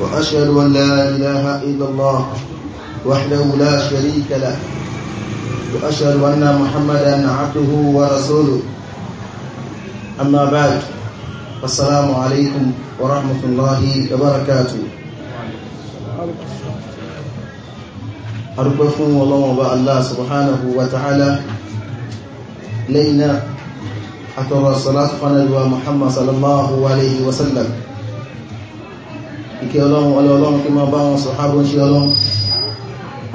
وأشهد أن لا إله إلا الله وحده لا شريك له وأشهد أن محمدا عبده ورسوله أما بعد السلام عليكم ورحمة الله وبركاته arúgbẹ́ fún ọlọ́wọ́n ọba Allah subhanahu wa ta'ala lẹ́yìn náà àtọ̀rọ̀ sọ́lá fánàlúwà Muhammad sallallahu alaihi wasallam ìkẹ́ ọlọ́run ọlọ́run kí máa bá wọn sọ̀hábọ́ ṣe ọlọ́run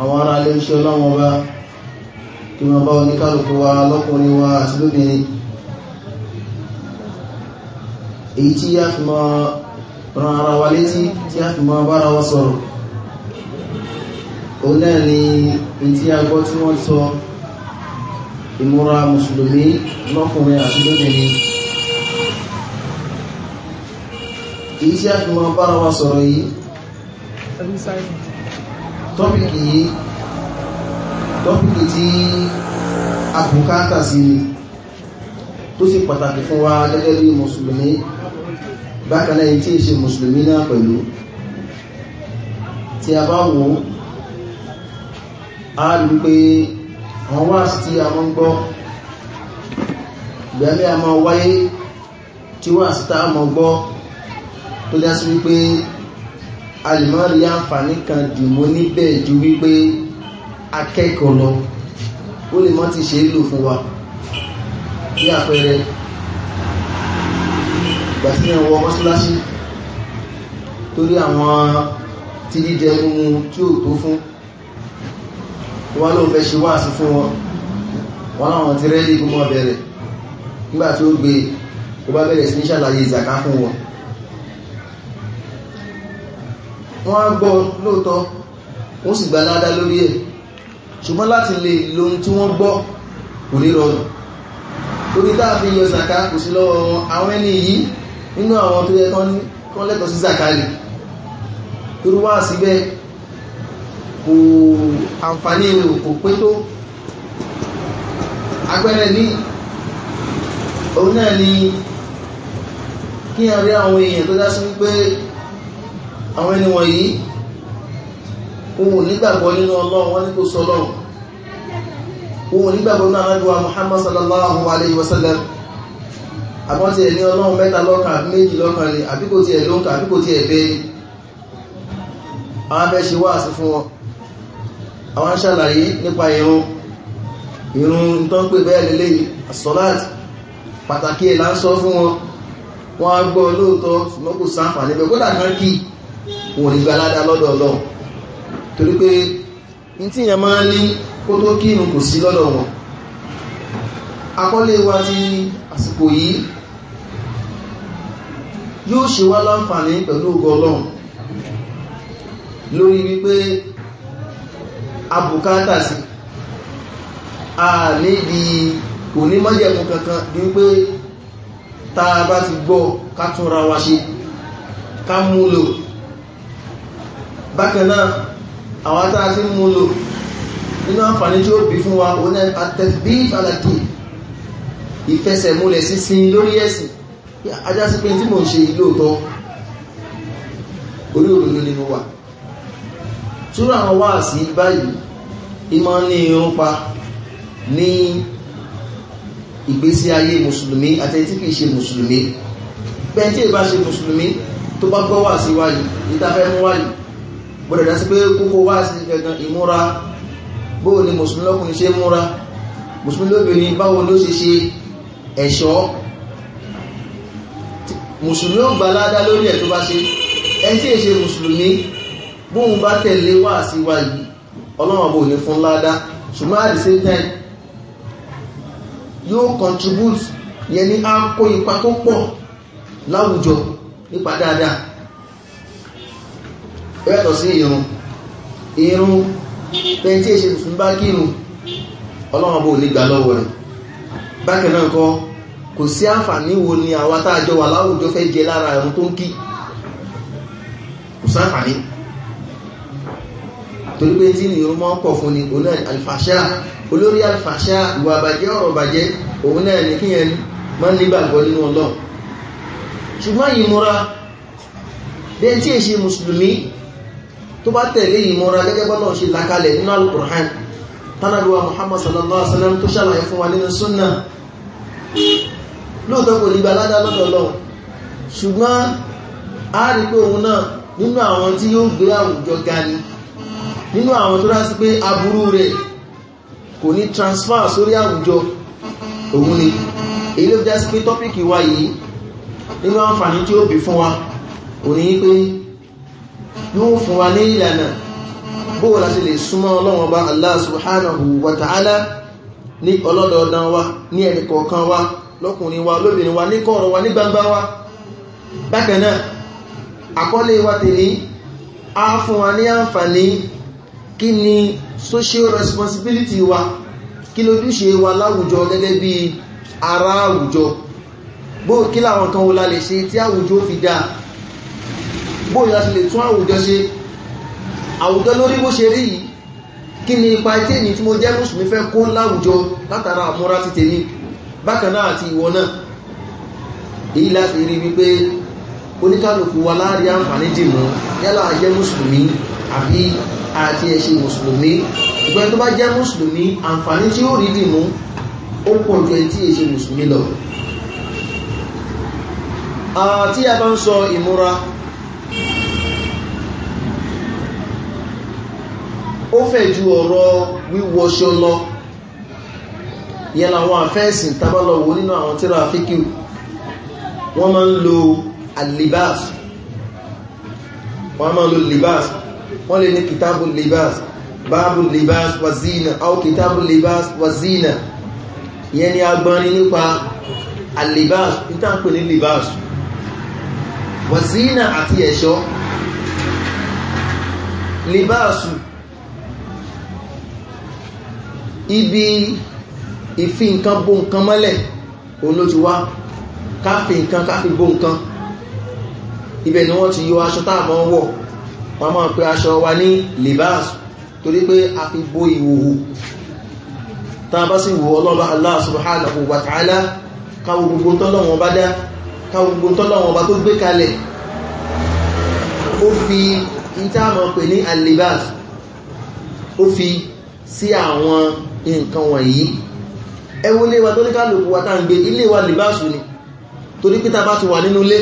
àwọn ará ilé iṣẹ́ ọlọ́run ọba kí máa bá oníkálùkù wa lọ́kùnrin wa àti lóbìnrin èyí tí a fi máa ran ara wa létí tí a fi máa bára wa sọ̀rọ̀ òun náà ni èyí tí a gbọ́ tí wọ́n sọ ìmúra mùsùlùmí lọ́kùnrin àti lóbìnrin èyí tí a fi máa bára wa sọ̀rọ̀ yìí tọ́pìkì yìí tọ́pìkì tí a kò káàkà sí ni tó sì pàtàkì fún wa gẹ́gẹ́ bí mùsùlùmí bákan náà tí ìṣe mùsùlùmí náà pẹ̀lú tí a bá wò á lù pé àwọn wáàsí tí a mọ́ ń gbọ́ ìgbẹ́lẹ́ a máa wáyé tí wáàsí tá a mọ́ gbọ́ tó já sí wípé a lè má rí àǹfààní kan dìmọ́ níbẹ̀ ju wípé akẹ́kọ̀ọ́ lọ ó lè má ti ṣe é lò fún wa bí àpẹẹrẹ ìgbà tí wọ́n wọ mọ́ṣáláṣí torí àwọn tí jíjẹ mímu tí ò tó fún wọ́n ló fẹ́ ṣe wáàsí fún wọn wọ́n láwọn ti rẹ́lì kó mọ́ bẹ̀rẹ̀ nígbà tí ó gbé e, ó bá bẹ̀rẹ̀ sí ní ṣàlàyé ìzàká fún wọn wọ́n á gbọ́ lóòótọ́ wọ́n sì gbà ládá lórí ẹ̀ ṣùgbọ́n láti lè lo ohun tí wọ́n gbọ́ kò ní rọrùn orí tá fi yọ zaka kò sí lọ́wọ́ wọn àwọn ẹni yìí nínú àwọn tó yẹ kán lẹ́tọ̀ọ́ sí zaka lè torí wá síbẹ̀ kò àǹfààní rẹ̀ kò pé tó agbẹ́rẹ́ ní òun náà ni kí a rí àwọn èèyàn tó dá sí wípé àwọn ẹni wọ̀nyí òun ò nígbàgbọ́ nínú ọlọ́run wọ́n ní kò sọ ọlọ́run òun ò nígbàgbọ́ nínú anájúwa Muhammad sallallahu alayhi wa sallam àbọ́n ti ẹ̀ ní ọlọ́run mẹ́ta lọ́kàn méjì lọ́kàn ni àbí kò ti ẹ̀ lóǹkà àbí kò ti ẹ̀ bẹ́ẹ̀ àwọn abẹ́ ṣe wọn kan wọn ò ní gba aládá lọ́dọ̀ ọlọ́run torí pé ní tí èèyàn máa ń ní kó tó kírun kò sí lọ́dọ̀ wọn akọ́lé wa ti àsìkò yìí yóò ṣe wá láǹfààní pẹ̀lú ògùn lórí wípé abùkátà sí a lè di kò ní mọ́jẹ̀kùn kankan ní pé ta bá ti gbọ́ ká túnra wa ká múlò bákan náà àwọn tá a ti mú lò nínú àǹfààní tí ó bí fún wa òun náà àtẹ̀bí àlàkì ìfẹsẹ̀múlẹ̀ sísin lórí ẹ̀sìn ajá sí pé tí mò ń ṣe ìlóòtọ́ orí òdòdó ni mo wà túrò àwọn wá sí báyìí ìmọ̀ ní irun pa ní ìgbésí ayé mùsùlùmí àtẹ́tí kìí ṣe mùsùlùmí bẹ́ẹ̀ tí ìbá ṣe mùsùlùmí tó bá gbọ́ wà sí wáyìí ìtafẹ́ mú wáyìí bọ́dẹ̀ dá sí pé kókó wá sí gẹ̀gẹ̀ ìmúra bóò ni mùsùlùmí lọ́kùnrin ṣe múra mùsùlùmí lóbìnrin báwo ló ṣe ṣe ẹ̀ṣọ́ mùsùlùmí ó gbaládá lórí ẹ̀ tó bá ṣe ẹni tí èṣe mùsùlùmí bóun bá tẹ̀lé wá sí wa yìí ọlọ́run àbò ní fún ládá ṣùgbọ́n at the same time yóò contribute yẹn ní á kó ipa tó pọ̀ láwùjọ nípa dáadáa ó yàtọ̀ sí irun irun pé tí èṣe fún bá kírun ọlọ́wọ́n bó ní gbà lọ́wọ́ rẹ̀ bákan náà kọ́ kò sí àǹfààní wo ni àwa tá a jọ wà láwùjọ fẹ́ jẹ lára irun tó ń kí kò sáǹfààní torí pé tí nìyàn mọ́ kọ̀ fún ni òun náà alfàṣà olórí alfàṣà ìwà àbàjẹ́ ọ̀rọ̀ bàjẹ́ òun náà ní kíyàn má nígbàgbọ́ nínú ọlọ́run ṣùgbọ́n ìmúra bẹ́ẹ̀ tí èṣe mùsùlùmí tó bá tẹ̀lé ìmọ̀ra gẹ́gẹ́ bọ́nà ṣe lákalẹ̀ nínú al-Qur'an tánàlúwà Muhammad sallallahu alaihi wasallam tó ṣàlàyé fún wa nínú súnnà lóòtọ́ kò nígbà ládá lọ́dọ̀lọ́ ṣùgbọ́n a rí pé òun náà nínú àwọn tí yóò gbé àwùjọ ga ni nínú àwọn tó rásí pé aburú rẹ̀ kò ní transfer sórí àwùjọ òun ni èyí ló jásí pé tọ́pìkì wa yìí nínú yóò fún wa ní ìlànà bóò láti lè súnmọ́ ọlọ́run ọba Allah subhanahu wa ta'ala ní ọlọ́dọọdán wa ní ẹnì kọ̀ọ̀kan wa lọ́kùnrin wa lóbìnrin wa ní kọ̀ọ̀rọ̀ wa ní gbangba wa bákan náà àkọlé wa tèmi á fún wa ní àǹfààní kí ni social responsibility wa kí lójúṣe wa láwùjọ gẹ́gẹ́ bí ara àwùjọ bóò kí láwọn kan wo la lè ṣe tí àwùjọ fi dáa bóyá sí lè tún àwùjọ ṣe àwùjọ lórí bó ṣe rí yìí kí ni ipa tí èyí tí mo jẹ́ mùsùlùmí fẹ́ kó láwùjọ látara àmúra ti tèmi bákan náà àti ìwọ náà èyí láti rí wípé oníkálùkù wa láàrí àǹfààní dìmú yálà jẹ́ mùsùlùmí àbí àti ẹ̀ṣẹ̀ mùsùlùmí ìgbẹ́ tó bá jẹ́ mùsùlùmí àǹfààní tí ó rí dìmú ó pọ̀ ju ẹni tí ẹ̀ṣẹ̀ mùsùlùmí lọ tí a ń sọ ìmúra ó fẹ́ ju ọ̀rọ̀ wíwọṣọ lọ yẹn làwọn àfẹ́ẹ̀sìn tábàlọ́wọ́ nínú àwọn tíra fíkìú wọ́n máa ń lo alibas wọ́n máa ń lo libas wọ́n lè ní kìtàbù libas báàbù libas wà zina áwọ́ kìtàbù libas wà zina yẹn ni agbọ́nrí nípa alibas ìtàkù ní libas wà zina àti ẹ̀ṣọ́ libasu ibi ìfi nǹkan bó nǹkan mọ́lẹ̀ òun ló ti wá káfí nǹkan káfí bó nǹkan ibẹ̀ ni wọ́n ti yọ aṣọ táàmọ́ wọ̀ wọ́n máa pè aṣọ wa ní libas torí pé a fi bó ìwòwò tàà bá sì wò ọlọ́ba Allah subhanahu wa ta'ala káwọ gbogbo tọ́lọ́wọ́n bá dá káwọ gbogbo tọ́lọ́wọ́n bá tó gbé kalẹ̀ ó fi ìtàmọ̀ pè ní alibas ó fi sí àwọn nǹkan wọ̀nyí ẹwọ ilé wa tó ní kálùkù wa tá ń gbé ilé wa lìbáṣù ni torí pé ta bá ti wà nínú ilé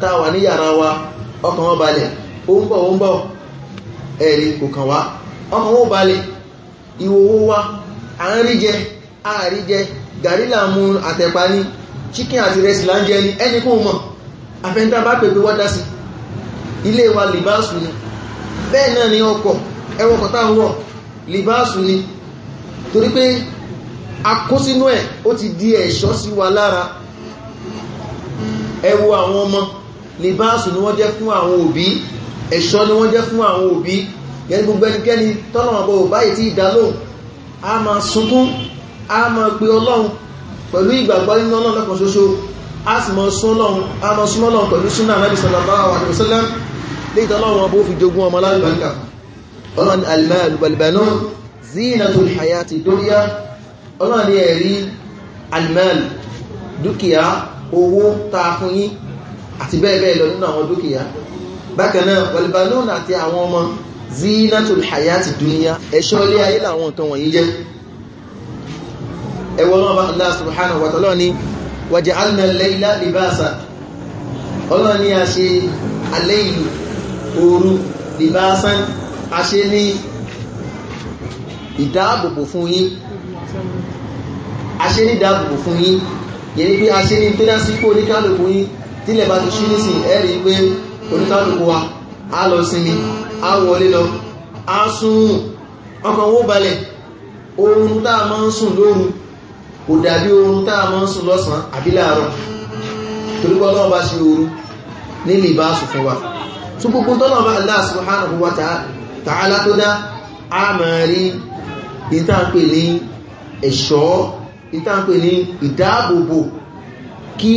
ta wà ní yàrá wa ọkàn wọn balẹ̀ ó ń bọ̀ ó ń bọ̀ ẹ̀rí kò kàn wá ọkàn wọn balẹ̀ ìwòwò wa à ń gàrí làmú àtẹ̀pá ní chicken àti rẹsì là ń jẹ ní ẹni kó mọ̀ àfẹ́ntà bá pèpè wọ́dá sí ilé wa lìbáṣù ni bẹ́ẹ̀ náà ni ọkọ̀ ẹwọ́kọ̀ táwọn lìbáṣù ni torí pé akó sínú ẹ̀ ó ti di ẹ̀ṣọ́ sí wa lára ẹ wo àwọn ọmọ libáàsù ni wọ́n jẹ́ fún àwọn òbí ẹ̀ṣọ́ ni wọ́n jẹ́ fún àwọn òbí yẹni gbogbo ẹnikẹ́ni tọ́nà àbọ̀ báyìí tí ìdálóhùn a máa sunkún a máa pe ọlọ́run pẹ̀lú ìgbàgbọ́ nínú ọlọ́run lọ́kan ṣoṣo a sì máa sún ọlọ́run a máa sún ọlọ́run pẹ̀lú súnà Ànábì sallallahu alaihi wasallam léyìí tọ́lọ́run ọbọ̀ fi jogún ọmọ lálùbáríkà ọlọ́run al-malu wal-banun zinatul hayati dunya ọlọ́run ní ẹ̀rí almal dúkìá owó ta fún yín àti bẹ́ẹ̀ bẹ́ẹ̀ lọ nínú àwọn dúkìá bákan náà walbanun àti àwọn ọmọ zinatul hayati dunya ẹ̀ṣọ́ ilé ayé làwọn nǹkan wọ̀nyí jẹ́ ẹwọ́ náà bá a ṣe ní ìdáàbòbò fún yín aṣe ní ìdáàbòbò fún yín yẹ ní pé aṣe ní tó dá sí pé oníkálùkù yín tílẹ̀ bá ti ṣú nísìn ẹ̀rí pé oníkálùkù wa á lọ sinmi á wọlé lọ á sùn ọkàn owó balẹ̀ oorun tá a máa ń sùn lóru kò dàbí oorun tá a máa ń sùn lọ́sàn-án àbí láàárọ̀ torípọ̀ náà bá ṣe ooru nílì bá sùn fún wa tún gbogbo tọ́nà bá Allah subhanahu wa ta'ala tó dá a máa rí ìtànpè ní ẹ̀ṣọ́ ìtànpè ní ìdáàbòbò kí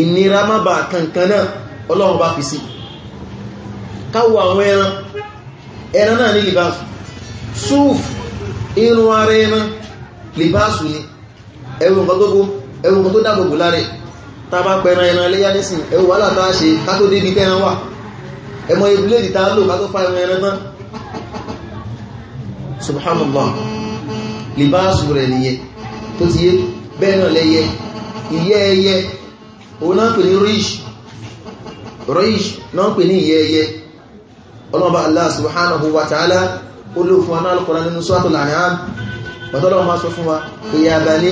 ìnira má bà kankan náà ọlọ́run bá fi sí káwọ àwọn ẹran ẹran náà ní libáṣù súf irun ara ẹran libáṣù ni ẹwùn kan tó bó ẹwùn kan tó dáàbòbò láre tàbá pẹran ẹran ẹlẹ́yà nísìn ẹwùn wà látàá ṣe ká tó débi tẹ́ran wà ẹmọ ibùlé ìdíta lò ká tó fa ẹran ẹran náà subhanallah libáàsù rẹ̀ nìyẹn tó ti yé bẹ́ẹ̀ náà lẹ́yẹ ìyẹ́ ẹyẹ òun náà pè ní rish rish náà pè ní ìyẹ́ ẹyẹ ọlọ́ba allah subhanahu wa ta'ala ó ló fún aná al-Qur'an nínú suratul An'am pàtọ́lọ́wọ́ máa sọ fún wa ya bani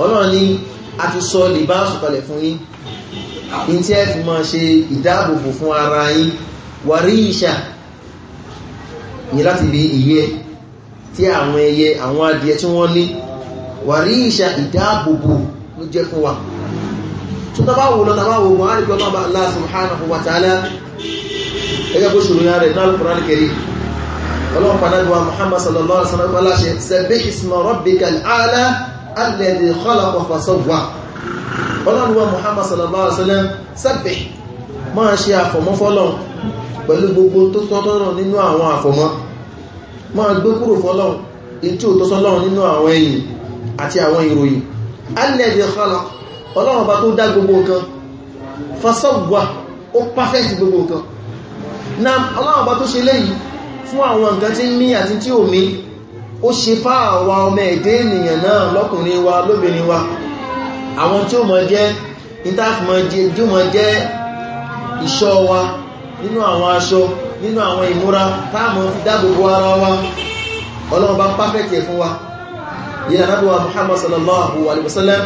ọlọ́run ní a ti sọ lìbáàsù kalẹ̀ fún yín in tí ẹ fi máa ṣe ìdáàbòbò fún ara yín wàrí ìṣà yìí láti bí ìyẹ́ tí àwọn ẹyẹ àwọn adìẹ tí wọ́n lé wàrí ìṣà ìdáàbòbò ló jẹ́ fún wa tó tàbá wò lọ tàbá wò wọ́n á rí gbọ́nà Allah subhanahu wa ta'ala ẹgbẹ́ bó ṣòro yára náà Al-Qur'an al-Karim ọlọ́pàá náà wà Muhammad sallallahu alaihi wasallam aláṣẹ sabbih isma alladhi khalaqa fasawwa ọlọ́run Muhammad sallallahu alaihi wasallam sabbih máa ṣe àfọ̀mọ́ fọ́lọ́n pẹ̀lú gbogbo tó tọ́tọ́rọ̀ nínú àwọn àfọ̀mọ́ máa gbé kúrò fọ́lọ́n ìtú tó sọ́lọ́run nínú àwọn ẹ̀yìn àti àwọn ìròyìn alladhi khalaqa ọlọ́run bá tó dá gbogbo nǹkan fasawwa ó pàfẹ́ẹ̀tì gbogbo nǹkan na ọlọ́run bá ó ṣe fáàwà ọmọ ẹ̀dẹ́ ènìyàn náà lọ́kùnrin wa lóbìnrin wa àwọn tí ó mọ jẹ́ ìtàkùnmọ̀ jẹ́ ìṣọ́ wa nínú àwọn aṣọ nínú àwọn ìmúra táàmù dábòbò ara wa ọlọ́run bá pàfẹ́tì fún wa ìyá nábíwá Muhammad sallallahu alaihi wasallam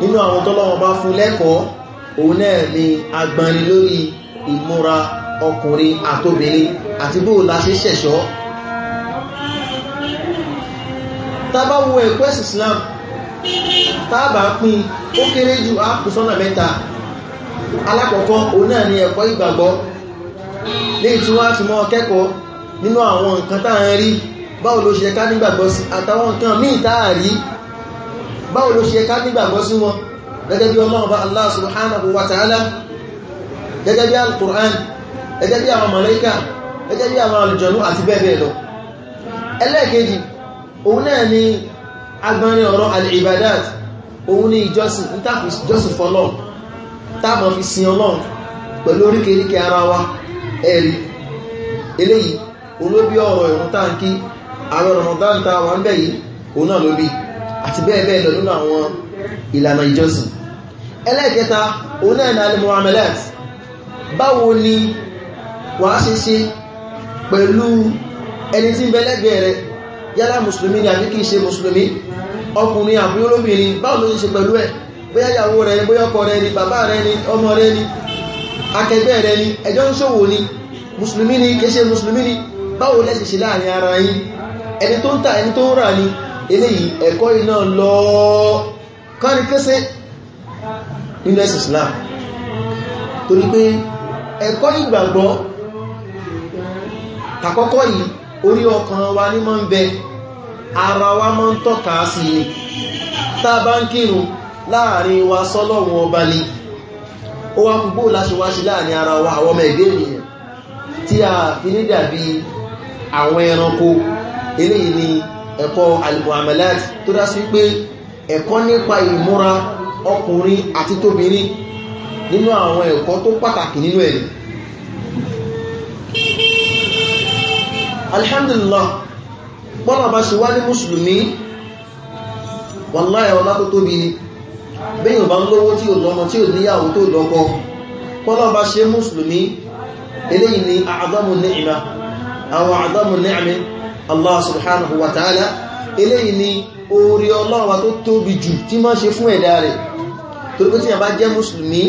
nínú àwọn tọ́lọ́run bá fún lẹ́kọ̀ọ́ òun náà ni agbani lórí ìmúra ọkùnrin àtobìnrin àti bóò la ṣe ṣẹ̀ṣọ́ tábà wo ẹ̀kọ́ ẹ̀sìn Islam tábà pín ó kéré jù ápù sọ́nà mẹ́ta alákọ̀ọ́kọ́ òun náà ni ẹ̀kọ́ ìgbàgbọ́ léyìí tí wọ́n á fi mọ́ kẹ́kọ̀ọ́ nínú àwọn nǹkan tá à ń rí báwo ló ṣe ká nígbàgbọ́ sí àtàwọn nǹkan míì tá à rí báwo ló ṣe ká nígbàgbọ́ sí wọn gẹ́gẹ́ bí ọlọ́run bá Allah subhanahu wa ta'ala gẹ́gẹ́ bí al-Qur'an gẹ́gẹ́ bí àwọn màláíkà gẹ́gẹ́ bí àwọn àlùjànnú àti bẹ́ẹ̀ bẹ́ẹ̀ lọ ẹlẹ́ẹ̀kejì òun náà ni agbọ́nrin ọ̀rọ̀ al-ibadat òun ni ìjọsìn nítàkù ìjọsìn fọ́lọ́run táàmà fi sin ọlọ́run pẹ̀lú oríkèríkè ara wa ẹ̀rí eléyìí olóbi ọ̀rọ̀ ẹ̀rùn táǹkì àwọn Ramadan tá wà ń bẹ̀ yìí òun náà lóbi àti bẹ́ẹ̀ bẹ́ẹ̀ lọ nínú àwọn ìlànà ìjọsìn ẹlẹ́ẹ̀kẹta òun náà ni al-muamalat báwo ni wàá ṣe ṣe pẹ̀lú ẹni tí ń bẹ lẹ́gbẹ̀ẹ́ yálà mùsùlùmí ni àbí kìí ṣe mùsùlùmí ọkùnrin àbí olóbìnrin báwo ló ṣe pẹ̀lú ẹ̀ bóyá ìyàwó rẹ̀ ni bóyá ọkọ rẹ̀ ni bàbá rẹ̀ ni ọmọ rẹ̀ ni akẹgbẹ́ rẹ̀ ni ẹjọ́ ń ṣòwò ni mùsùlùmí ni kìí ṣe mùsùlùmí ni báwo lẹ ṣe ṣe láàrin ara yín ẹni yìí orí ọkàn wa ní mọ́ ń bẹ ara wa mọ́ ń tọ́ka sí ni tá bá ń kírun láàrin wa sọ́lọ́run ọba ni ó wá gbogbo láti wá sí láàrin ara wa àwọn ọmọ ẹgbẹ́ ènìyàn tí a fi ní dàbí àwọn ẹranko eléyìí ni ẹ̀kọ́ al-muamalat tó dá sí pé ẹ̀kọ́ nípa ìmúra ọkùnrin àti tóbìnrin nínú àwọn ẹ̀kọ́ tó pàtàkì nínú ẹ̀rìn alhamdulillah bọ́nà bá ṣe wá ní mùsùlùmí wàláyà ọlá tó tóbi ni bẹ́yìn bá ń lówó tí ò lọ́mọ tí ò níyàwó tó lọ́kọ bọ́nà bá ṣe mùsùlùmí eléyìí ni àádámù ni'ima àwọn àádámù ni'ami allah subhanahu wa ta'ala eléyìí ni oore ọlọ́wà tó tóbi jù tí máa ṣe fún ẹ̀dá rẹ̀ torípé tí a jẹ́ mùsùlùmí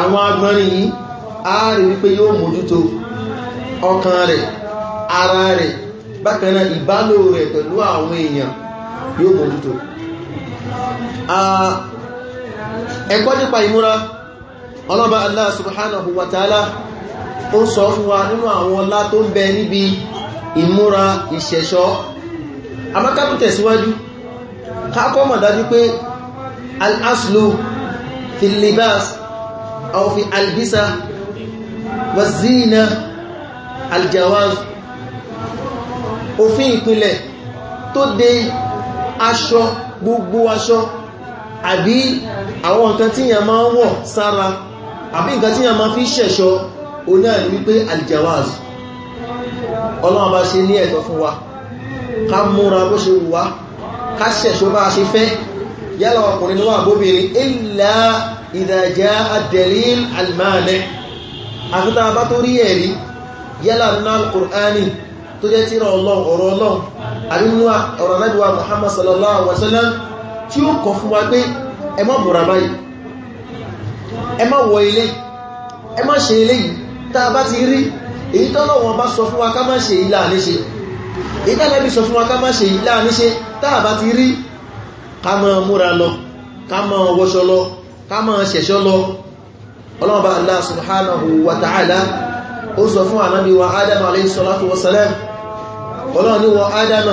àwọn agbọ́nrin yìí á rí wípé yóò mójútó ọkàn rẹ̀ ara rẹ̀ bákan náà ìbálò rẹ̀ pẹ̀lú àwọn èèyàn yóò mójútó ẹ̀kọ́ nípa ìmúra ọlọ́ba Allah subhanahu wa ta'ala ó sọ fún wa nínú àwọn ọlá tó ń bẹ níbi ìmúra ìṣẹ̀ṣọ́ amákàtù tẹ̀síwájú kákọ́ mọ̀ dájú pé al fi libas aw albisa wa aljawaz òfin ìpínlẹ̀ tó de aṣọ gbogbo aṣọ àbí àwọn nǹkan tí yàn máa ń wọ̀ sára àbí nǹkan tí yàn máa fi ṣẹ̀ṣọ́ o náà ní wípé aljawaz ọlọ́wọ́ bá ṣe ní ẹ̀tọ́ fún wa ká múra bó ṣe wù wá ká ṣẹ̀ṣọ́ bá ṣe fẹ́ yálà ọkùnrin yálà nínú alkùránì tó jẹ́ tíra ọlọ́run ọ̀rọ̀ ọlọ́run àrínú ọ̀rọ̀ anábíwá muhammad sallallahu alaihi wasallam tí ó kọ̀ fún wa pé ẹ má múra báyìí ẹ má wọ ilé ẹ má ṣe ilé yìí tá a bá ti rí èyí tọ́lọ́wọ́n bá sọ fún wa ká má ṣe yìí láàníṣe èyí tọ́lọ́bí sọ bá ti rí ká má múra lọ ká má wọṣọ lọ ká má ṣẹ̀ṣọ́ lọ ọlọ́run bá Allah subhanahu wa ó sọ fún ànábí wa adam alayhi salatu wa salam ọlọ́ni wa adam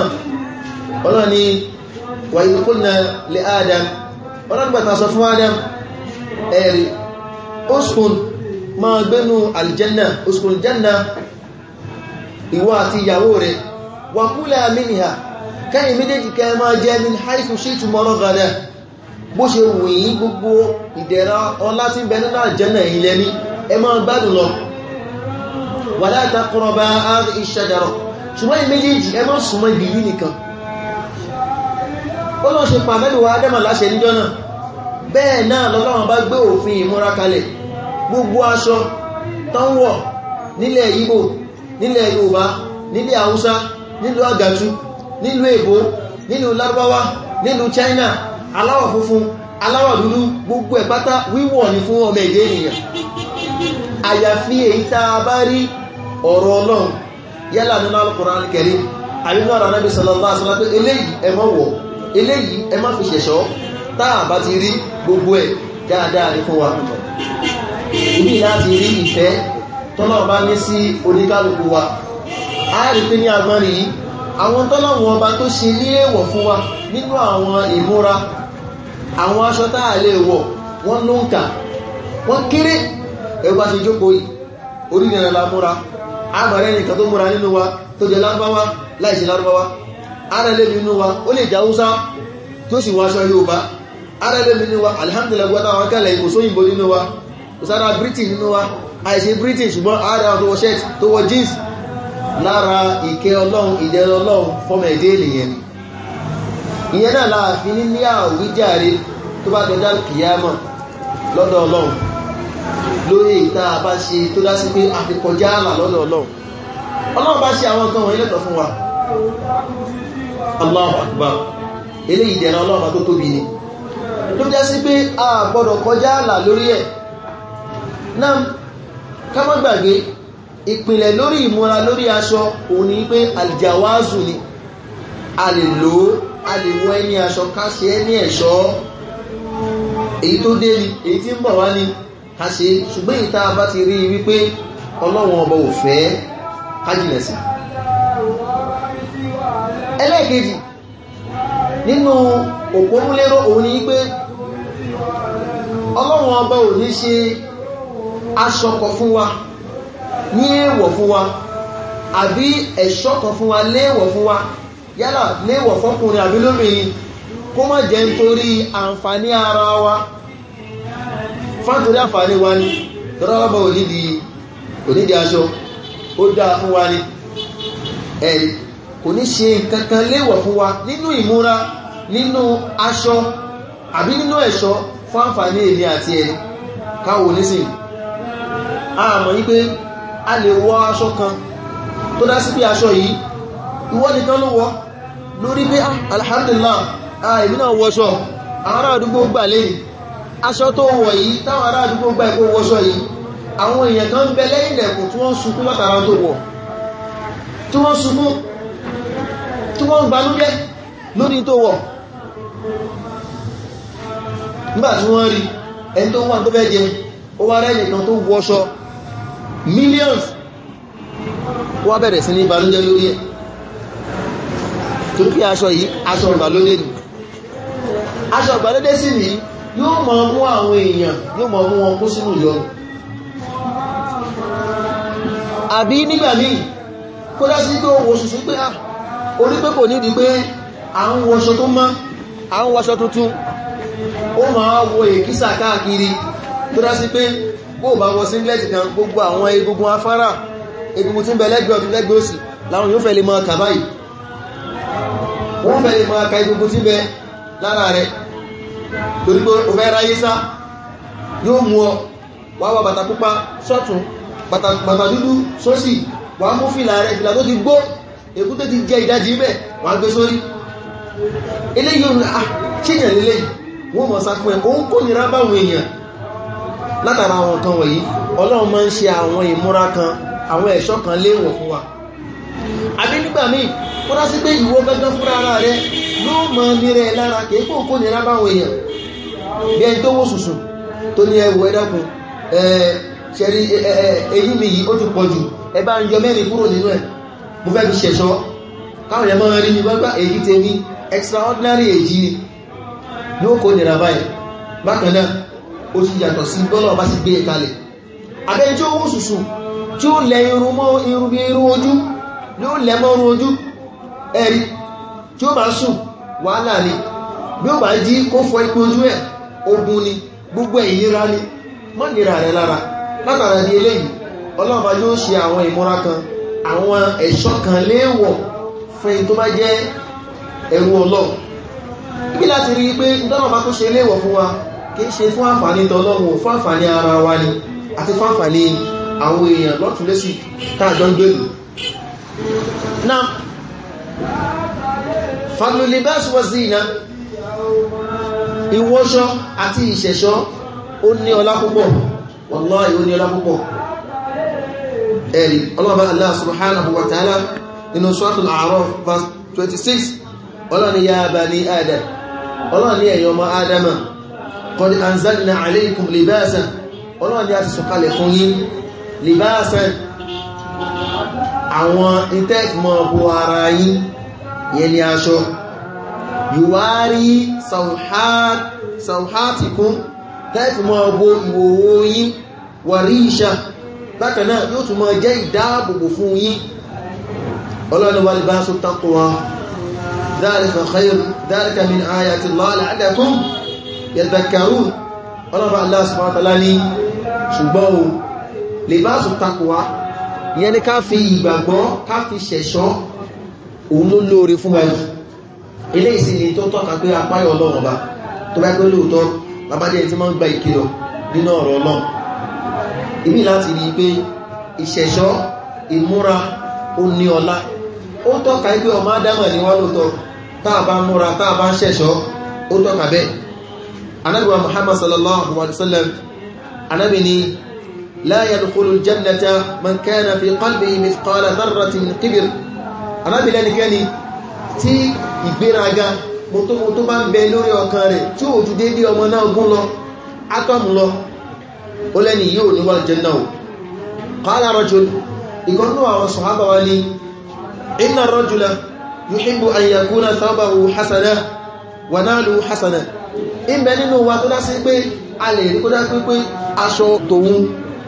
ọlọ́ni wa ìkúnnà lè adam ọlọ́gbàtà sọ fún adam ẹ̀rì oskun ma gbẹ́nu aljanna oskun janna ìwọ àti ìyàwó rẹ̀ wà kúlẹ̀ àmìnìyà kẹ́yìn méjèèjì kẹ́ máa jẹ́ min haifu sí ìtumọ̀rọ̀ gada bó ṣe wùnyí gbogbo ìdẹ̀ra ọlá tí bẹ nínú aljanna ìlẹ́ni ẹ máa gbádùn lọ wà látàkùnrọ̀ bá ìṣàjàrọ̀ ṣùgbọ́n ìméjèèjì ẹ má súnmọ́ ibi yìí nìkan ó lọ́n ṣe pàmẹ́lùwà adẹ́mà láṣẹ níjọ́ náà bẹ́ẹ̀ náà lọ́lọ́wọ́n bá gbé òfin ìmúra kalẹ̀ gbogbo aṣọ tánwọ̀ nílẹ̀ Ìgbò nílẹ̀ Yorùbá nílẹ̀ Haúsá nílùú àgàtú nílùú èbó nílùú lárúbáwá nílùú China aláwọ̀ funfun aláwọ̀ dúdú gbogbo ẹ̀ pátá wíwọ̀ ni fún ọmọ ẹ̀dẹ́ ènìyàn àyàfi èyí tá a bá rí ọ̀rọ̀ ọlọ́run yálà nínú Al-Qur'an Al-Karim àbí nínú ọ̀rọ̀ Ànábì sallallahu alaihi wasallam pé eléyìí ẹ má wọ̀ eléyìí ẹ má fi ṣẹ̀ṣọ́ táà bá ti rí gbogbo ẹ̀ dáadáa ní fún wa ibi láti rí ìfẹ́ tọ́lọ̀ ní sí oníkálukú wa a rí pé ní agbọ́nrin yìí àwọn tọ́lọ̀wọ̀n ọba tó ṣe ní èèwọ̀ fún wa nínú àwọn ìmúra àwọn aṣọ táà lè wọ̀ wọ́n ló ń kà wọ́n kéré ẹgbà ṣe jókòó yìí orí nìrẹ̀lá múra àmàrẹ́ nìkan tó múra nínú wa tó jẹ lárúbáwá láìsí lárúbáwá ara lè nínú wa ó lè jà húsá tó sì wáṣọ Yorùbá ara lè nínú wa alhamdulillah gbọ́dá wọn kẹ́lẹ̀ ìmòsóyìnbó nínú wa òsára Britain nínú wa àìsí Britain ṣùgbọ́n ara tó wọ shirt tó wọ jeans lára ìkẹ́ Ọlọ́run ìjẹrẹ Ọlọ́run fọ́mọ ẹ̀dẹ́ ènìyàn ìyẹn náà láàfin ní àwíjàre tó bá dọjá kìyàmọ̀ lọ́dọ̀ Ọlọ́run lórí ìta bá ṣe tó dá sí pé àfikọjá àlà lọ́nà ọlọ́run ọlọ́run bá ṣe àwọn nǹkan wọ̀nyí lẹ́tọ̀ fún wa Allahu Akbar eléyìí ọlọ́run tó tóbi ni ló já sí pé a gbọ́dọ̀ kọjá àlà lórí ẹ̀ náà ká má gbàgbé ìpìlẹ̀ lórí ìmúra lórí aṣọ òun ni pé aljawazu ni a lè lò ó a lè wọ ẹni aṣọ ká ẹni ẹ̀ṣọ́ èyí tó dé ni èyí tí ń bọ̀ wá ni ká ṣe ṣùgbọ́n ìta bá ti rí wípé ọlọ́run ọba ò fẹ́ kájìnà sí ẹlẹ́ẹ̀kejì nínú òpómúlérò òun ni wípé ọlọ́run ọba ò ní ṣe aṣọkọ fún wa ní èèwọ̀ fún wa àbí ẹ̀ṣọ́ kan fún wa léèwọ̀ fún wa yálà léèwọ̀ fọ́kùnrin àbí lómìnrin kó má jẹ́ nítorí àǹfààní ara wa kùránì torí àǹfààní wa ní tọ́lọ́lọ́bọ̀ onídi aṣọ ó dáa fún wa ní ẹ̀rì kò ní ṣe kankan léwọ̀ fún wa nínú ìmúra nínú aṣọ àbí nínú ẹ̀ṣọ́ fún àǹfààní èmi àti ẹni káwò nísìn àmọ́ yí pé a lè wọ aṣọ kan tó dá sí pé aṣọ yìí ìwọ nìkan ló wọ lórí pé ah, alhamdulillah àìmínà ah, wọṣọ àwọn ará àdúgbò gbà lẹ́yìn aṣọ tó wọ̀ yìí táwọn ará àdúgbò gbá ẹ̀kọ́ wọṣọ yìí àwọn èèyàn kan ń bẹ lẹ́yìn ẹ̀kùn tí wọ́n sunkún látara tó wọ̀ tí wọ́n sunkún tí wọ́n gbanújẹ́ lórí tó wọ̀ nígbà tí wọ́n rí ẹni tó wà tó fẹ́ jẹ ó wá rẹ́ nìkan tó wọṣọ millions wá bẹ̀rẹ̀ sí ní ìbànújẹ́ lórí ẹ̀ torí pé aṣọ yìí aṣọ ìgbàlódé ni aṣọ ìgbàlódé sì nìyí yóò mọ̀ mú àwọn èèyàn yóò mọ̀ mú wọn kó sínú ìyọnu àbí nígbà míì kó dásí pé ó wòsù sí pé à ah, orí pé kò nídi pé à ń wọṣọ tó mọ́ à ń wọṣọ tuntun ó máa wọ èkísà káàkiri tó dásí pé bó bá wọ singlet kan gbogbo àwọn egungun afárá egungun tí ń bẹ lẹ́gbẹ̀ẹ́ láwọn yóò fẹ́ lè máa kà wọ́n fẹ́ lè máa ka egungun tí ń bẹ lára rẹ̀ torí pé o fẹ́ ráyé sá yóò mú ọ wá wá bàtà pupa sọ́tún bàtà dúdú sósì wà mú fìlà rẹ̀ fìlà tó ti gbó èkúté ti jẹ ìdájì ibẹ̀ wà gbé sórí eléyìí òun à kíyàn wọ́n mọ̀ sákún nira báwọn èèyàn látara àwọn kan wọ̀nyí ọlọ́run máa ń ṣe àwọn ìmúra kan fún wa àbí nígbà míì kó dá sí pé ìwọ gángan fúnra ara rẹ yóò mọ nírẹ lára kìí kó kó nira báwọn èèyàn bí ẹni tó wó sùsù tó ní ẹwù ẹ̀dàkùn ṣẹ̀rí eyín mi yìí ó ti pọ̀ jù ẹ bá ń yọ kúrò nínú mo fẹ́ fi ṣẹ̀ṣọ́ káwọn máa rí gbọ́gbà èyí extraordinary èyí yóò kó nira báyìí bákan náà ó ti yàtọ̀ sí gbé e kalẹ̀ abẹ́ni tí ó wó sùsù ló lẹ mọ́rún ojú ẹ̀rí tí ó bá sùn wàhálà ni bí ó bá jí kó fọ ipò ojú ẹ̀ ogun ni gbogbo ìnira ni mọ́ nira rẹ̀ lára látara ní eléyìí ọlọ́ọ̀bá yóò ṣe àwọn ìmúra kan àwọn ẹ̀ṣọ́ kan léèwọ̀ fún ẹni tó bá jẹ́ ọlọ́run ibi láti rí pé tó ṣe léèwọ̀ fún wa kì í ṣe fún àǹfààní tọlọ́run fún àǹfààní ara wa ni àti fún àǹfààní àwọn èèyàn ń gbèrú نعم فضل اللباس والزينة ìwọ́ṣọ́ àti ìṣẹ̀ṣọ́ ó ní ọlá púpọ̀ wallahi ó ní ọlá púpọ̀ ẹ̀rí ọlọ́bá Allah subhanahu wa ta'ala nínú suratul A'raf verse 26 ọlọ́ni ya bani Adam ọlọ́ni ẹ̀yin ọmọ Adama qad anzalna alaykum libasan ọlọ́ni a ti sọ̀kalẹ̀ fún yín libasan àwọn intẹ́tìmọ̀ bo ara yín yẹn ni aṣọ yùwárí sàwhátìkún tẹ́tìmọ̀ bo ìwòwò yín wàrí ìṣà bákanáà yóò tún máa jẹ́ ìdáàbòbò fún yín ọlọ́ni wà lè sọ taqwa dhalika khayr dhalika ìyẹn ni ká fi ìgbàgbọ́ ká fi ṣẹ̀ṣọ́ òun ló lóore fún wa yìí eléyìí sì ni tó tọ́ka pé apáyọ̀ ọlọ́run ọba tó bá pé lóòótọ́ babájẹ́ tí máa ń gba ìkìlọ̀ nínú ọ̀rọ̀ ọlọ́run ìbí láti rí pé ìṣẹ̀ṣọ́ ìmúra ó ní ọlá ó tọ́ka pé ọmọ ádámà ni wá lóòótọ́ táà bá múra táà bá ń ṣẹ̀ṣọ́ ó tọ́ka bẹ́ẹ̀ anábíwa muhammad sallallahu alaihi wasallam anábí ni لا يدخل الجنة من كان في قلبه مثقال ذرة من كبر arábì lẹ́nikẹ́ni tí ìgbéraga mọ́tọ́mọ́tọ́ bá ń bẹ lórí ọkàn rẹ̀ tí ó ju dédé ọmọ náà gún lọ átọ́mù lọ ó lẹ́ni yóò níwà jẹ́nà ò qala rajul ìkọ́nú àwọn sọ̀hábà wá ní inna rajula yuhibbu an yakuna thabahu hasana wa nalu hasana ìbẹ̀ nínú wa tó dá sí pé a lè rí kó dá pé aṣọ tòun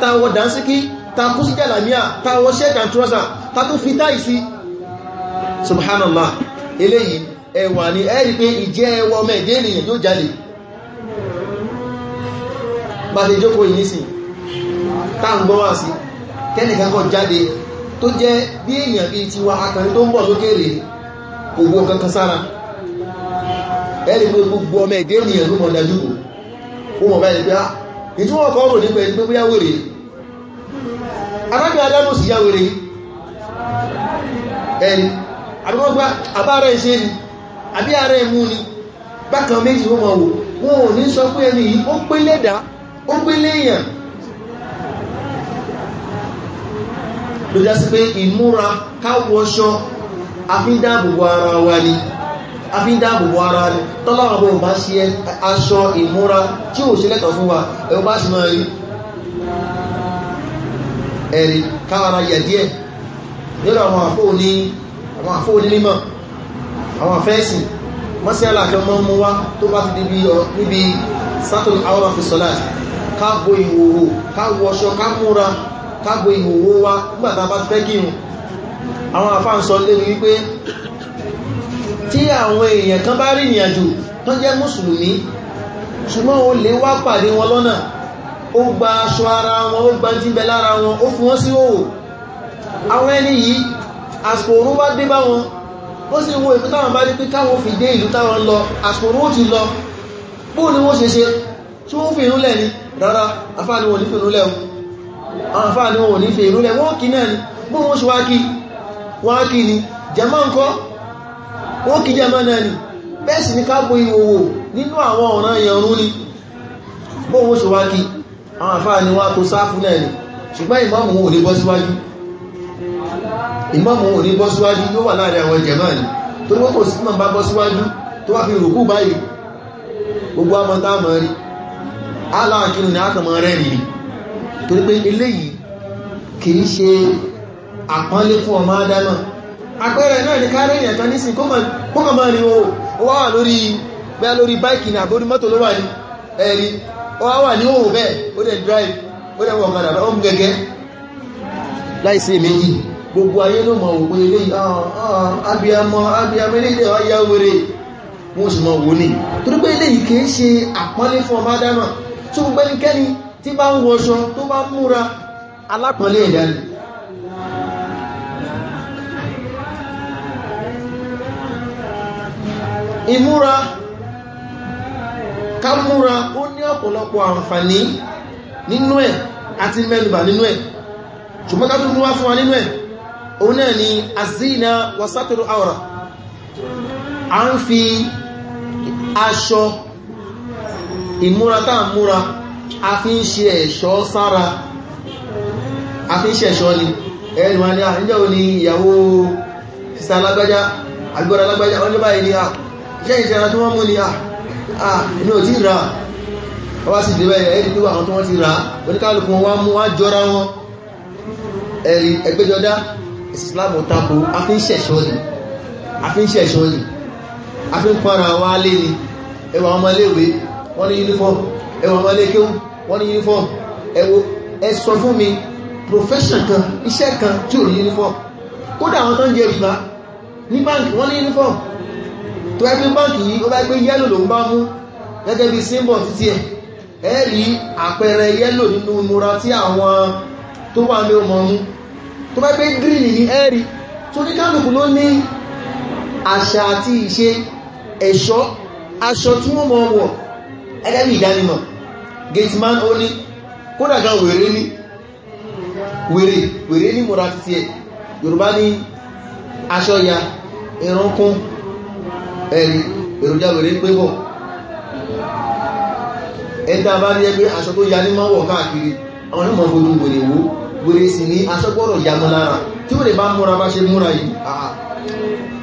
ta wọ dánsíkí ta kú sí jàlàmíà ta wọ ṣẹ́kà trọ́sà ta tó fi táì sí subhanallah eléyìí ẹwà ni ẹ́rì pé ìjẹ́ ẹwọ mẹ́ẹ̀dẹ́ ènìyàn yóò jalè bàtẹ jókòó yìí sí ta ń gbọ́wà sí kẹ́nìkankọ̀ jáde tó jẹ́ bí èèyàn bí ti wa akàrin tó ń ó mọ̀ báyìí pé ah, ìtúwọ̀n kọ́ rò nípa ẹgbẹ́ bóyá wèrè arábìnrin adámù sí yá wèrè ẹni àbúgbà àbára ẹ̀ṣẹ́ ni àbí ara ẹ̀mú ni bákan méjì wọ́n ma wò wọ́n ò ní sọ pé ẹni yìí ó pé lẹ́dà ó pé léèyàn ló já sí pé ìmúra káwọṣọ àfídáàbòbò ara wa ni afi fi ń dáàbòbò ara rẹ̀ tọ́láwọn ọmọ ìbá sí aṣọ ìmúra tí ò ṣe lẹ́tọ̀ fún wa ẹ̀wọ́n bá rí yẹ̀ díẹ̀ àwọn àfóòní mímọ̀ àwọn mú wá tó bá káàbò ìhòhò káàmúra káàbò ìhòhò wá nígbàtà bá fẹ́ tí àwọn èèyàn kan bá rìnrìn àjò tó jẹ́ mùsùlùmí ṣùgbọ́n o lè wá pàdé wọn lọ́nà ó gba aṣọ ara wọn ó gba jíbẹ lára wọn ó fi wọ́n sí òwò àwọn ẹni yìí àsìkòrò wá dé bá wọn ó sì wo ìpín táwọn bá rí pé káwọn fi dé ìlú táwọn lọ àsìkòrò ó ti lọ bóò ni wọ́n ṣe ṣe tí wọ́n fi ìrúnlẹ̀ ni rárá àfáà ni wọ́n ní fi wọn àwọn ni wọ́n ní fi ìrúnlẹ̀ wọ́n kì náà ni bóò wọ́n ṣe wá kí ni jẹ́mọ́ nǹkan wọ́n kìí jẹmọ́ náà ni bẹ́ẹ̀ sì ní káàkó ìwòwò nínú àwọn ọ̀ràn ìyànrún ni bóòwò ṣe wá kí àwọn àfáà ni wá tó sáfún náà ni ṣùgbọ́n ìmáàmù ò ní bọ́ síwájú ìmáàmù ò ní bọ́ síwájú yóò wà láàrin àwọn jẹ̀mọ́ ni tó ní kò sí mọ̀ bá bọ́ síwájú tó wà fi rùkú báyìí gbogbo amọ́ta mọ̀ rí aláàkínú ni àkàmọ́ rẹ̀ nìyí torí pé eléyìí kìí ṣe àpọ́nlé fún ọmọ ádámọ̀ àpẹẹrẹ náà ní kárí ìyẹ̀ká nísìn kó mọ̀ mọ́ o wá wà lórí lórí báìkì ní àbórí mọ́tò ló wà ní ẹ̀rí wà ní bẹ́ẹ̀ dẹ̀ drive o dẹ̀ wọ̀ ọ̀kadà ó gẹ́gẹ́ láìsí èméjì gbogbo ayé ló mọ̀ òpin ilé ilé ìmúra ká múra ó ní ọ̀pọ̀lọpọ̀ àǹfààní nínú ẹ̀ àti mẹ́nubà nínú ẹ̀ ṣùgbọ́n ká tún mú wá fún wa nínú ẹ̀ òun náà ni azina wasatoro aura a ń fi aṣọ ìmúra tá múra a fi ń ṣe ẹ̀ṣọ́ sára a fi ń ṣe ẹ̀ṣọ́ ni ẹ̀rùn wa ní à ń jẹ́ òní ìyàwó sísá alágbájá àgbọ́ra alágbájá wọ́n báyìí ní à jẹ́ ìṣẹ́ra tí wọ́n mú ní àmì ah, ah, ò tí ra ọwá sì dẹ̀ bẹ́ẹ̀ ẹ̀rí pípọ̀ àwọn tó wọ́n ti ra oníkálùkù wọn wá mú wá jọra wọn ẹ̀rí ẹgbẹ́jọdá ìsìláàmù tako afínṣẹ̀ṣọ́ ni afínṣẹ̀ṣọ́ ni afínpara wá lé ni ẹwà ọmọléèwé wọ́n ní uniform ẹwà ọmọléèkéwù wọ́n ní uniform ẹwọ ẹ sọ fún mi uniform kódà àwọn tó ń jẹ ìgbà wọ́n ní uniform tó ẹgbẹ́ báǹkì yìí ó bá gbé yẹ́lò ló ń bá mú gẹ́gẹ́ bí símbọ̀ títí ẹ̀ ẹ́ rí àpẹẹrẹ yẹ́lò nínú múra tí àwọn tó wà ní ọmọ mú tó bá gbé green ní ẹ́ rí tó ní kálùkù ló ní àṣà àti ìṣe ẹ̀ṣọ́ aṣọ tí wọ́n mọ̀ wọ̀ ẹgẹ́ bí ìdánimọ̀ gateman ó ní kódà gan wèrè ní wèrè wèrè ní múra títí ẹ̀ Yorùbá ní aṣọ ya ìrànkún ẹ̀rí èròjà wèrè pé bọ̀ ẹ̀dá bá ní ẹgbẹ́ aṣọ tó ya ní máa wọ̀ káàkiri àwọn náà máa fojú wèrè wó wèrè sì ní aṣọ gbọ́dọ̀ ya mọ́ lára tí wèrè bá múra bá ṣe múra yìí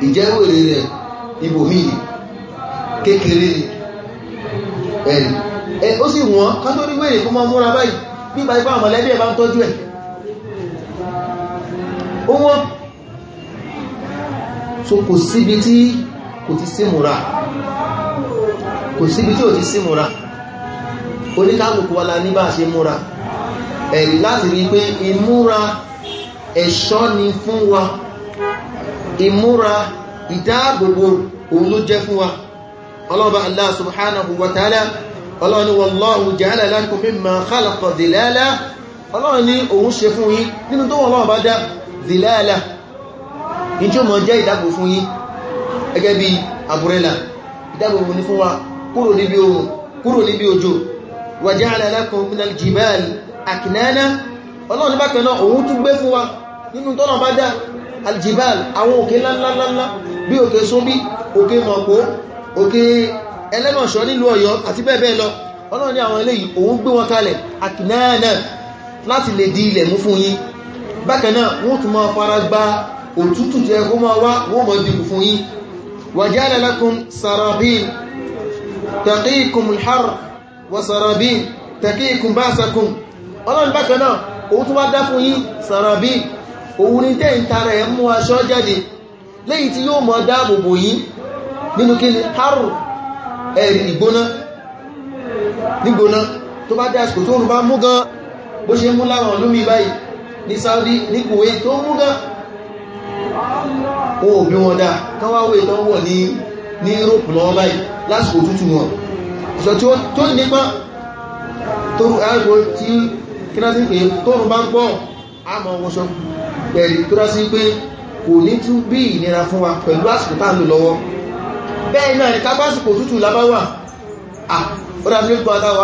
ìjẹ́ wèrè rẹ̀ ibòmíì kékeré ẹ̀rí ẹ̀ ó sì wọ́n kátó rí wèrè kó máa múra báyìí nígbà ipá àmọ̀lẹ́bí ẹ̀ bá ń tọ́jú ẹ̀ ó wọ́n so kò síbi tí kò ti símúra kò síbi tí ò ti símúra oníkálùkù wa la ní bá ṣe múra ẹ̀rí láti rí pé ìmúra ẹ̀ṣọ́ ni fún wa ìmúra ìdáàbòbò òun ló jẹ́ fún wa ọlọ́ba Allah subhanahu wa ta'ala ọlọ́ni wallahu jẹ́ ìdáàbò fún gẹ́gẹ́ bí àbúrẹ́là ìdáàbòbò ní fún wa kúrò níbi oòrùn kúrò níbi òjò waja'ala lakum minal jibali aknana ọlọ́run bákan náà òun tún gbé fún wa nínú tọ́nà bá dá aljibal àwọn òkè ńláńláńlá bí òkè sóbí òkè mọ̀pó òkè ẹlẹ́mọ̀ṣọ́ nílùú ọ̀yọ́ àti bẹ́ẹ̀ bẹ́ẹ̀ lọ ọlọ́run ní àwọn eléyìí òun gbé wọn kalẹ̀ aknana láti lè di ilẹ̀ mú fún yín bákan náà wọ́n tún máa fara gba òtútù tí kó máa wá wọ́n mọ̀ dìbò fún yín وجعل لكم سرابيل تقيكم الحر وسرابيل تقيكم باسكم ọlọ́run bákan náà òun tún wá dá fún yín sàràbí òun ní tẹ́ ìtara ẹ̀ mú aṣọ jáde lẹ́yìn tí yóò mọ́ dáàbòbò yín nínú kí ni harù ẹ̀rì ìgbóná nígbóná tó bá dáàsìkò tó rùn bá mú gan bó ṣe mú láwọn olómi báyìí ní Saudi ní Kuwait tó mú gan ohun bí wọn dá kán wá wé tán wọ̀ ní ní Europe lọ́wọ́ báyìí lásìkò tútù wọn ìṣọ tí ó tó nípa tó ẹgbò tí kínáṣí pé tóòrùn bá ń pọ̀ a mọ̀ wọ́ṣọ pẹ̀lú tó dá sí pé kò ní tún bí ìnira fún wa pẹ̀lú àsìkò tá ń lò lọ́wọ́ bẹ́ẹ̀ náà ní kápásìkò tútù lábáwà àbúrà fi gbọ́n àtàwà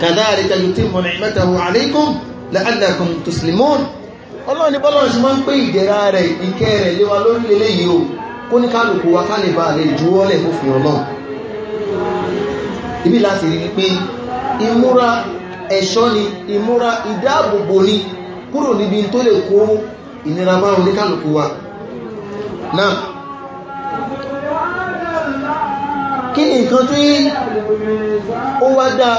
kàdáàríkà yóò tí mọ̀ nìmẹ́tàwò àríkùn la'allakum tuslimun ọlọ́run ní bọ́lọ́run sí máa ń pé ìdẹ̀ra rẹ̀ ìkẹ́ rẹ̀ léwa lórílẹ̀ yìí o kó ní kálùkù wa kálìbà lè juwọ́lẹ̀ fún fi ọlọ́run ibi láti rí kí ni nǹkan tí ó wá dáa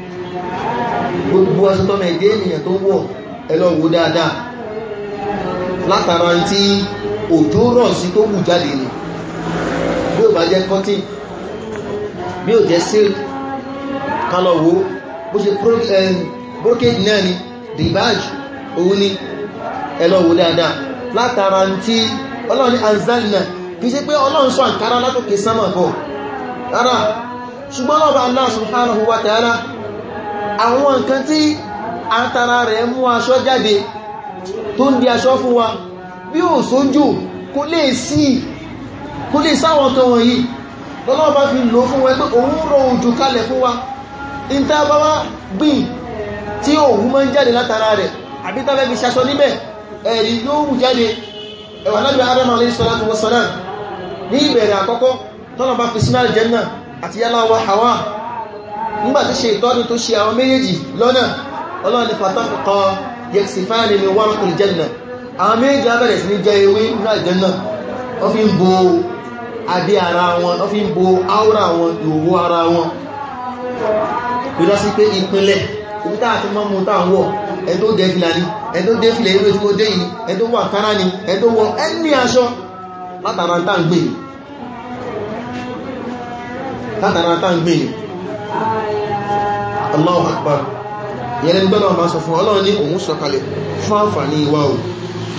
gbogbo aṣọ tọ́mọ ènìyàn tó wọ̀ ẹlọ́wọ́ dáadáa látara tí òjò rọ sí tó wù jáde ni bí ò bá jẹ́ bí ò jẹ́ silk kálọ̀wọ́ bó ṣe eh, náà ni ribaj òun ni dáadáa látara tí ọlọ́ni kì í ṣe pé sọ àǹkárá látòkè bọ̀ rárá ṣùgbọ́n àwọn nǹkan tí a ń tara rẹ̀ mú aṣọ jáde tó ń di aṣọ fún wa bí ò sójò kó lè sí kó lè sáwọn kan wọ̀nyí lọ́lọ́wọ́ bá fi lò fún wẹ́ pé òun rọ òjò kalẹ̀ fún wa in tá bá wá gbìn tí òun mọ́ ń jáde látara rẹ̀ àbí tá fẹ́ fi ṣaṣọ níbẹ̀ ẹ̀rí yóò wù jáde ẹ̀wà lábẹ́ wa hawa nígbà tí ṣe ìtọ́ni tó ṣe àwọn méjèèjì lọ́nà ọlọ́run ní fatakọ yẹksifáàni ní wọ́n rọ́kùnrin jẹ́nà àwọn méjèèjì abẹ́rẹ̀ sí ní jẹ ewé nínú àjẹ́nà wọ́n fi ń bo adé ara wọn wọ́n fi ń bo áwúrà wọn ìwòwò ara wọn ìlọ sí ni ẹni tó dé fìlà ìwé tí mo dé yìí ẹni Allahu Akbar yẹn ní gbọ́nà ọmọ sọ fún ọlọ́run ní òun sọ̀kalẹ̀ fún àǹfààní ìwà o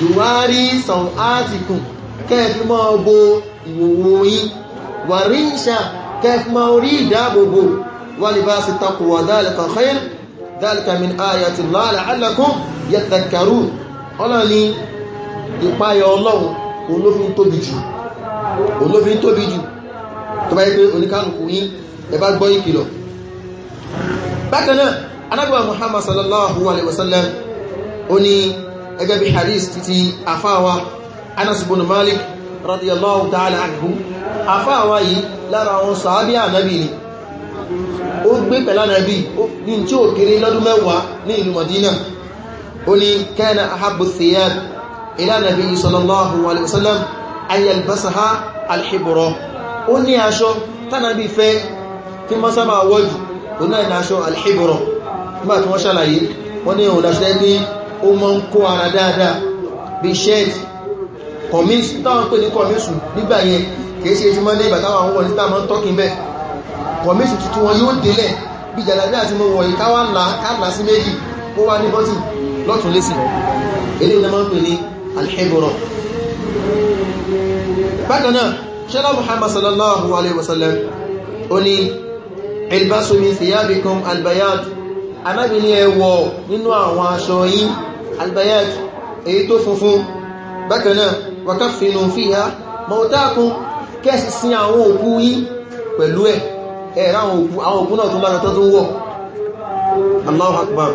ìwárí sàn áàtìkùn kẹfì máa bo ìwòwò yín wà rí ìṣà kẹfì máa rí ìdáàbòbò wà lè bá sí takò wà dhalika khair dhalika min ayati Allah la'allakum yatadhakkarun ọlọ́run ní ìpayọ̀ ọlọ́run yẹ bákan náà anábíwá muhammad sallallahu alaihi wasallam ó ní ẹgbẹ́ bí hadith títí àfáwa anasibun malik radiyallahu ta'ala anhu àfáwa yìí lára àwọn sàábí ànábì ni ó gbé pẹ̀lá nàbí ní tí ó kéré lọ́dún mẹ́wàá ní ìlú madina ó ní kana ahabbu thiyab ila nàbí sallallahu alaihi wasallam ayyalbasaha alhibra ó ní aṣọ tánàbí fẹ́ tí mọ́ sábà òun náà ní aṣọ alhibro nígbà tí wọ́n ṣàlàyé wọ́n ní òun aṣọ ẹgbẹ́ ó mọ́ ń kó ara dáadáa bí ṣẹ́ẹ̀tì kọ̀mísù táwọn pè ní kọ̀mísù nígbà yẹn kìí ṣe ti mọ́ ní ìbàtàwọn àwọn wọ̀n títà mọ́ ń tọ́kì mẹ́ kọ̀mísù tuntun wọn yóò délẹ̀ ní ilbasu min thiyabikum albayat anábi ní ẹwọ nínú àwọn aṣọ yín albayat èyí tó funfun bákan náà wakaffinu fiha mawtakum kẹ́sì sí àwọn òkú yín pẹ̀lú ẹ̀ ẹ̀rá àwọn òkú náà tó bá lọ́tọ́ tó wọ̀ Allahu akbar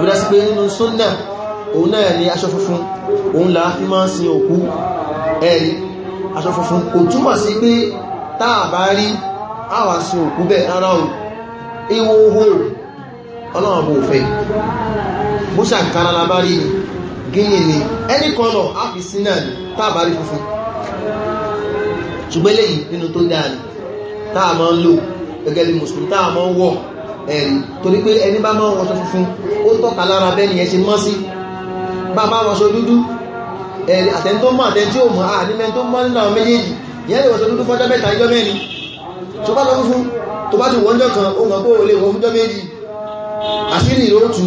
ìrẹ́ sí àwà sí òkú bẹ́ ara ohun ihò ohun ọlọ́run bó fẹ́ bó ṣàkára labárí ni gíní ni ẹni kọ́nà áfìsí náà ni tábàrí funfun ṣùgbẹ́lẹ̀ yìí nínú tó dáa ni táà máa ń lò gẹ́gẹ́ bí mùsùlùmí táà máa ń wọ̀ ẹ̀rì torí pé ẹni bá máa ń wọṣọ ó tọ́ka lára bẹ́ni ẹ mọ́ sí bá bá wọṣọ dúdú ẹ̀rì àtẹ́ntó mọ́ àtẹ́ntí ò mọ́ ànímẹ́ mọ́ nínú àwọn méjèèjì ìyẹn tó bá lọ fún tó bá ti wọ́njọ́ kan ó mọ̀ pé ó lè wọ́n fúnjọ́ méjì àṣírí ló tú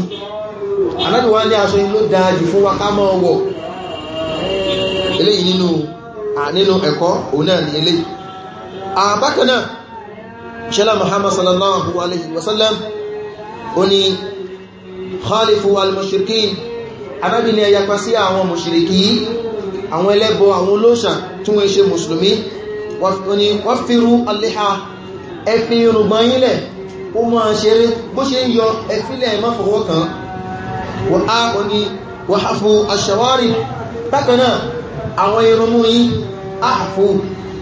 aláàdùwá ní aṣọ ilé dáa jù fún wa ká mọ́ wọ̀ eléyìí nínú nínú ẹ̀kọ́ òun náà ní eléyìí àbákanáà ṣẹlá Muhammad sallallahu alaihi àwọn mushriki àwọn ẹlẹ́bọ àwọn wọ́n ṣe mùsùlùmí wọ́n fi rú aléha ẹfin irùngbọ̀n yín lẹ̀ ó máa ṣeré bó ṣe ń yọ ẹfílẹ̀ má fọwọ́ kàn wọ́n á kò ní wọ́n á fún aṣàwárí bákan náà àwọn irunmú yín á fún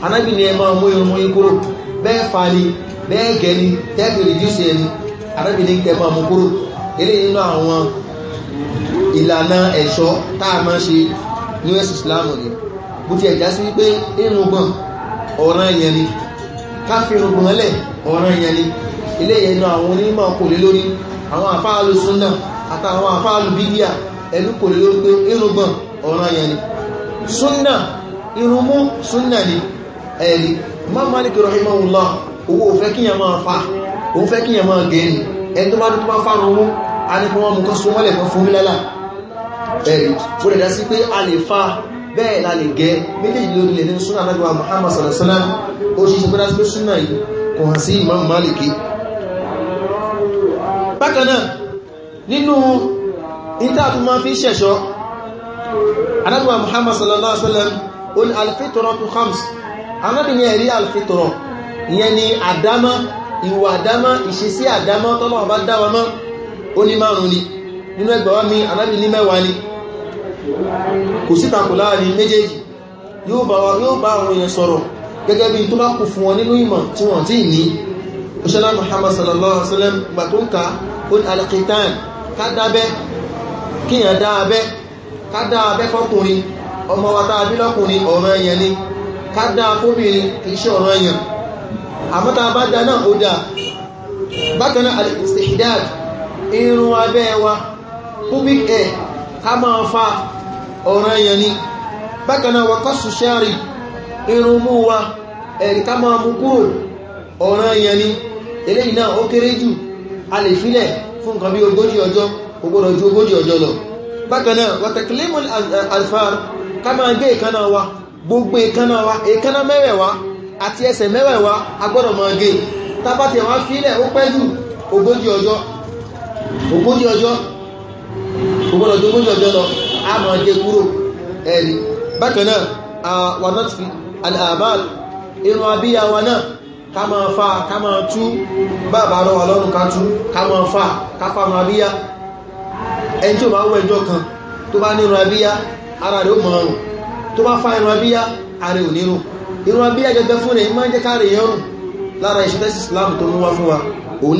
anábì ni ẹ máa mú kúrò bẹ́ẹ̀ fani bẹ́ẹ̀ gẹ̀ẹ́ni tẹ́ẹ̀fì rìdíùsì ẹni anábì ni mú kúrò eré nínú àwọn ìlànà ẹ̀ṣọ́ tá máa ṣe ní ẹ̀sùn ni bó ti ẹ̀já sí wípé irùngbọ̀n ọ̀ràn yẹn ni káfí irùngbọ̀n ẹlẹ̀ ọ̀ràn yẹn ni ilé yẹn náà àwọn onímọ̀ kò lé lórí àwọn àfáàlù súnà àtàwọn àfáàlù bídíà ẹnu kò lé lórí pé irùngbọ̀n ọ̀ràn yẹn ni súnà irunmú súnà ni ẹ̀rí rahimahullah owó òfẹ́ máa fa òun fẹ́ máa gẹ̀ẹ́ ni ẹni tó bá bá mú a ní kí wọ́n mú kán súnmọ́lẹ̀ fún ẹ̀rí dẹ̀dá sí fa bẹ́ẹ̀ la lè gẹ́ méjèèjì lórí lè ní súnà náà Muhammad sallallahu alaihi wasallam ó ṣíṣe pẹ́lá sí súnà yìí kò hàn sí Imam Maliki bákanáà nínú ìtàkù ma fi ṣẹ̀ṣọ́ anábíwa Muhammad sallallahu alaihi wasallam ó ní alfitratu khams anábìnrin ẹ̀rí alfitrọ ìyẹn ni àdámá ìwà àdámá ìṣesí àdámá tọ́lọ̀ bá dáwà mọ́ ó ní márùn-ún ni nínú ẹgbàwá mi anábìnrin mẹ́wàá ni kò sí takò láàrin méjèèjì yóò bá àwọn èèyàn sọ̀rọ̀ gẹ́gẹ́ bí tó bá kù fún wọn nínú ìmọ̀ tí wọ́n tí ní òṣèlá Muhammad sallallahu alaihi wasallam gbà tó ń ka ó ní alqitan ká dábẹ́ kíyàn dáabẹ́ ká dáabẹ́ fọ́kùnrin ọmọ wata abílọ́kùnrin ọ̀rọ̀ ẹ̀yàn ni ká dáa fóbìnrin iṣẹ́ ọ̀rọ̀ ẹ̀yàn àmọ́ta bá dá náà ó dáa bákanáà al-istihdad irun abẹ́ wa pubic hair ká máa fa ọ̀ràn yẹn ni bákanáà wà wa ẹ̀rì ká máa mú yẹn ni eléyìí náà ó kéré jù a lè fílẹ̀ fún nǹkan bí ogójì ọjọ́ ogójì ọjọ́ lọ alfar gbé ìkaná wa gbogbo ìkaná wa ìkaná mẹ́wẹ̀wá àti ẹsẹ̀ mẹ́wẹ̀wá a máa gé o àwọn ó ògbọ́dọ̀ tó mújọ jọ lọ a máa jẹ kúrò ẹ̀rí bákan náà a wà náà fi al'amal irun abíyà wa náà ká máa fa ká máa tú bàbá rọ wà lọ́rùn ká tú ká máa fa ká fa máa bíyà ẹni tí ó máa wọ ẹjọ́ kan tó bá ní irun abíyà ara rẹ̀ ó mọ̀ ọrùn tó bá fa irun abíyà Islam tó mú wá fún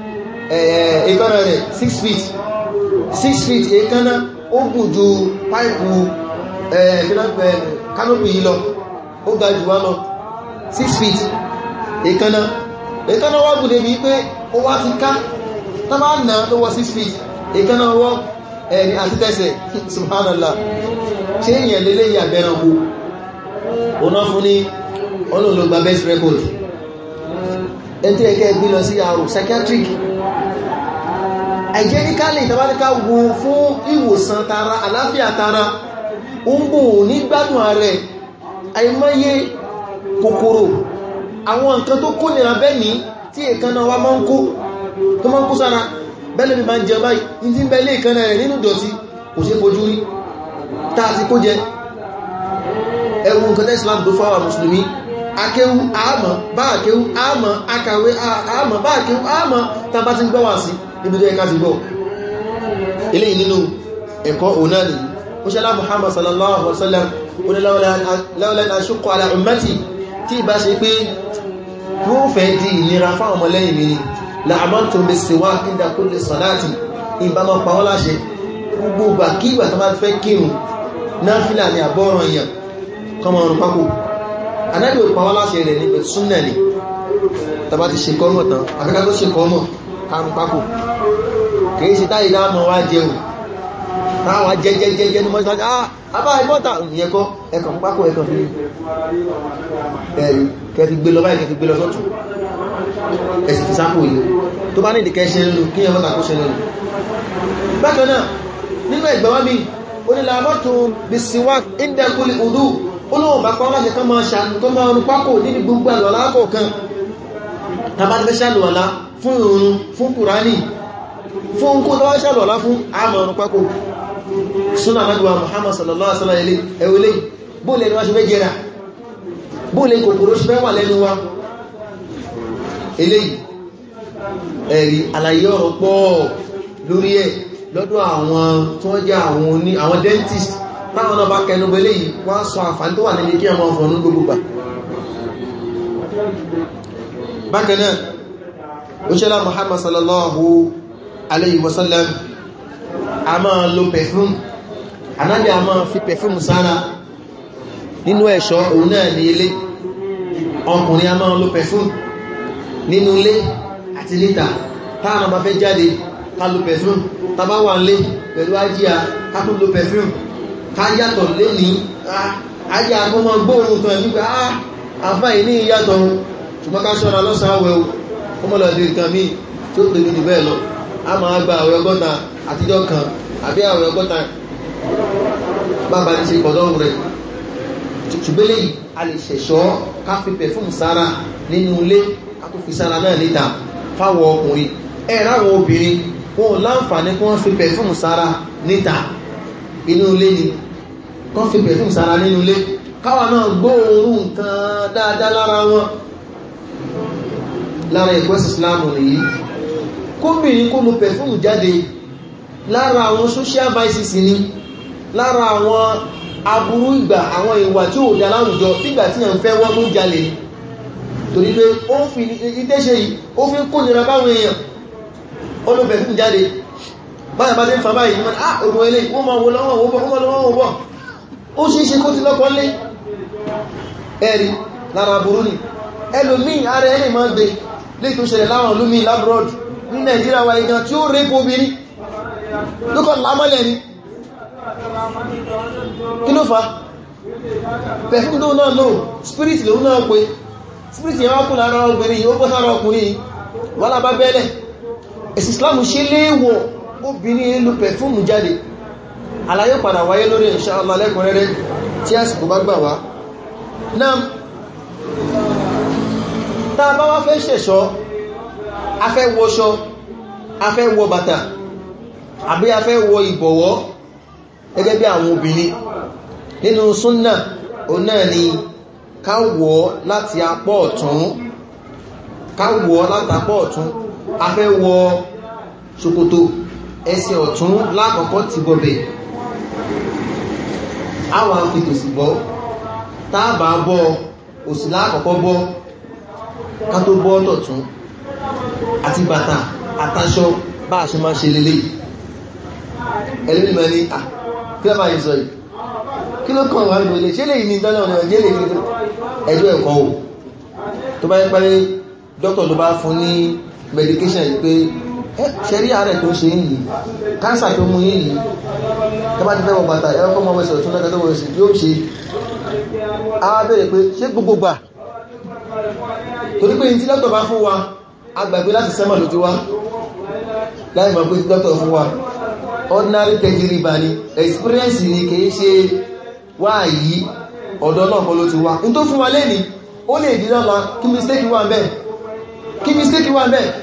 èékánná rẹ̀ 6 feet 6 feet èékánná ó gùn ju páìpù eh, kánópì yìí lọ o ga jù lọ 6 feet èékánná èékánná wá gùn débi pe o wa ti ka tó bá 6 feet èékánná wọ́ ẹni eh, ati tẹ́sẹ̀ subhanallah ṣe èyàn lélé ìyàbẹ̀ràn wo ọ̀nà fún best record ẹ̀ntí ẹ̀kẹ́ gbí lọ sí àrùn psychiatric hygienically ìtàbátíká wo fún ìwòsàn tara àláfíà tara ó ń bò ní gbádùn ààrẹ àìmọye kòkòrò àwọn nǹkan tó kó nìra bẹ́ẹ̀ni tí èkánná wa máa ń kó tó máa ń kó sára bẹ́lẹ̀ mi máa ń jẹ báyìí ní bẹ́lẹ̀ ìkánná rẹ̀ nínú dọ̀tí kò ṣe fojú rí táà ti kó jẹ ẹwù nǹkan tẹ́sìlá tó fáwà mùsùlùmí akéwú àmọ́ bá akéwú àmọ́ akàwé àmọ́ bá akéwú àmọ́ tàbá ti gbọ́wà sí ibùdó ẹka ti gbọ́ ilé nínú ẹ̀kọ́ òun náà Muhammad sallallahu alaihi wasallam onílọ́wọ́lẹ́ aṣókò ala ummati tí ìbá ṣe pé wọ́n fẹ́ di ìnira fáwọn ọmọlẹ́yìn mi ni la'amantu bis-siwak inda kulli salati ìbá mọ́ pa wọ́n láṣẹ gbogbo gbà pákó anábì ò pa wá láṣẹ rẹ̀ ní súnà ni tàbá ti ṣe kọ́mọ̀ tán àfikà tó ṣe kọ́mọ̀ karùn pákò kìí ṣe táyì láàmọ̀ wá jẹun táwà jẹjẹjẹjẹ ní mọ́sílájá àbá ah, ìbọ́ta ìyẹ̀kọ́ ẹkàn pákò ẹkàn fi ẹ̀rì kẹfì gbé lọ báyìí kẹfì gbé lọ sọ́tún ẹ̀sì ti sápò yìí tó bá ní ìdíkẹ́ ṣe lù kí ẹ̀họ́n tàkó ṣe lù bákan náà nínú ẹgbẹ̀wọ́n mi onílà mọ́tún bí síwá ìdẹ́kùlì ọdún olóhùn bá pa aláṣẹ kan máa ṣàánú kan máa rú pákò nínú gbogbo àlọ́lá kọ̀ọ̀kan tàbátẹ́fẹ́ ṣàlọ́lá fún ìrun fún kùránì fún kó tàbá ṣàlọ́lá fún àmọ̀rún pákò súnà náà Muhammad sallallahu alaihi wasallam bóòlẹ̀ ni wá ṣe fẹ́ jẹ́ra bóòlẹ̀ kòkòrò ṣe fẹ́ wà lẹ́nu wa eléyìí ẹ̀rí àlàyé ọ̀rọ̀ pọ̀ lórí ẹ̀ lọ́dọ̀ àwọn tó ń jẹ́ àwọn dentist táwọn náà bá kẹnubọ eléyìí wọ́n á sọ àǹfààní tó wà níbi kí ọmọ ọ̀fọ̀ ní gbogbo gbà bákan òṣèlá Muhammad sallallahu alayhi wa a máa lo perfume anábì a máa fi perfume sára nínú ẹ̀ṣọ́ òun náà ní ilé ọkùnrin a máa lo perfume nínú ilé àti níta táwọn ọmọ fẹ́ jáde ká lo perfume tàbá wà nílé pẹ̀lú ajíya ká tún lo perfume ká yàtọ̀ lé ní ayé akọ́mọ gbóòrùn kan nígbà àfá ìní ìyàtọ̀ ṣùgbọ́n ká ṣọ́ra lọ́sàn àwẹ̀ ọmọlọ́dé nǹkan míì tí ó pèlú jù bẹ́ẹ̀ lọ a máa gba àwẹ̀ ọgọ́ta àtijọ́ kan àbí àwẹ̀ ọgọ́ta bàbá ti ṣe pọ̀dọ́rùn rẹ̀ ṣùgbélé yìí a lè ṣẹ̀ṣọ́ ká fi pẹ̀fún sára nínú ilé akófi sára náà níta fáwọn ọkùnrin ẹ̀ ráwọn obìnrin wọn láǹfààní kí wọ́n fi pẹ̀fún sára níta inú ilé ni kán fi perfume sára nínú ilé káwa náà gbóòórùn nǹkan dáadáa lára wọn lára ẹ̀kọ́ Islam nìyí kóbìnrin kó lo perfume jáde lára àwọn social vices ni lára àwọn aburú ìgbà àwọn ìwà tí ó dá láwùjọ fígbà tí yàn fẹ́ wọ́n ló jalè torí pé ó fi ní ìdẹ́ṣẹ́ yìí ó fi kó nira báwọn èèyàn ó lo perfume jáde báyìí bá lè ń fa báyìí ní ah ògùn ilé wọ́n ma wo lọ́wọ́ wọ́n bọ́ wọ́n lọ́wọ́ wọ́n bọ́ ó ṣe kó ti lọ́kọ́ lé lára burú ni ẹlòmíì ara ẹni máa gbé lẹ́tọ́ ṣẹlẹ̀ láwọn olómi labrod ní Nàìjíríà wa igan tí ó rẹ́pù obìnrin lókọ̀ lámọ́lẹ̀ ni kí ló fa pẹ̀fún tó náà náà obìnrin ló pẹ̀fúmù jáde àlàyé padà wáyé lórí insha Allah lẹ́kùnrẹ́rẹ́ tí àsìkò bá gbà wá náà tá a bá wá fẹ́ ṣẹ̀ṣọ́ a fẹ́ wọṣọ a fẹ́ wọ bàtà àbí a fẹ́ wọ ìbọ̀wọ́ gẹ́gẹ́ bí àwọn obìnrin nínú súnnà o náà ni ká wọ̀ láti apọ̀ ọ̀tún ká wọ̀ látapọ̀ ọ̀tún a wọ ṣòkòtò ẹsẹ̀ ọ̀tún lákọ̀ọ́kọ́ ti bọ̀bẹ̀ àwọn àfitòsì bọ́ táàbà bọ́ òsì lákọ̀ọ́kọ́ bọ́ ká tó bọ́ tọ̀tún àti bàtà àtàṣọ bá a ṣe máa ṣe lélẹ̀ ẹlẹ́mìí ní à kí lọ́pàá yìí sọ yìí kí ló kàn wà ní ilé ṣe lè ní ìdáná ọ̀nà ìjẹ́ lè ní o tó bá yẹ pé dókítà ló bá fún ní ṣẹ̀rí ààrẹ tó ṣe yìí kánsà tó mú yìí tẹ́bá ti fẹ́wọ̀ bàtà ẹ̀kọ́ mọ́ wẹ̀sẹ̀ ọ̀tún lẹ́gbẹ̀ẹ́ wẹ̀sẹ̀ yóò ṣe a bẹ̀rẹ̀ pé ṣé gbogbogbà torí pé tí dọ́kítọ̀ bá fún wa agbàgbé láti sẹ́mọ̀ lójú wa láì mọ̀ pé tí dọ́kítọ̀ ordinary tẹ̀jìrìbà ni experience ni kìí ṣe wá yìí ọ̀dọ́ náà kọ́ ló ti wá ní tó fún wa lẹ́ni ó lè dí lọ́la kí mistake wà bẹ́ẹ̀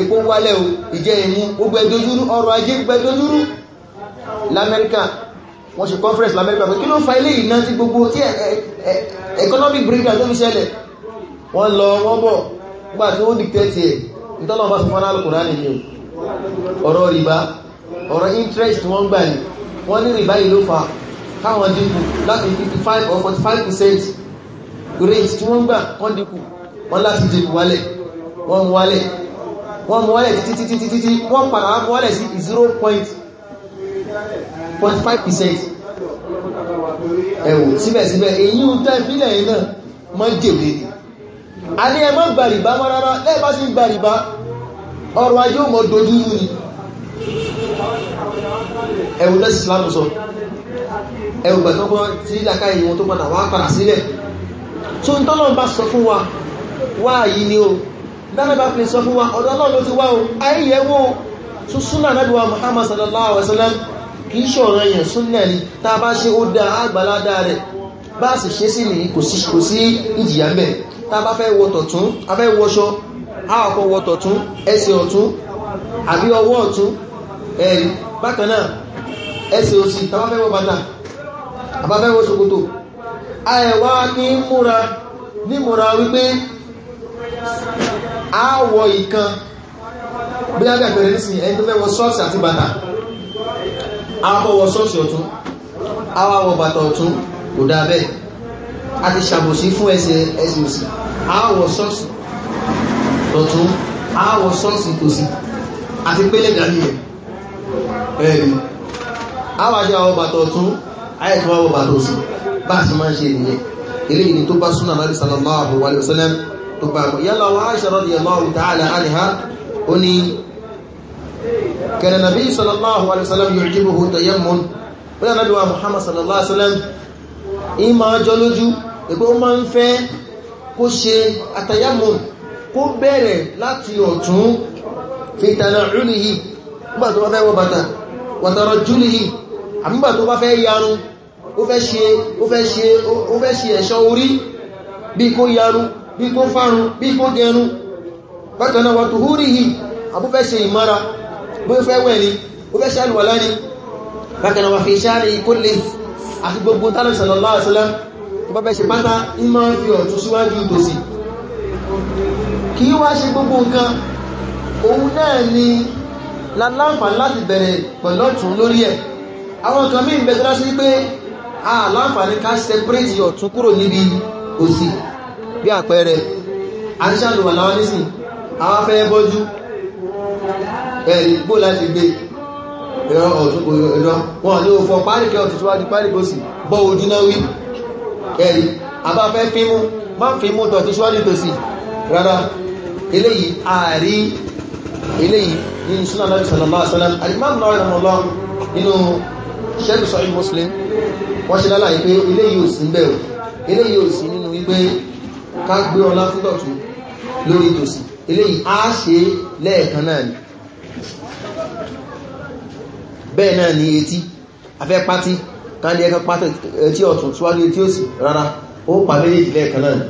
epo ń wálẹ̀ o ìjẹ́ ìmú gbogbo ẹdójúrú ọrọ̀ ajé gbẹdójúrú lamẹ́ríkà wọ́n ṣe conference lamẹ́ríkà pé kí ló fa ilé ìná tí gbogbo tí economic breakdown tó fi ṣẹlẹ̀ wọ́n lọ wọ́n bọ̀ gbà tí ó dìtẹ́tì ẹ̀ ìtọ́lọ̀ bá fún alákùnrá nìyí ọ̀rọ̀ rìbá ọ̀rọ̀ interest wọ́n gbà ní wọ́n ní rìbá yìí ló fa káwọn dínkù láti 55 or 45 percent rate tí wọ́n gbà kán dínkù wọ́n láti dínkù wálẹ̀ wọ́n wálẹ̀ wọ́n mú wọ́lẹ̀ títí títí títí wọ́n padà wọ́n mú wọ́lẹ̀ sí 0.5% ẹ̀wò síbẹ̀síbẹ̀ èyí ń tẹ́ ìpínlẹ̀ yìí náà mọ́ jèlé ni a ní ẹmọ́ gbàrìbá mọ́ rárá lẹ́ẹ̀bá sí gbàrìbá ọrọ̀ ajé ò mọ́ dojú ni ẹ̀wò lẹ́sì Islam sọ ẹ̀wò gbẹ̀tọ́kọ́ tí ìlàkà ìwọ̀n tó padà wá padà sílẹ̀ tó ń tọ́lọ́ bá sọ fún wa wáyìí ni o dáadáa fi sọ fún wa ọ̀dọ̀ Ọlọ́run ló ti wá o ayẹyẹwó súnà nábíwá Muhammad sallallahu alaihi wasallam kì í ṣọ̀rọ̀ èèyàn súnà ni tá a bá ṣe ó dá àgbàládá rẹ̀ bá sì ṣe sí ní kò sí ìjìyà mẹ́ tá a bá fẹ́ wọ tọ̀tún a wọṣọ a ọkọ̀ wípé àwọ ìkan bí a gbẹ̀rẹ̀ nísìn ẹni tó fẹ́ wọ ṣọ́ọ̀ṣì àti bàtà àwọ wọ ṣọ́ọ̀ṣì ọ̀tún àwọ wọ bàtà ọ̀tún kò dá bẹ́ẹ̀ a ti ṣàbòsí fún ẹsẹ̀ ẹsẹ̀ òsì àwọ ṣọ́ọ̀ṣì ọ̀tún àwọ ṣọ́ọ̀ṣì tòsì àti pélé dàní ẹ̀ ẹ̀rí àwọ àjọ àwọ bàtà ọ̀tún àyẹ̀tọ̀ àwọ bàtà òsì bá a ti máa ń ṣe nìyẹn eléyìí ni tó bá súnà náà sallallahu alaihi wasallam tó papọ̀ yálà wọ́n Aisha radiyallahu ta'ala anha ó ní kana nabi sallallahu alaihi wasallam yu'jibuhu tayammun wọ́n yà nàbíwá Muhammad sallallahu alaihi wasallam ìmọ̀ ọjọ́ lójú ẹgbẹ́ ó máa ń fẹ́ kó ṣe àtàyàmùn kó bẹ̀rẹ̀ láti ọ̀tún fi tànà rúlì yìí nígbà tó bá ẹ̀ṣọ́ orí bí kó yarun bí kó fárun bí kó gẹrun bákaná wà tó húrí hì àbúfẹ́ ṣe ìmára bó fẹ́ wẹ̀ ni ó fẹ́ ṣàlùwà láni bákaná wà fi ṣáàrí kó lè àti gbogbo tánàbí sallallahu alaihi wasallam tó bá fẹ́ ṣe pátá ní máa ń fi ọ̀tún síwájú ìtòsí kì í wá ṣe gbogbo nǹkan òun náà ni láláǹfà láti bẹ̀rẹ̀ ká separate ọ̀tún kúrò níbi òsì bí àpẹẹrẹ àṣàlùwà láwọn nísìn àwọn afẹ́ bọ́jú ẹ̀rí láti gbé ẹ̀rọ ọ̀tún wọn ní òfò páríkẹ́ ọ̀tún síwájú páríkọ́sì bọ́ ojú náà wí ẹ̀rí àbáfẹ́ fímú má fímú tọ̀tí síwájú tòsì rárá eléyìí ààrí eléyìí nínú súnà náà sallallahu alaihi wasallam al-Imam Nawawi rahimahullah nínú Sharh Muslim wọ́n ṣe lálàyé pé eléyìí ò sí bẹ̀rù eléyìí ò sí nínú wípé ká gbé ọlá fún tọ̀tún lórí tòsí eléyìí á ṣe lẹ́ẹ̀kan náà ni bẹ́ẹ̀ náà ni etí afẹ́ pátí ká ní ẹ̀kan pátí etí ọ̀tún síwájú etí òsì rárá ó pa méjèèjì lẹ́ẹ̀kan náà ni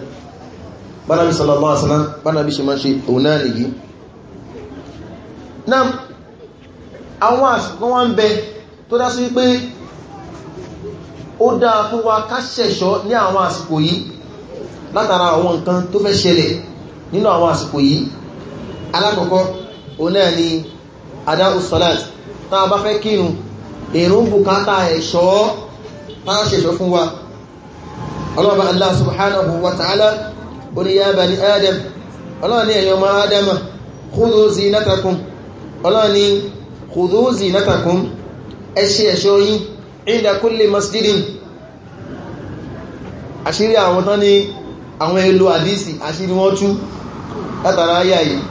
bánabi sallallahu alaihi wasallam bánabi ṣe máa ṣe òun ó dáa fún wa ká ṣẹ̀ṣọ́ ní àwọn àsìkò yìí látara àwọn nǹkan tó fẹ́ ṣẹlẹ̀ nínú àwọn àsìkò yìí alákọ̀ọ́kọ́ òun náà ni adá usolat tá a bá fẹ́ kírun èrún bùkátà ẹ̀ṣọ́ tá a ṣẹ̀ṣọ́ fún wa ọlọ́ba allah subhanahu wa ta'ala oníyá bani adam ọlọ́ni ẹ̀yọ́ ma adam khudhu zinatakum ọlọ́ni khudhu zinatakum ẹṣẹ́ àwọn tán ni àwọn èlò àdísì àṣírí wọ́n tú látara ayà yìí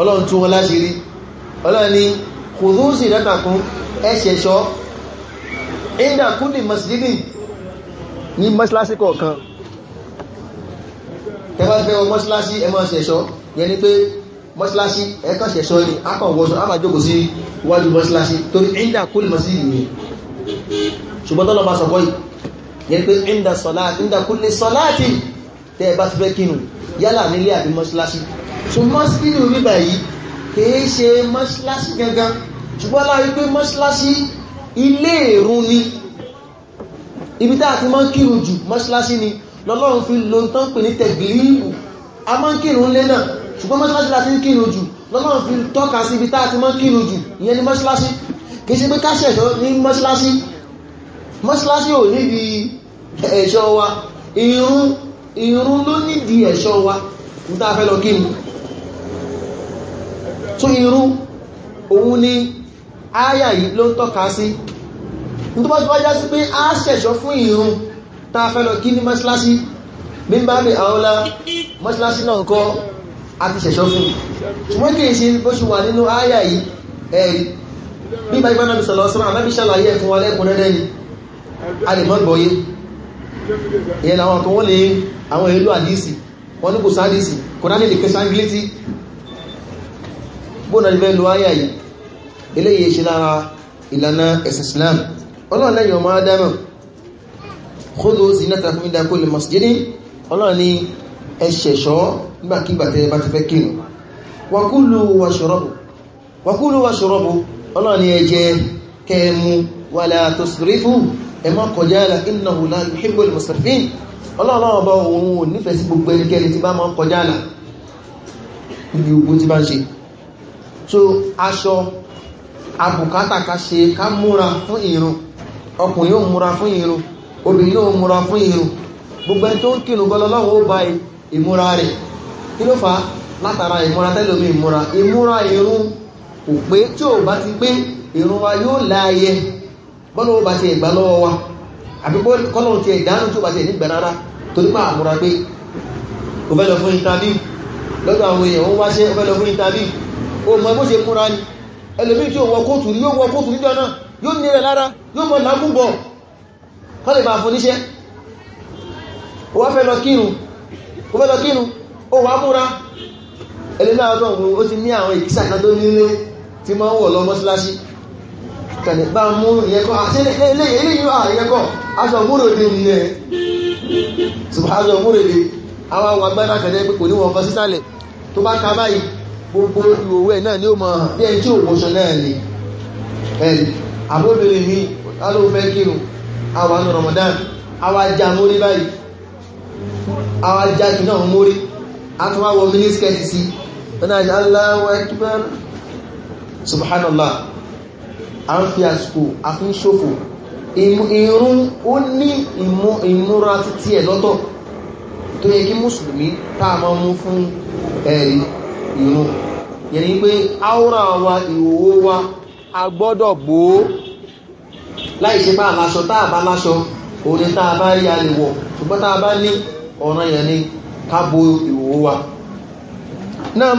ọlọ́run tú wọn láṣírí ọlọ́run ni kùdúsì látàkún ẹṣẹ̀ṣọ́ ìdàkúndì masjidi ní mọ́sílásí kọ̀ọ̀kan tẹbá fẹ́ wọ mọ́sílásí ẹmọ́ ṣẹ̀ṣọ́ yẹ ni pé mọ́sílásí ẹ̀kọ́ ṣẹ̀ṣọ́ ni akọ̀wọ́sọ àmàjókò sí wájú mọ́sílásí torí ìdàkúndì masjidi ni ṣùgbọ́n tọ́lọ yẹn pé ẹ̀ndà sọ̀láàtì ẹ̀ndà kú lè sọ̀láàtì tẹ́ ẹ bá ti fẹ́ kínú yálà nílé àbí mọ́ṣíláṣí so mọ́ṣílù ríbà yìí kìí ṣe mọ́ṣíláṣí gangan ṣùgbọ́n láàrí pé mọ́ṣíláṣí ilé ìrun ni ibi tá a ti máa ń kírun jù mọ́ṣíláṣí ni lọ́lọ́run fi lo tán pè ní tẹ̀gbìlìmù a máa ń kírun lé náà ṣùgbọ́n mọ́ṣíláṣí la ti ń kírun jù lọ́lọ́run fi tọ́ka sí ibi tá a ni mọ́ṣíláṣí kìí ṣe mọ́ṣíláṣí ò níbi ẹ̀ṣọ́ wa irun irun ló nídìí ẹ̀ṣọ́ wa níta fẹ́ lọ kí ni tún irun òun ni áyà yìí ló ń tọ́ka sí nítorí wọ́n ti wájá sí pé a ṣẹ̀ṣọ́ fún irun tá a fẹ́ lọ kí ní mọ́ṣíláṣí bí n bá mi àwọn ọlá mọ́ṣíláṣí náà kọ́ a ti ṣẹ̀ṣọ́ fún ṣùgbọ́n kìí ṣe bó ṣe wà nínú áyà yìí ẹ̀rí bí bá ìgbà náà àmẹ́bí ṣàlàyé ẹ̀fún wa lẹ́kùnrẹ́rẹ́ ni a lè mọ́ gbọ́yé ìyẹn àwọn kan wọ́n lè àwọn èlò àdísì wọ́n ní kò sáàdísì kò náà lè kẹsàn gílítí bóòdá ìfẹ́ lọ ayà yìí eléyìí ṣe lára ìlànà ẹ̀sìn Islam ọlọ́run lẹ́yìn ọmọ adámọ̀ masjidi wala tusrifu ẹ má kọjá àlà innahu la yuhibbul musrifin ọlọ́run ọba òun ò nífẹ̀ẹ́ sí gbogbo ẹnikẹ́ni tí bá máa ń kọjá àlà ibi ogun tí bá ń ṣe so aṣọ abùkátà ká ṣe ká múra fún ìrun ọkùnrin yóò múra fún ìrun obìnrin yóò múra fún ìrun gbogbo ẹni tó ń kírun gbọ́lọ́ lọ́wọ́ ó bọ́nà ó bá ṣe ìgbà lọ́wọ́ wa àbí kọ́lọ̀n ti ẹ̀dánù tó bá ṣe nígbà rárá torí máa múra pé ó fẹ́ lọ fún interview lọ́dọ̀ àwọn èèyàn ó wáṣẹ́ ó fẹ́ lọ fún interview ó mọ bó ṣe múra ni ẹlòmíì tí ó wọ kóòtù yóò wọ kóòtù níjọ náà yóò ní rẹ̀ lára yóò mọ lágúnbọ̀ kọ́ lè máa fún níṣẹ́ ó wá fẹ́ lọ kírun ó ó wá ti máa ń wọ̀ lọ mọ́síláṣí kẹ̀lẹ̀ bá mú ìyẹ́kọ́ àti eléyìí wà ìyẹ́kọ́ aṣọ múròdé nìyẹn ṣùgbọ́n múròdé àwọn àwọn agbára pé kò ní wọn kọ sísàlẹ̀ tó bá ka báyìí gbogbo ìwòwẹ́ náà ni ó mọ̀ bí ẹni tí òwòṣọ náà lè ẹ̀lì àbóbìnrin mi alóòfẹ́ kírun Ramadan àwọn ajá a ń fi àsìkò a fi ń ṣòfò ìrun ó ní ìmúra títí ẹ̀ lọ́tọ̀ tó yẹ kí mùsùlùmí táà máa mú fún ẹ̀rí ìrun yẹ ni pé áwòrán wa ìhòòhò wa a gbọ́dọ̀ gbòó láì ṣe bá aláṣọ táà bá láṣọ orí táà bá rí alìwọ̀ ṣùgbọ́n táà bá ní ọ̀ràn yẹn ni kábo ìhòòhò wa náà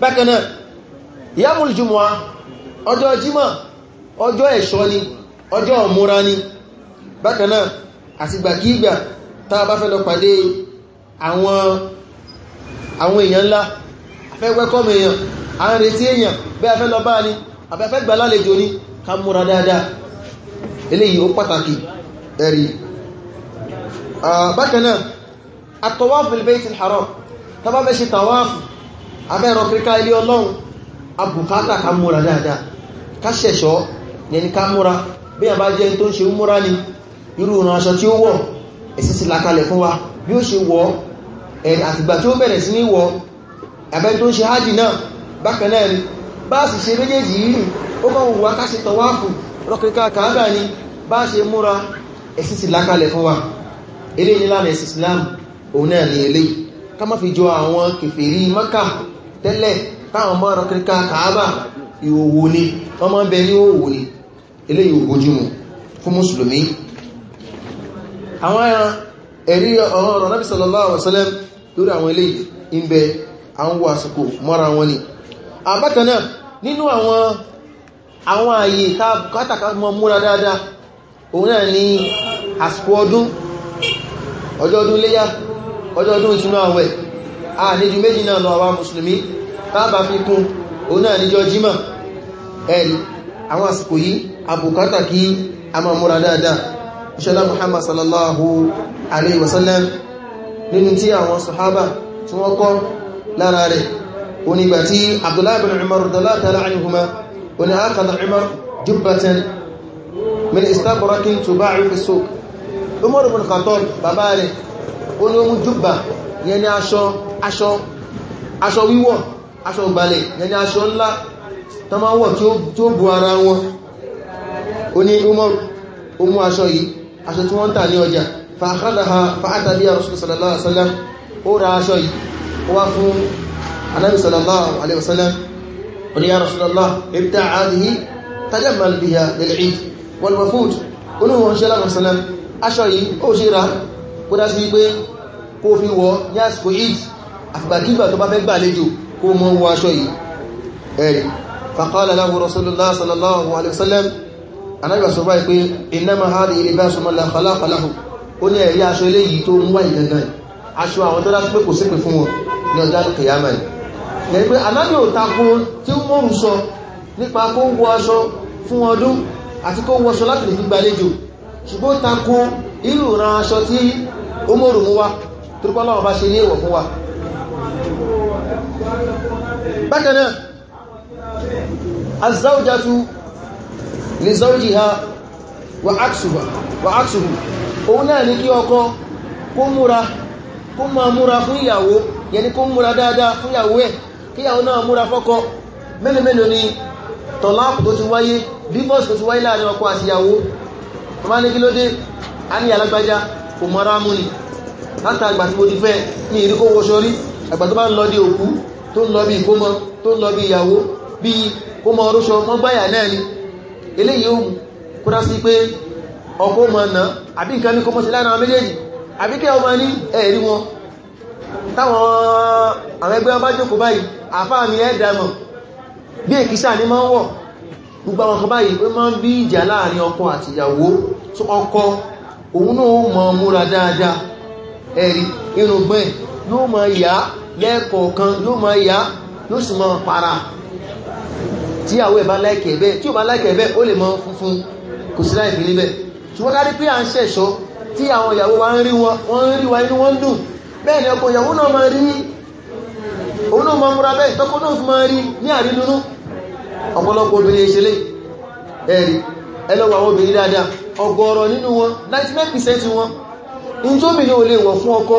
bákan náà yàmùl jùmọ̀ ọjọ́ jímọ̀ ọjọ́ ẹ̀ṣọ́ ni ọjọ́ ọmúra ni bákanáà àti gbàgígbà tá a bá fẹ́ lọ pàdé àwọn àwọn èèyàn ńlá afẹ́ wẹ́kọ́mù èèyàn à ń retí èèyàn bẹ́ afẹ́ lọ bá ní afẹ́fẹ́ gbà lálejò ní ká múra dáadáa eléyìí ó pàtàkì ẹ̀rí bákanáà àtọwáfù ilbẹ́ẹ̀tì haram tàbá fẹ́ ṣe tàwáfù afẹ́ kíríká ilé ọlọ́run abùkátà ká múra dáadáa ká ṣẹ̀ṣọ́ yẹni ká múra bí a bá jẹ́ tó ń ṣe múra ni irú ìran tí ó wọ̀ ẹ̀sìn sí lakalẹ̀ fún wa bí ó ṣe wọ̀ àtìgbà tí ó bẹ̀rẹ̀ sí ní wọ̀ ẹ̀bẹ́ tó ń ṣe hajji náà bákan náà ni bá sì ṣe méjèèjì yìí ni bá ṣe múra ẹ̀sìn sí lakalẹ̀ wa eré nílànà ẹ̀sìn Islam òun náà ni eléyìí ká má fi jọ àwọn kèfèrí Mákà tẹ́lẹ̀ táwọn ìhòhò ni wọ́n máa ń bẹ ní òhò ni eléyìí ògójúmù fún mùsùlùmí àwọn ẹ̀rí ọ̀rọ̀ Nábì sallallahu alaihi wasallam lórí àwọn eléyìí ń àwọn wo àsìkò mọ́ra wọn ni àbákan náà nínú àwọn àwọn ààyè kátàkà mọ́ múra dáadáa òun náà ni àsìkò ọdún ọjọ́ ọdún léyá ọjọ́ ọdún òun náà níjọ jímọ̀ ẹni àwọn àsìkò yìí àbùkátà kí a máa múra dáadáa ìṣẹ́lá Muhammad sallallahu alaihi wasallam nínú tí àwọn sahaba tí wọ́n kọ́ lára rẹ̀ onígbà tí Abdullahi bin Umar radiyallahu ta'ala anhuma oní akhadha Umar jubbatan min istabrakin tuba'u fi suq Umar bin Khattab bàbá rẹ̀ oní omu aṣọ wíwọ̀ aṣọ ìgbàlẹ̀ yẹni aṣọ ńlá tán máa wọ̀ tí ó bu ara wọn ó ní ó mú aṣọ yìí aṣọ tí wọ́n tà ní ọjà fàákàdàha fàátàbí Rasulullah sallallahu alaihi wasallam ó ra aṣọ yìí ó wá fún Ànábì sallallahu alaihi wasallam ó ní ya Rasulullah ibta àdìyí tajammal biha lil-Eid wal wafud olóhùn ṣe lárọ̀sánà aṣọ ra kó dá sí pé kó fi wọ ní àsìkò Eid àfìgbàkígbà tó bá fẹ́ gbàlejò kó mọ́ wọ aṣọ yìí ẹ̀rì faqala lahu rasulullah sallallahu alaihi wasallam anábà sọ báyìí pé innama hadhihi libasun la khalaqa lahu ó ní ẹ̀rí aṣọ eléyìí tó mú wáyìí gangan aṣọ àwọn tó dáṣọ pé kò sípè fún wọn ní ọjọ́ kìyàmà yìí yẹni pé anábì ò tako tí ó mọ́rù bákanáà azáwùjátú lè záwùjí ha wà áksùhù òun náà ní kí ọkọ kó múra kó ma múra fún ìyàwó yẹni kó múra dáadáa fún ìyàwó ẹ̀ kí ni tọ̀láàpù tó ti wáyé divorce tó ti wáyé láàrin ọkọ a ẹ̀gbà tó bá ń lọ dé òkú tó ń lọ bí ìkómọ tó ń lọ bí ìyàwó bí kómọ ọrúṣọ mọ́gbáyà náà ni eléyìí ó mú kúrá sí pé ọkọ̀ mọ̀ nà àbí nǹkan ní kọmọ̀ sí lára àwọn méjèèjì àbí kẹ́ ọmọ ní ẹ̀rí wọn táwọn àwọn ẹgbẹ́ ọba jókòó báyìí àfáà mi ẹ̀dàmọ̀ bí èkìsà ní máa ń wọ̀ gbogbo àwọn kan báyìí pé máa ń bí ìjà láàrin ọkọ àti ìyàwó tó ọkọ òun náà mọ̀ múra dáadáa ẹ̀rí irùngbọ̀n yóò mọ ìyá lẹ́ẹ̀kọ̀ọ̀kan yóò mọ ìyá yóò sì mọ para tí àwọ̀ ẹ̀bá láìkẹ̀ ẹ̀bẹ́ tí ó bá láìkẹ̀ ẹ̀bẹ́ ó lè mọ funfun kò sí láìpín níbẹ̀ ṣùgbọ́n ká rí pé à ń ṣẹ̀ṣọ́ tí àwọn ìyàwó wa ń rí wọn wọ́n ń rí wa inú wọn ń dùn bẹ́ẹ̀ ni ọkọ ìyàwó náà máa rí òun náà máa múra bẹ́ẹ̀ tọ́kọ náà fi máa rí ní àrínúnú ọ̀pọ̀lọpọ̀ obìnrin ìṣẹ̀lẹ̀ ẹ̀rí ẹlọ́wọ́ àwọn obìnrin dáadáa ọgọ́rọ̀ nínú wọn 99% wọn in tóbi ní olè wọ̀ fún ọkọ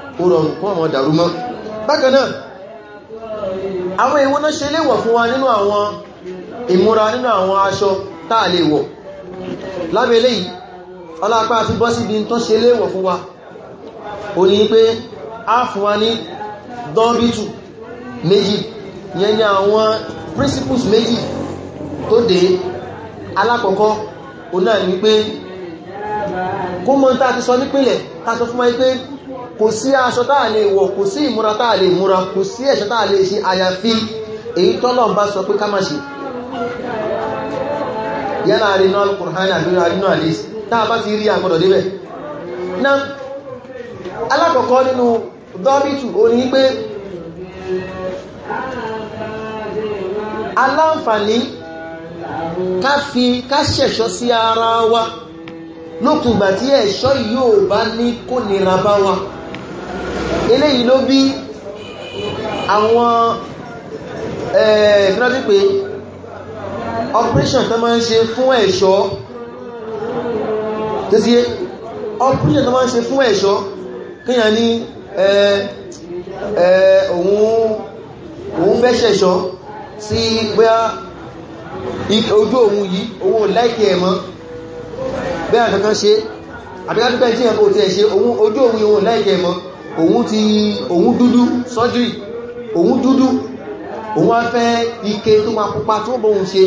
ó rọrùn kọ́ àwọn dàrú mọ́ bákan náà àwọn èwo náà ṣe léwọ̀ fún wa nínú àwọn ìmúra nínú àwọn aṣọ táà lè wọ̀ lábẹ́ eléyìí ọlápá àti bọ́ síbi tó ṣe léwọ̀ fún wa ó ní pé a fún wa ní dọ́bítù méjì yẹn ni àwọn principles méjì tó dé alákọ̀ọ́kọ́ o náà ní pé kó mọ́ tá a ti sọ nípìnlẹ̀ ká sọ fún wa pé kò sí aṣọ táà lè wọ̀ kò sí ìmúra táà lè múra kò sí ẹ̀ṣọ táà lè ṣe àyàfi èyí tọ́lọ́run bá sọ pé ká má ṣe yálà àrínà al nínú pé ká fi sí ara wa lókùngbà tí ẹ̀ṣọ́ yóò bá ní kó wa. eléyìí ló bí àwọn ẹ̀ẹ́dínlọ́dí pé operation tó máa ń ṣe fún ẹ̀ṣọ́ tó sí operation tó máa ń ṣe fún ẹ̀ṣọ́ kíyàn ní òun bẹ́ṣẹ̀ṣọ́ sí bóyá ojú òun yìí òun láìkì ẹ̀mọ́ bẹ́ẹ̀ àtọ́kan ṣe àbíkájú pẹ́ tí ẹ̀kọ́ tí ẹ̀ ojú òun yìí òun láìkì ẹ̀mọ́ òun ti òun dúdú sọ́jírì òun dúdú òun wá fẹ́ ike tó ma pupa tó bóhun ṣe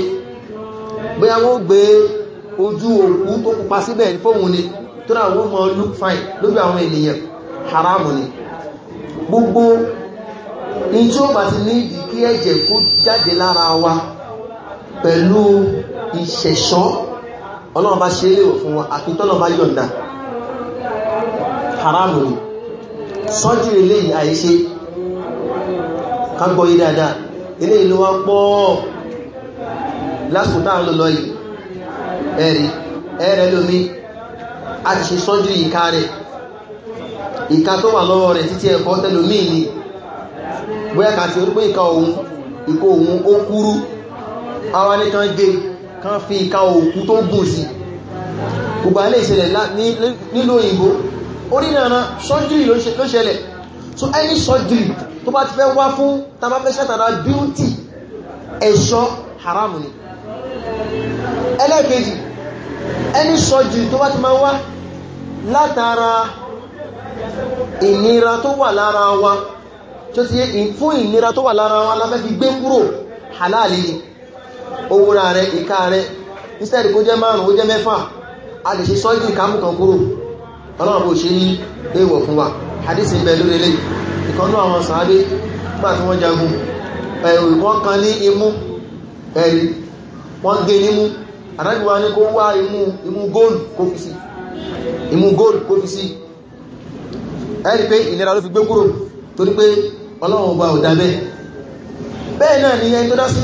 bóyá wọ́n gbé ojú òkú tó pupa síbẹ̀ fóhun ni tó náà wọ́n mọ́ look fine lójú àwọn ènìyàn haramu ni gbogbo in tí ó bá ti ní ìdí kí ẹ̀jẹ̀ kó jáde lára wa pẹ̀lú ìṣẹ̀ṣọ́ ọlọ́run bá ṣe é léwọ̀ fún wa àti tọ́lọ́ bá yọ̀ǹda haramu ni sọ́jìrì lè àìṣe kágbọ́ yí dáadáa ilé ìlú wa pọ̀ lásìkò táà ń lò lọ yìí ẹ̀rì ẹ̀rẹ̀ lómi a ti ṣe sọ́jìrì ìka rẹ̀ ìka tó wà lọ́wọ́ rẹ̀ títí ẹ̀kọ́ tẹ́lómí ni bóyá kà ti pé ìka òun ìkó òun ó kúrú àwa ní kan gé kan fi ìka òkú tó gùn sí gbogbo alẹ́ ìṣẹ̀lẹ̀ nílò òyìnbó orílẹ̀-èdè surgery ló ṣẹlẹ̀ so any surgery tó bá ti fẹ́ wá fún tàbáfẹ́ ṣàtàrà beauty ẹ̀ṣọ́ haram ni ẹlẹ́ẹ̀kejì any surgery tó bá ti máa wá látara ìnira tó wà lára wa tó ti yé fún ìnira tó wà lára wa láfẹ́ fi gbé kúrò halali owó rẹ̀ ìka rẹ̀ instead kó jẹ́ márùn-ún ó jẹ́ mẹ́fà a lè ṣe surgery kámù kan kúrò ọlọ́run bó ṣe ní èèwọ̀ fún wa hadisi bẹ lórí ilé ìkanú àwọn sàábé nígbà tí wọ́n jagun ẹ̀rù eh, wọ́n kan ní imú ẹ̀rì wọ́n gé nímú àdájúwá ní kó wá imú góòlù kó fi sí imú góòlù kó fi sí ẹ̀rì pé ìnira ló fi gbé kúrò torí pé ọlọ́run ni ẹni tó dá sí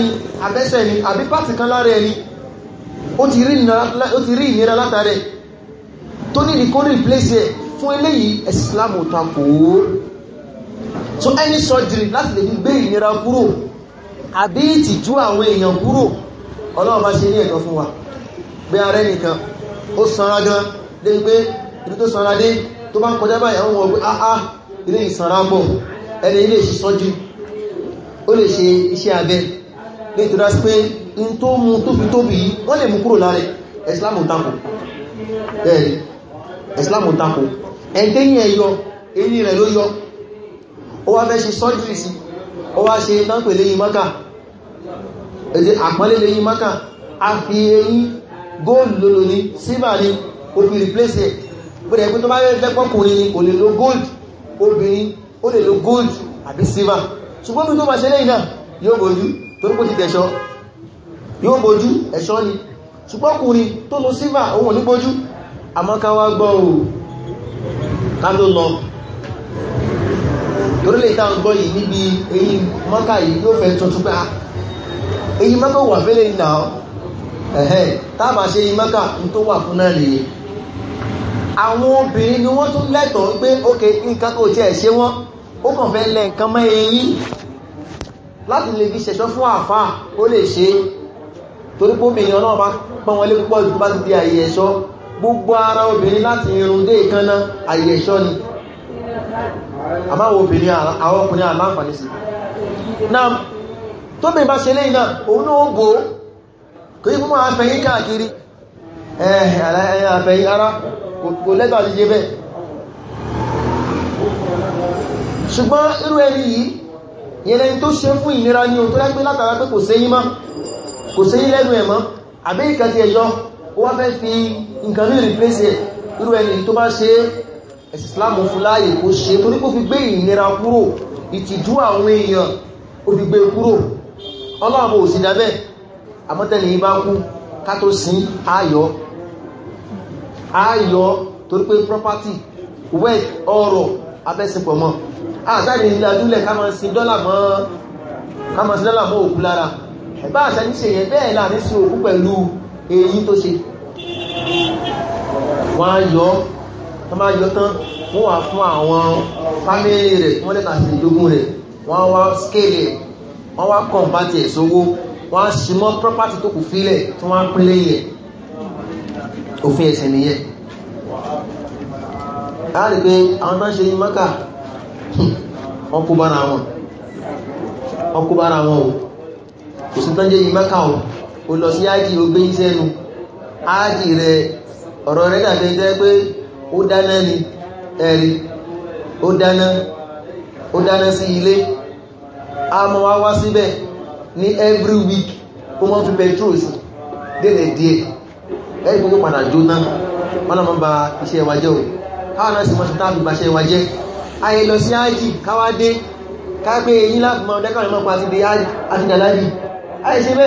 ni abẹ́sẹ̀ ni àbí pàtì ó ti rí ìnira látàrẹ tó ní ìkórí replace ẹ̀ fún eléyìí Islam takò ó so any surgery láti lè gbé ìnira kúrò àbí ìtìjú àwọn èèyàn kúrò ọlọ́run bá ṣe ní fún wa bí ara ẹnìkan ó sanra gan ibi tó sanra dé tó bá kọjá báyìí àwọn ọgbẹ́ àá o in islam tako ẹ̀ntẹ́yìn ẹ̀yọ eyín rẹ̀ ló yọ ó wá fẹ́ ṣe sọ́jírì sí ó wá ṣe tánpè léyìn mọ́kà èdè àpọ́lé léyìn mọ́kà a fi eyín góòlù lòlò ní sílvà ní ó fi replace ẹ̀ bó dẹ̀ pé tó bá rẹ̀ pọ́kùnrin ni kò lè lo gold obìnrin ó lè lo gold àbí silver ṣùgbọ́n bí tó bá ṣe lẹ́yìn náà yóò bojú torí kò ti tẹ̀ṣọ́ yóò bojú ẹ̀ṣọ́ ni ṣùgbọ́n ọkùnrin tó silver òun ò ní àmọ́ká wá gbọ́ ò ká ló lọ torí lè tá ń gbọ́ yìí níbi èyí mọ́ká yìí yóò fẹ́ tuntun pé ah, èyí mọ́ká wà fẹ́lẹ̀ nà ọ́ ẹ̀hẹ́ tábà ṣe èyí mọ́ká ń tó wà fún náà nìyí àwọn obìnrin ni wọ́n tún lẹ́tọ̀ọ́ pé ókè nǹkan kò tiẹ̀ ṣe wọ́n ó kàn fẹ́ lẹ nǹkan mọ́ eyín láti lè fi ṣẹ̀ṣọ́ fún àfá ó lè ṣe torí pómìnir náà bá pọ́n wọlé púpọ̀ jù ti di àyè ẹ̀ṣọ́ gbogbo ara obìnrin láti irun dé ìkanná àyè ẹ̀ṣọ́ ni àmáwọn obìnrin àwọn ọkùnrin àmáfàní sí na tó bèèrè bá ṣe lè náà òun náà bò ó kò yí fúnmọ́ afẹ́yìn káàkiri ẹ̀ẹ̀ afẹ́yìn ara kò lẹ́gbà jíje bẹ́ẹ̀ ṣùgbọ́n irú ẹni yìí yẹnlẹ́ tó ṣe fún ìnira ní o tó ó wá fẹ́ fi nǹkan ní replace irú ẹni tó bá ṣe ẹ̀sì Islam fún láàyè kó ṣe torí kó fi gbé ìnira kúrò ìtìjú àwọn èèyàn ó fi gbé e kúrò ọlọ́àbò òsì dábẹ́ àmọ́tẹ́ni ibá kú ká tó sin ayọ̀ ayọ̀ torí pé property wealth ọrọ̀ abẹ́sìnpọ̀ mọ́ àtàrí ìlàdúlẹ̀ ká máa sin dọ́là mọ́ òkú lára ẹ̀bá àṣà ní ṣe yẹn bẹ́ẹ̀ láàrin sí òkú pẹ̀lú Eyi tó ṣe wọ́n á yọ wọ́n tán wọ́n wà fún àwọn fámílì rẹ̀ wọ́n lẹ́ta sí ìdógún rẹ̀ wọ́n wá scale wọ́n wá kọ̀m̀pátì ẹ̀ sówó wọ́n á sì mọ́ property tó kù fílẹ̀ tí wọ́n á pín lẹ́yìn òfin ẹ̀sìn nìyẹn kò sí o lọ ájì o gbé sẹ́nu ájì rẹ ọ̀rọ̀ rẹ dàbí jẹ́ pé ó dáná ni ẹ̀rí ó dáná ó dáná sí ilé a mọ́ wá wá síbẹ̀ ní every week ó mọ́ fi petrol sí délẹ̀ díẹ̀ ẹ̀rí kó padà jóná o káwọn náà sì mọ́ sí táàbì bàṣẹ́ wa jẹ́ ayé lọ sí ájì káwá dé ká gbé eyín láti mọ́ dẹ́kọ̀ọ́ ìmọ̀ pa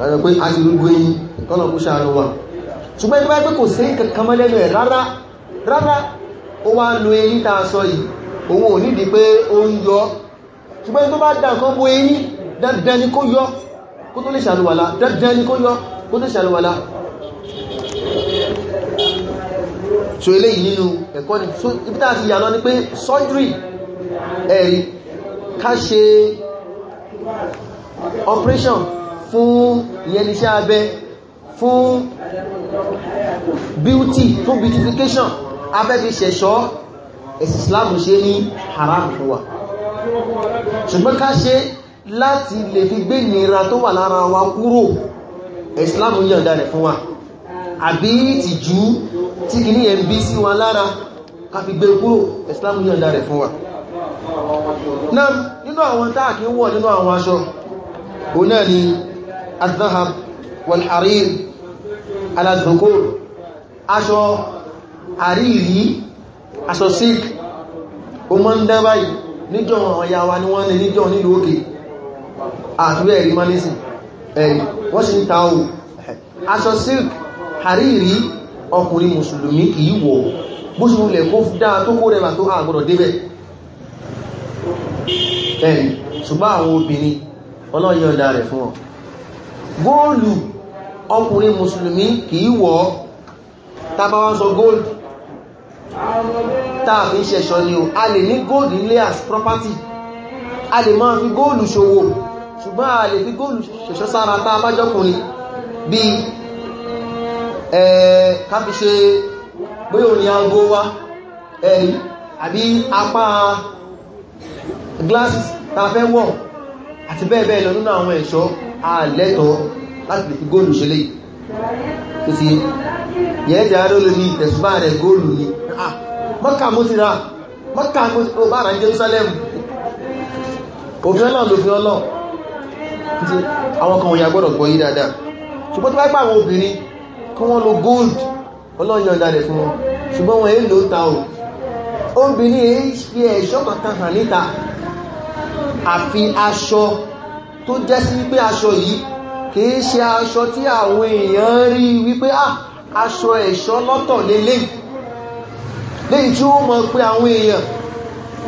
ẹ̀rọ pé a ti rúgbó yí kọ́nà kú ṣàánú wa ṣùgbọ́n ìgbà pé kò sí kankan mọ́ lẹ́nu ẹ̀ rárá rárá ó wá lo eyín tá a sọ yìí òun ò nídìí pé ó ń yọ ṣùgbọ́n tó bá dà nǹkan bo eyín dandan ni kó yọ kó tó lè ṣàlùwàlá dandan ni kó yọ kó tó ṣàlùwàlá so eléyìí nínú ẹ̀kọ́ ni so ibi a ti operation fún ìyẹn iṣẹ́ abẹ fún beauty fún beautification abẹ́bí ṣẹ̀ṣọ́ ẹ̀sì Islam ṣe ní haram fún wa ṣùgbọ́n ká ṣe láti lè fi gbé nira tó wà lára wa kúrò Islam yọ̀ǹda rẹ̀ fún wa àbí ìtìjú tí kì ní ẹ̀bí sí wa lára ká fi gbé kúrò Islam yọ̀ǹda rẹ̀ fún wa náà nínú àwọn táàkì wọ̀ nínú àwọn aṣọ òun náà ni الذهب والحرير على الذكور aṣọ àríìrí aṣọ sikh o mọ́ ń dẹ́ báyìí níjọ́ àwọn ya wa ni wọ́n lè níjọ́ nílùú òkè àtúrẹ ẹ̀rí mọ́lẹ́sìn ẹ̀rí wọ́n sì ń ta o aṣọ silk àríìrí ọkùnrin mùsùlùmí kìí wọ̀ bó ṣe wulẹ̀ kó dáa tó kó rẹwà tó àgbọ̀dọ̀ débẹ̀ ẹ̀rí ṣùgbọ́n àwọn obìnrin ọlọ́yẹ̀ ọ̀dá rẹ̀ fún wọn góòlù ọkùnrin mùsùlùmí kìí wọ̀ tàbá wá sọ góòlù tààfin ṣẹ̀ṣọ́ ni o a lè ní góòlù ilé as property a lè máa fi góòlù ṣòwò ṣùgbọ́n a lè fi góòlù ṣẹ̀ṣọ́ sára tá a bá jọkùnrin bí káfi ṣe pé òní aago wá ẹ̀rí àbí apá glasses tàfẹ́ wọ̀ àti bẹ́ẹ̀ bẹ́ẹ̀ lọ nínú àwọn ẹ̀ṣọ́ àlẹ́tọ̀ láti lè fi góòlù ṣe lè tó ti yẹ́ jẹ́ àádọ́ lórí ìtẹ̀sùbá rẹ̀ góòlù ni ah, mọ́kà mú ti ra mọ́kà mú ti bá ra Jerusalem òfin ọlọ́ lófin ọlọ́ tí àwọn kan òyà gbọ́dọ̀ gbọ́ yí dáadáa ṣùgbọ́n tó bá pàwọn obìnrin kí wọ́n lo gold ọlọ́yàn ìdálẹ̀ fún wọn ṣùgbọ́n wọn èlò ta o obìnrin èyí fi ẹ̀ṣọ́ kankan hàn níta àfi aṣọ tó jẹ́ sí wípé aṣọ yìí kìí ṣe aṣọ tí àwọn èèyàn rí wípé ah, aṣọ ẹ̀ṣọ́ lọ́tọ̀ lélẹ̀ léyìí tí ó mọ̀ pé àwọn èèyàn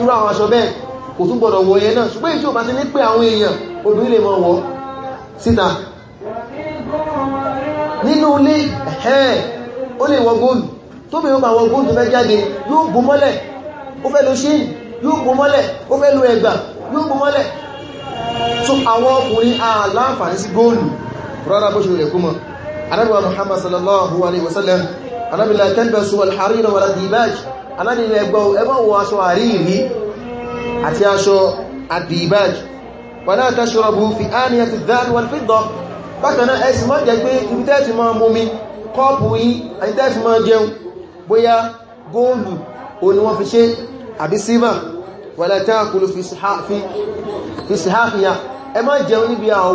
irú àwọn aṣọ bẹ́ẹ̀ kò tún gbọ́dọ̀ wọ yẹn náà ṣùgbọ́n èyí tí ó bá ti ní pé àwọn èèyàn obìnrin lè mọ̀ wọ́ síta nínú ilé ẹ̀ẹ́ ó lè wọ góòlù tó bèèrè bá wọ góòlù fẹ́ jáde yóò bó mọ́lẹ̀ ó fẹ́ lo ṣíìn yóò bó mọ́lẹ̀ ó fẹ́ lo ẹ̀gbà yóò bó mọ́lẹ̀ tó àwọn ọkùnrin aláǹfààní sí góòlù rọ́nà bó ṣe rẹ̀ kú mọ́ anábìwá muhammad sallallahu alaihi wasallam anábìlá tẹ́lbẹ̀sù alhàrírà wà dìbáj anábìlá ẹgbọ́n wọ aṣọ àríyìí àti aṣọ àdìbáj wọ́n náà tashrabu fi aniyati dhahab wal fidda bákaná ẹ̀sì má jẹ́ pé ibi tẹ́ẹ̀sì máa mọ́mí kọ́ọ̀pù yìí àti silver wala taakulu fi sihafiya ẹ má jẹun níbi àwo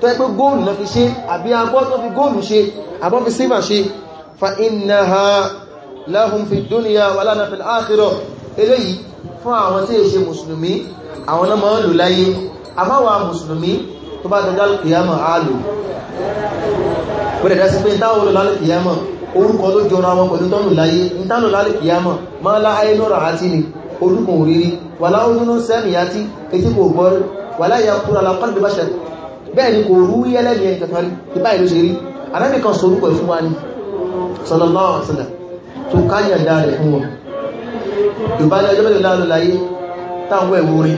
tó ẹ pé góòlù náà fi ṣe àbí agbọ́ tó fi góòlù ṣe àbọ́ fi sílvà ṣe fa innaha lahum fi dunya wa lana fil akhirah eléyìí fún àwọn tí è ṣe mùsùlùmí àwọn náà máa ń lò láyé àmáwà mùsùlùmí tó bá dọjá kìyàmọ̀ àálò pẹ̀lẹ̀ dásí pé ìtàwọn olùlálẹ̀ kìyàmọ̀ orúkọ ló jọra lọ́rọ̀ àti ni olùkùn òrírí wà láwọn nínú sẹ́mì yá tí etí kò gbọ́ wà láyà kúrò alákọ́lù bí bá ṣẹ̀ bẹ́ẹ̀ ni kò rú yẹ́lẹ́mì ẹni kankan rí ti báyìí ló ṣe rí anábì kan sorúkọ ẹ̀ fún wa ni sallallahu alaihi wasallam tó káyà dá rẹ̀ fún wọn yorùbá ní ọjọ́ mẹ́lẹ̀ láàrín láyé táwọn ẹ̀wù rí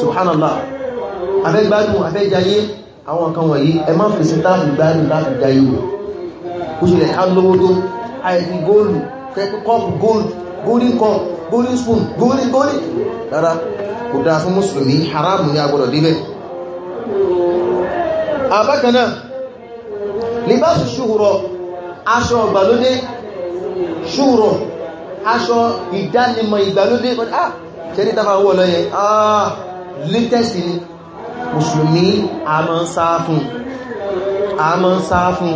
subhanallah afẹ́ gbádùn afẹ́ jayé golden corn golden spoon golden golden rárá kò dáa fún mùsùlùmí haramu ní agbọ́dọ̀ débẹ̀ àbákanáà libáṣù ṣúhùrọ̀ aṣọ ìgbàlódé ṣúhùrọ̀ aṣọ ìdánimọ̀ ìgbàlódé ah ṣẹ́rí tàbí àwọn ọlọ́yẹ ah latest ni mùsùlùmí a ma ń sáá fún a ma ń sáá fún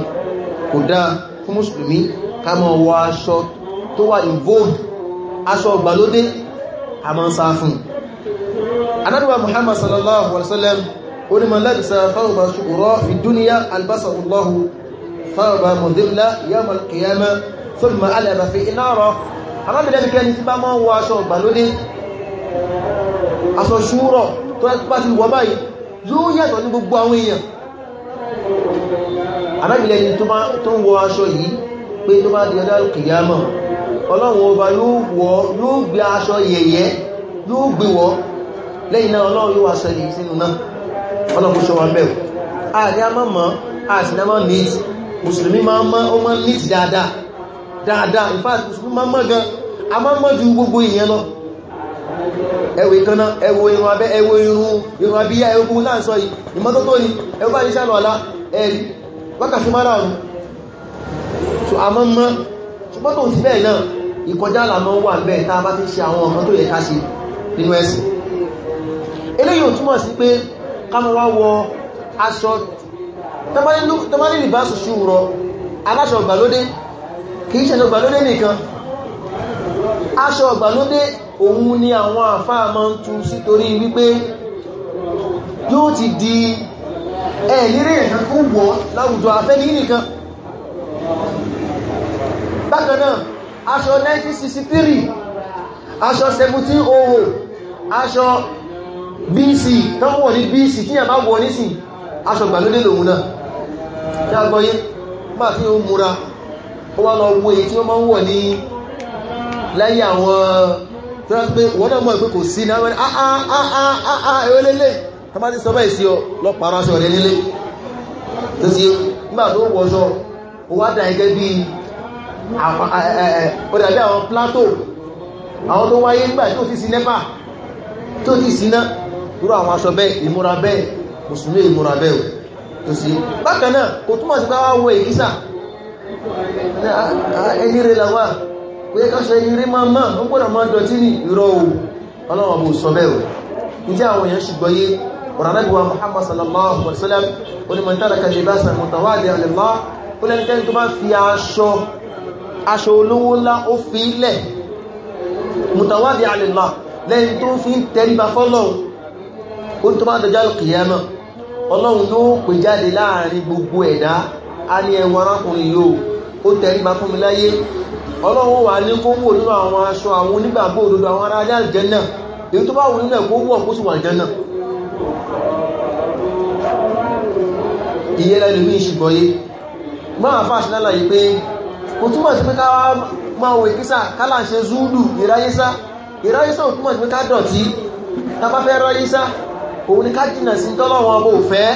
kò dáa fún mùsùlùmí ká má wọ aṣọ tó wà in aṣọ ọgbàlódé a máa ń sá fún anábíwá muhammad sallallahu alaihi wasallam onímọ̀ lẹ́bìsà fáwọ̀bà ṣùgbọ́rọ̀ ìdúníyà albásàwọ̀lọ́hù fáwọ̀bà mọ̀dílá yàmà kìyàmà thumma alẹ́bà fi iná rọ arábìnrin tí bá máa ń wọ aṣọ ọgbàlódé aṣọ ṣúrọ̀ tó bá ti wọ báyìí yóò yàtọ̀ ní gbogbo àwọn èèyàn arábìnrin tó ń wọ aṣọ yìí pé tó bá di ọjọ́ kìyàmà ọlọ́run ọba yóò wọ́ yóò gbé aṣọ yẹ̀yẹ́ yóò gbé wọ́ lẹ́yìn náà ọlọ́run yóò wà sẹ́lẹ̀ sínú náà ọlọ́run wa àti a máa mọ́ àti máa ní mùsùlùmí máa mọ́ ní dáadáa dáadáa in fact mùsùlùmí máa mọ́ gan a máa mọ́ ju gbogbo ìyẹn lọ ẹwọ irun ẹwọ irun irun ẹwọ náà sọ yìí ìmọ́tótó ni ẹwọ bá wákàtí so a máa mọ́ mọ́tò ti bẹ́ẹ̀ náà ìkọjá àlàmọ́ wà bẹ́ẹ̀ tá bá ti ṣe àwọn ọ̀kan tó yẹ ká ṣe nínú ẹ̀sìn eléyìí ò túmọ̀ sí pé kámọ́ wá wọ aṣọ tọ́mọ́lì ìbáṣù sí wùrọ aláṣọ ìgbàlódé kìí ṣẹ̀ṣọ ìgbàlódé nìkan aṣọ ìgbàlódé òun ni àwọn àfáà máa ń tú sí torí wípé yóò ti di ẹ̀lẹ́rẹ̀ ìrìnkan kó wọ́ láwùjọ afẹ́ nìkan bákan náà aṣọ 1963 aṣọ 17 oho aṣọ bc tán wọ̀ ní bc tí yàmá wọ̀ ní sí aṣọ gbàlódé lòun náà kí a gbọ́ yé máa fi ń múra ó wá lọ wo èyí tí wọ́n máa ń wọ̀ ní láyé àwọn tó rán pé wọ́n náà mọ̀ pé kò sí náà wọ́n ah, ah, ah, áá ó dàbí àwọn plateau àwọn tó wáyé nígbà tí ó ti sí nẹ́pà tí ó ti sí ná irú àwọn aṣọ bẹ́ẹ̀ ìmúra bẹ́ẹ̀ mùsùlùmí ìmúra bẹ́ẹ̀ tó sí bákan náà kò túmọ̀ sí káwá wọ èkísà ẹni rẹ̀ làwà kò yẹ káṣọ ẹni rẹ̀ máa máa ń gbọ́dọ̀ máa dọ̀tí ní ìrọ̀ òun ọlọ́wọ̀n bó sọ bẹ́ẹ̀ ìjẹ́ àwọn èèyàn ṣùgbọ́n yé ọ̀rọ̀lẹ́gbẹ̀wà Muhammad sallallahu alaihi wasallam onímọ̀ntàlá kàṣẹ bá sàmùtàwà àdìyàn lè máa ó lẹ́nikẹ́ni tó bá fi aṣọ aṣọ olówó ńlá ó fi ilẹ̀ mùtàwádìí àlèlà lẹ́yìn tó fi ń tẹríba fọ́lọ́run ó tó bá dọjọ́ kìyàmà ọlọ́run ló pè jáde láàrin gbogbo ẹ̀dá a ní ẹwọ arákùnrin yóò ó tẹríba fún mi láyé ọlọ́run wà ní kó wò nínú àwọn aṣọ àwọn onígbàgbọ́ òdodo àwọn ará ajá ìjẹ́nà èyí máa fàṣínálà yìí pé kò túmọ̀ sí pé ká máa wò ìkísà kálà ń ṣe zúúdù ìráyísá ìráyísá ò túmọ̀ sí pé ká dọ̀tí tàbá fẹ́ ráyísá òun ni ká jìnà sí tọ́lọ́wọ́n bó fẹ́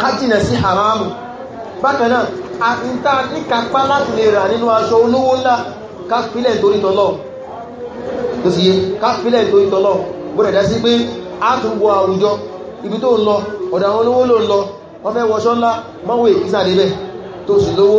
ká jìnà sí haramu bákan náà àtìntà ní kápá láti lè rà nínú aṣọ olówó ńlá ká fílẹ̀ torí tọ́lọ́ tó sì yé ká fílẹ̀ torí tọ́lọ́ gbọ́dẹ̀ dá sí pé a tún wọ àwùjọ ibi tó ń lọ ọ̀dà àwọn olówó ló ń lọ wọ́n fẹ́ wọṣọ ńlá mọ́wọ́ èkísà débẹ̀ tó sì lówó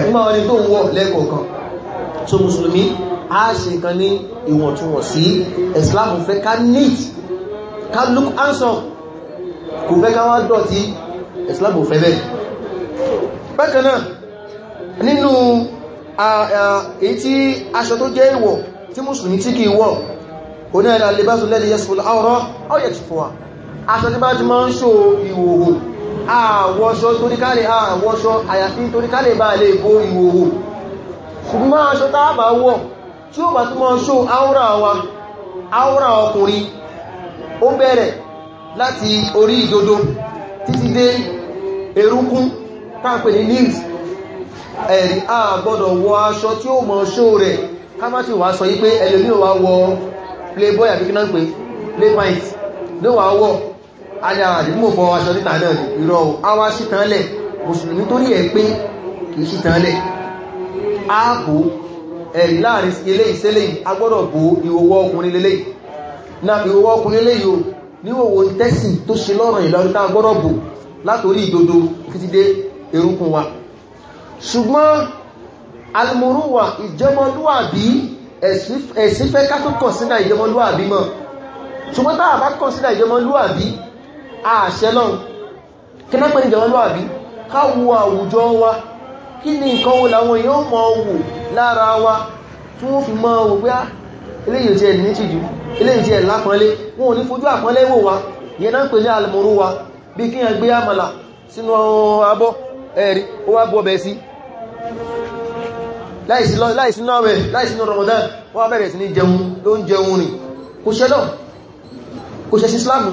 ẹ̀gbọ́n wọn ni tó ń wọ̀ lẹ́kọ̀ọ̀kan so mùsùlùmí a ṣe nǹkan ní ìwọ̀ntúnwọ̀nsí Islam fẹ́ ká neat ká look handsome kò fẹ́ ká wá dọ̀tí Islam fẹ́ bẹ́ẹ̀ bákan náà nínú èyí tí aṣọ tó jẹ́ ìwọ̀ tí mùsùlùmí tí kìí wọ̀ oní ẹ̀dà libasul ladhi yasful awra aw yakshif aṣọ àwọ́ṣọ́ toríkálẹ̀ àwọ́ṣọ́ àyàfi toríkálẹ̀ bá lè bó ìwòwò ṣùgbọ́n aṣọ tàbà wọ̀ tí ó bá tí mọ́ ṣó áwúrà wa áwúrà ọkùnrin ó bẹ̀rẹ̀ láti orí ìdodo títí dé erúkún káàpẹ̀ ní news ẹ̀rí a gbọ́dọ̀ wọ aṣọ tí ó mọ́ ṣó rẹ̀ ká má sọ yí pé playboy àbíkínà pé playpoint ló wà wọ̀ alára àti mò fọ́ aṣọ títà náà ní irọ́ àwa sítanlẹ̀ mùsùlùmí tó ní ẹ̀ pé kìí sítanlẹ̀ ààbò ẹ̀rí láàrin ilé ìsẹ́lẹ̀ agbọ́dọ̀ bó ìwòwọ́ ọkùnrin lélẹ̀ náà ìwòwọ́ ọkùnrin lélẹ̀ yóò níwòwò tẹ́sìn tó ṣe lọ́rùn ìlọrítà agbọ́dọ̀ bó látorí ìdodo títí dé erunkun wa ṣùgbọ́n almoruwa ìjọmọlúwàbí ẹ̀sìn fẹ́ ká tó kọ̀nsídà ìjọmọlúwàbí mọ́ ṣùgbọ́n táà ìjọmọlúwàbí àṣẹ lọ́n kí náà pẹ̀lú ìjọmọ́lọ́ àbí káwo àwùjọ wa kí ni nǹkan wo làwọn yóò mọ wò lára wa tí wọ́n fi mọ́ wò pé ah, eléyìí tí ẹ̀ ní tìjú eléyìí tí ẹ̀ lápọ́nlé wọn ò ní fojú àpọ́nlé wò wa yẹn náà pè ní alìmọ̀rú wa bí kí yẹn gbé àmàlà sínú láìsínú àwẹ̀ Ramadan wọ́n bẹ̀rẹ̀ sí ní jẹun ló ń jẹun rìn kò ṣẹ́lọ̀ kò ṣẹ́sí Islamu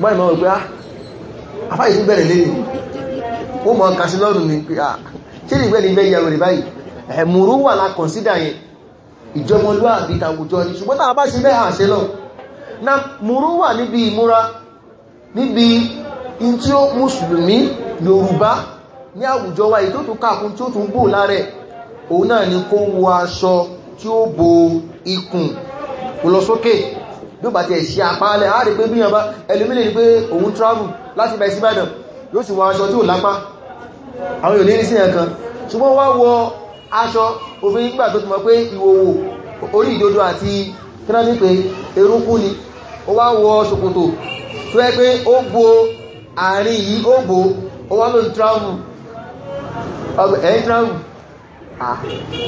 gbọ́n ìmọ̀ wípé ah, àfáyì sí bẹ̀rẹ̀ lẹ́yìn ó mọ̀ kàṣí lọ́rùn ní pé ṣe lè gbẹ́lẹ̀ ibẹ̀ ìyàwó rẹ̀ báyìí ẹ̀mùrú wà la kọ̀nsídà yẹn ìjọmọlúwàbí tàwùjọ ní ṣùgbọ́n tàà bá ṣe bẹ́ àṣẹ lọ na mùrú wà níbi ìmúra níbi in tí ó mùsùlùmí yorùbá ni kó wọ aṣọ tí bo ikùn lọ bí ó bá ti ẹ̀ṣẹ́ àpáálẹ̀ á rí pé bí yànbá ẹlòmílẹ̀ ni pé òun travel láti bẹ̀ síbàdàn yóò sì wọ aṣọ tí ò lápá àwọn yóò lérí sí ẹ̀kan ṣùgbọ́n wá wọ aṣọ òfin gbà tó ti mọ̀ pé ìwòwò orí ìdodo àti kínáàdì pé erúkú ni ó wá wọ ṣòkòtò tó ẹ pé ó bo àárín yìí ó bo ó wá lóun travel ẹ̀yìn travel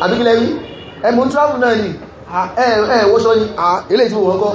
àbíkílẹ̀ rí ẹ̀mú travel náà ni ẹ̀ẹ̀wọ́ṣọ́ ni ilé ìtìwò wọ́n kọ́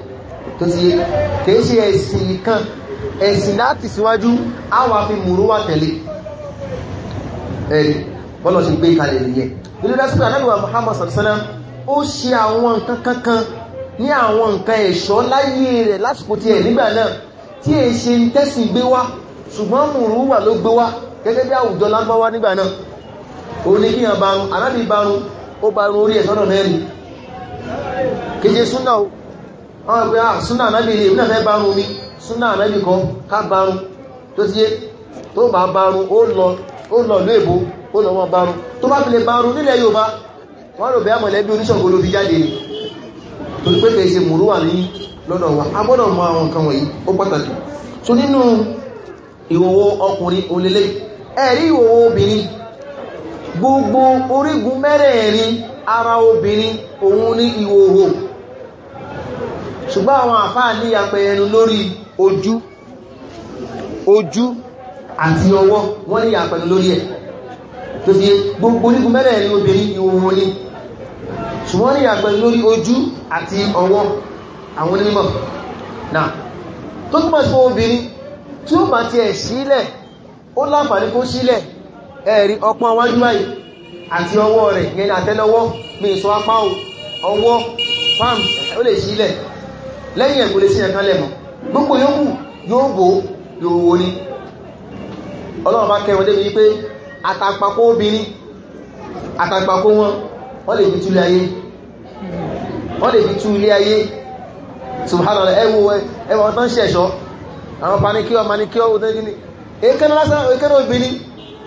tó ti kìí ṣe ẹ̀sìn nìkan ẹ̀sìn láti síwájú àwọn afi múrú wà tẹ̀lé ẹ̀rì bọ́nà ṣe gbé kalẹ̀ nìyẹn nílé dásílẹ̀ anábíwá Muhammad sallallahu ó ṣe àwọn nǹkan kankan ní àwọn nǹkan ẹ̀ṣọ́ láyé rẹ̀ lásìkò tí ẹ̀ nígbà náà tí è ṣe ń tẹ́sìn gbé wá ṣùgbọ́n múrú wà ló gbé wá gẹ́gẹ́ bí àwùjọ lágbọ́wá nígbà náà ó ní kí hàn barun anábì barun ó barun orí ẹ̀sọ́nà mẹ́rin kéje súnà wọ́n gbé à ah, súnà ànábì ilé ìbínà fẹ́ bárun ní súnà ànábì kan ká bárun tó ti yé tó bá bárun ó lọ ló èbó ó lọ mọ́ bárun tó bá fi lè nílẹ̀ Yorùbá wọ́n rò bẹ́ àmọ̀lẹ́bí oníṣọ̀gbọ́ fi jáde ni torí pé kèèṣe mùrú wà ní lọ́dọ̀ wa a gbọ́dọ̀ mọ àwọn nǹkan wọ̀nyí ó pàtàkì so nínú ìhòòhò ọkùnrin olélé ẹ̀rí ìhòòhò obìnrin gbogbo orígun mẹ́rẹ̀ẹ̀rin ara obìnrin òun ní ìhòòhò ṣùgbọ́n àwọn àfáà ní yàpẹ ẹnu lórí ojú ojú àti ọwọ́ wọ́n ní yàpẹ ẹnu lórí ẹ̀ tó fi gbogbo onígun mẹ́rẹ̀ ẹni obìnrin ìwọ̀n wọn ni ṣùgbọ́n ní yàpẹ ẹnu lórí ojú àti ọwọ́ àwọn onímọ̀ náà tó túnmọ̀ sí obìnrin tí ó bá ti ẹ̀ sílẹ̀ ó láǹfààní kó sílẹ̀ ẹ̀rí ọpọ́n wájú báyìí àti ọwọ́ rẹ̀ yẹn àtẹ́lẹwọ́ mi ìsọ apá ọwọ́ palm ó lè sílẹ̀ lẹ́yìn ẹ̀kùnlé sí ẹ̀kan lẹ́mọ̀ gbogbo yóò yóò gbò yóò wò ní ọlọ́run bá kẹwọn débi wípé àtàpàkó obìnrin àtàpàkó wọn wọ́n lè fi tú ilé ayé wọ́n lè fi tú ilé ayé subhanallah ẹwọ ẹwọ tó ń ṣẹ̀ṣọ́ àwọn panikíọ́ manikíọ́ òtẹ́gini lásán obìnrin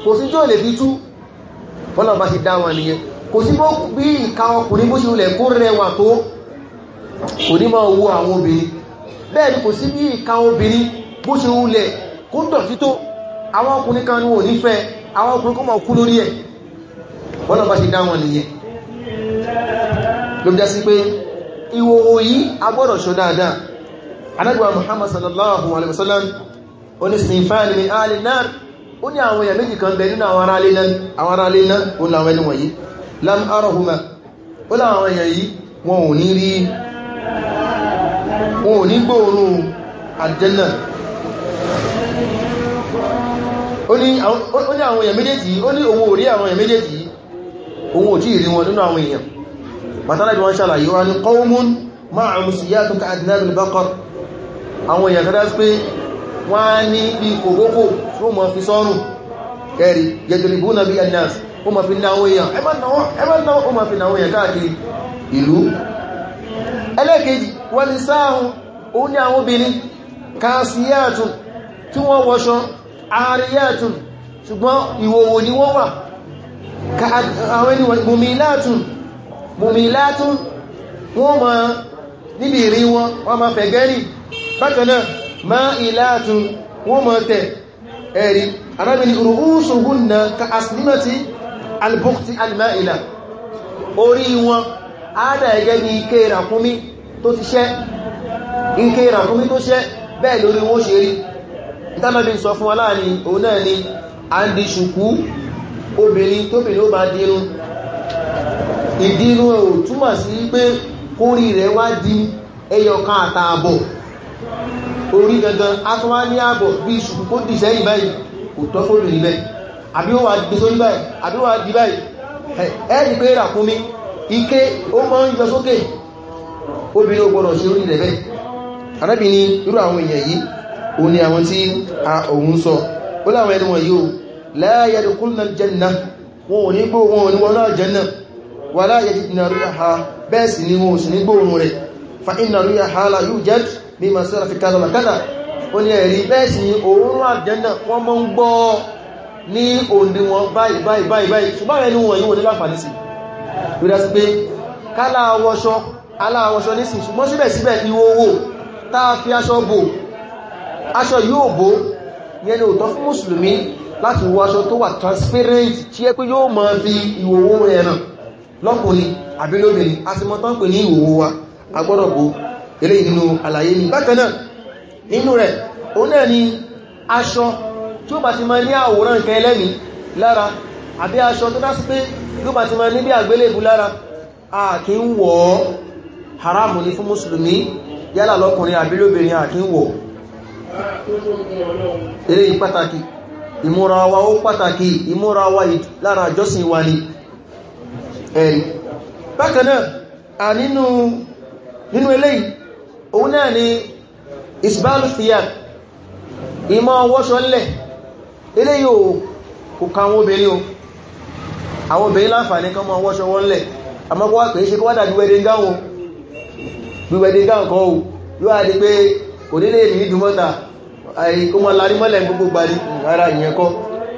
kò sí tí ó lè fi tú bá ti dá wọn nìyẹn kò sí bí ìka ọkùnrin bó ṣe kó rẹwà tó kò ní máa wo àwọn obìnrin bẹ́ẹ̀ ni kò sí bí ìka obìnrin bó ṣe rúlẹ̀ kó ń dọ̀tí tó àwọn ọkùnrin kan ní wò nífẹ́ àwọn ọkùnrin kó máa kú lórí ẹ̀ bọ́nà bá ṣe dá nìyẹn ló bí jásí pé ìwòwò yìí agbọ́dọ̀ ṣọ́ dáadáa Muhammad sallallahu alaihi wasallam ó ní sinifan min alin nar ó ní àwọn èèyàn méjì kan bẹ nínú àwọn ará léná àwọn ará léná ó lam arahuma ó láwọn èèyàn yìí wọn ò ní rí wọn ò ní gbóòrùn àjẹ́nà ó ní àwọn èèyàn méjèèjì ó ní òun ò rí àwọn èèyàn méjèèjì òun ò tí ì rí wọn nínú àwọn èèyàn bàtàlẹ̀ wọn ṣàlàyé wá ní qawmun ma'ahum siyyatun ka'adnabil baqar àwọn èèyàn kádá pé wọ́n á ní bí kòkókò tó mọ̀ fi sọ́rùn ẹ̀rì yadribuna bi annas ó mọ̀ fi náwó èèyàn èèyàn ẹlẹ́kejì wọ́n ni sáàhùn òun ni àwọn obìnrin kàásíyàtùn tí wọ́n wọṣọ àríyàtùn ṣùgbọ́n ìwòwò ni wọ́n wà àwọn ẹni mùmìlátùn mùmìlátùn wọ́n ma níbi ìrí wọn wọ́n ma fẹ̀gẹ́rì bákanáà ma ìlátùn wọ́n ma tẹ̀ ẹ̀rí arábìnrin rùúsùn hùn na ka asìlímọ̀ ti albukti alma'ila orí wọn ánà ẹgẹ́ ní ike ìràkúnmí tó ti ṣẹ́ ike ìràkúnmí tó ṣẹ́ bẹ́ẹ̀ lórí wọ́n ṣe rí ìtànàbí sọ fún wa láàrin òun náà ni a ń di ṣùkú obìnrin tó bì bá dínú ìdínú ẹ̀ ò sí pé kórí rẹ̀ wá di ẹyọkan àtààbọ̀ orí gangan a wá ní ààbọ̀ bí ṣùkú kó dì sẹ́yìn báyìí kò tọ́ fóbìnrin bẹ́ẹ̀ àbí ó wà ike ó máa ń yọ sókè obìnrin ogbọ́nà ṣe orí rẹ̀ bẹ́ẹ̀ arábì ni irú àwọn èèyàn yìí o ni àwọn tí a òun sọ ó láwọn ẹni wọ̀nyí o la yadkhulnal janna ó ní ẹ̀rí bẹ́ẹ̀ sì ni àjẹ́nà wọ́n mọ́ ń gbọ́ ní òǹdíwọ̀n báyìí báyìí báyìí ṣùgbọ́n ẹni wọ̀nyí wọn ní láǹfààní sí ló dá sí pé káláwọṣọ aláwọṣọ nísìn ṣùgbọ́n síbẹ̀síbẹ̀ ìwòwò táa fi aṣọ bò aṣọ yóò bò yẹn ni òtọ́ fún mùsùlùmí láti wọ aṣọ tó wà transparent tí ẹ pé yóò mọ́ bí ìwòwò ẹ̀ràn lọ́kùnrin àbí lóbìnrin a ti mọ́ tán pè ní ìwòwò wa agbọ́dọ̀ bò eré nínú àlàyé ní bákanáà nínú rẹ̀ òun náà ni aṣọ tí ó bá ti máa ní àwòrán nǹkan ẹlẹ́mìí lára àbí aṣọ tó dá sí pé yóò bá ti máa níbi àgbélébù lára àkí ń wọ̀ ọ́ haramu ní fún mùsùlùmí yálà lọ́kùnrin àbí lóbìnrin àkí ń wọ̀ eré pàtàkì ìmúra wa ó pàtàkì ìmúra wa lára àjọsìn wa ni ẹ̀rì bákanáà à nínú eléyìí òun náà ni isbalu thiyab ìmọ̀ wọ́ṣọ́ lẹ̀ eléyìí ò kò àwọn obìnrin láǹfààní kan mọ́ wọ́ṣọ wọ́n lẹ̀ àmọ́kọ́ wà pèé ṣe kó wádà gbíwẹ́dé gáwọn gbíwẹ́dé gáwọn kan ohun yóò wá di pé kò nílé èmì ìdúnmọ́ta kó mọ́ larí mọ́lẹ̀ gbogbo gbarí ara ìyẹn kọ́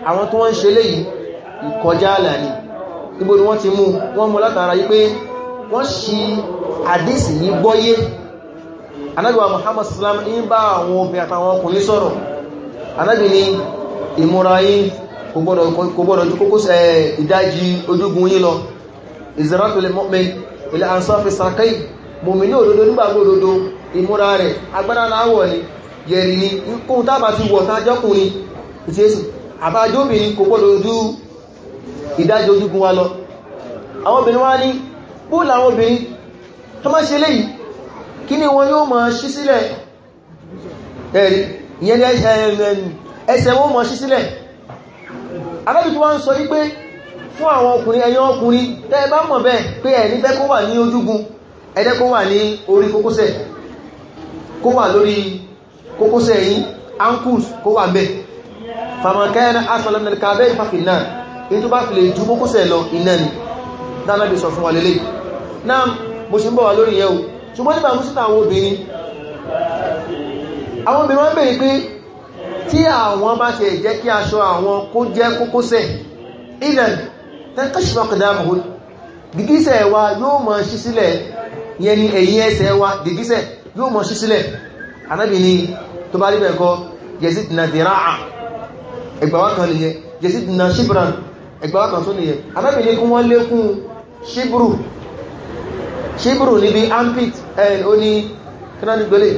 àwọn tó wọ́n ń ṣe léyìí ìkọjá àlà ni níbo ni wọ́n ti mú wọ́n mú látara yí pé wọ́n ṣi àdísì yí gbọ́yé anábì wa Muhammad salam ń bá àwọn obìnrin àtàwọn ọkùnrin sọ̀rọ̀ anábì ni ìmúra yìí kò gbọ́dọ̀ ju kókó eh, ìdájí ojúgun yí lọ ìzìrátulè mọ́mí ilẹ̀ ansáfi sàkáì mọ̀mí ní òdodo nígbàgbọ́ òdodo ìmúra rẹ̀ agbára láwọ̀ ni yẹ̀rì ni kóhun tábà ti wọ̀ tájọ́kùnrin ìtìyèsì àbájóbìnrin kò gbọ́dọ̀ ojú ìdájí ojúgun wa lọ àwọn obìnrin wá ní bó làwọn obìnrin tó má ṣe léyìí kí ni wọn yóò mọ̀ ṣí sílẹ̀ ẹ̀rí ìyẹn eh, ẹsẹ̀ wọn mọ̀ ṣí sílẹ̀ arábì tó wá ń sọ wípé fún àwọn ọkùnrin ẹyọ ọkùnrin tẹ́ bá mọ̀ bẹ́ẹ̀ pé ẹ̀ ní fẹ́ kó wà ní ojúgun ẹ̀dẹ́ kó wà ní orí kókósẹ̀ kó wà lórí kókósẹ̀ yìí ankles kó wà bẹ́ẹ̀ famakẹ́ẹ̀nà asmalamẹ́ríkà bẹ́ẹ̀ fàfin náà in tó bá fi lè ju kókósẹ̀ lọ iná ni dánábì sọ fún wa lélẹ̀ náà mo ṣe ń bọ̀ wá o ṣùgbọ́n nígbà mú síta àwọn obìnrin tí àwọn bá ṣe jẹ́ kí aṣọ àwọn kó jẹ́ kókósẹ̀ ilẹ̀ tẹ́kọ̀ṣìmọ̀kọ̀dáàmù gìgísẹ̀ wa yóò mọ̀ ṣí sílẹ̀ yẹn ni ẹ̀yìn ẹsẹ̀ wa gìgísẹ̀ yóò mọ̀ ṣí sílẹ̀ anábì ni tó bá rí bẹ̀ kọ yẹsìt na dìráà ẹgbàwá kan nìyẹn yẹsìt na ṣíbran ẹgbàwá kan tó ni kún ṣíbrù ṣíbrù níbi ampit ẹ̀ ó ní ní gbélé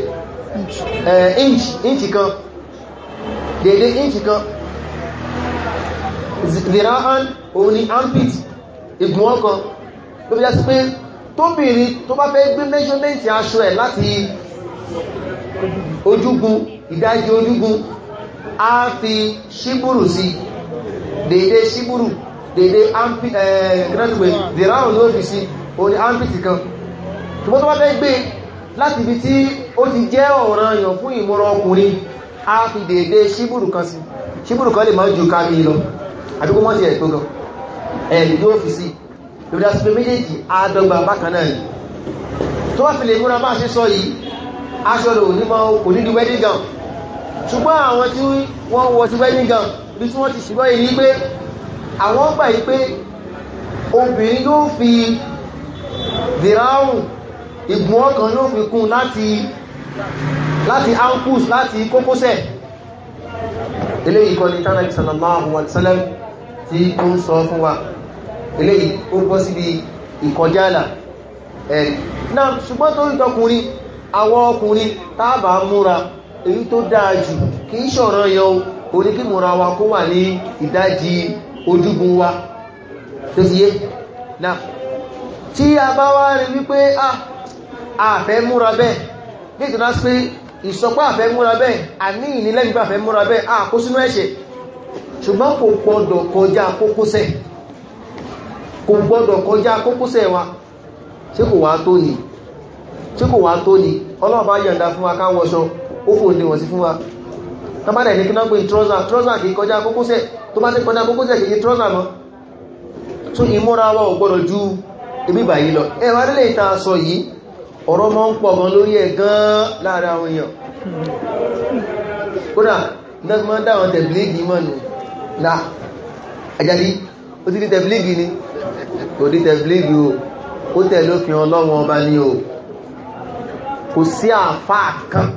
inch inch kan dédé inch kan ziraan òun ni armpit ìgbùnwọ́ kan ló fi jásí pé tóbìnrin tó bá fẹ́ gbé measurement aṣọ ẹ̀ láti ojúgun ìdájí ojúgun a fi ṣíbùrù sí dédé ṣíbùrù dédé armpit ẹ̀ẹ́gbẹ̀rẹ̀ ziraan ló fi sí òun ni armpit kan ṣùgbọ́n tó bá fẹ́ gbé láti ibi tí ó ti jẹ́ ọ̀ranyàn fún ìmúra ọkùnrin a fi dèédé ṣíbùrù kan sí ṣíbùrù kan lè máa ju ká mi lọ àbí kó mọ́sí ẹ̀tọ́ lọ ẹ̀lì yóò fi sí lórí asìpé méjèèjì àádọ́gba bákan náà yìí tó wá fi lè múra bá ṣe sọ yìí aṣọ rẹ̀ onímọ̀ onídi wedding gown ṣùgbọ́n àwọn tí wọ́n wọ sí wedding gown bí tí wọ́n ti ṣùgbọ́ yìí ní pé àwọn gbà yìí pé obìnrin ló fi dìráhùn ìgbùn ọkàn ló fi kún láti láti ankus láti kókósẹ̀ eléyìí kọ́ ní tánàbí sallallahu alaihi wasallam tí ó ń sọ fún wa eléyìí ó bọ́ síbi ìkọjáàlà ẹ̀rì náà ṣùgbọ́n tó ń tọkùnrin àwọn ọkùnrin tábà múra èyí tó dáa jù kì í ṣọ̀rọ̀ yọ oníkímúra wa kó wà ní ìdájí ojúgun wa tó sì yé náà tí a bá wá rí wípé ah, a fẹ́ múra bẹ́ẹ̀ nítorí pé ìsọpá àfẹ́ múra bẹ́ẹ̀ àní ìnílẹ́gbà àfẹ́ múra bẹ́ẹ̀ àkó sínú ẹ̀ṣẹ̀ ṣùgbọ́n kò gbọdọ̀ kọjá kókósẹ̀ kò gbọdọ̀ kọjá kókósẹ̀ wa tí kò wá tó ní tí kò wá tó ní ọlọ́ọ̀bá yọ̀ǹda fún wa káwọṣọ ó kò lè wọ̀n sí fún wa tó bá dẹ̀ẹ̀dẹ̀ kí náà pé trọ́sà trọ́sà kìí kọjá kókósẹ̀ tó bá dẹ̀ kọjá kókósẹ̀ kìí trọ́sà mọ́ tún ìmúra wa ò gbọdọ̀ ju ibi báyìí lọ ẹ̀wà nílé ìta sọ yìí ọ̀rọ̀ mọ́ ń pọ̀ gan lórí ẹ̀ gan láàrin àwọn èèyàn kódà nọ́gbọ́n máa dáwọn tẹ̀blígì mọ́ nù láà àjálí ó ti ní tẹ̀blígì ni kò ní tẹ̀blígì o ó tẹ̀lé òfin ọlọ́run ọba ni o kò sí àfáà kan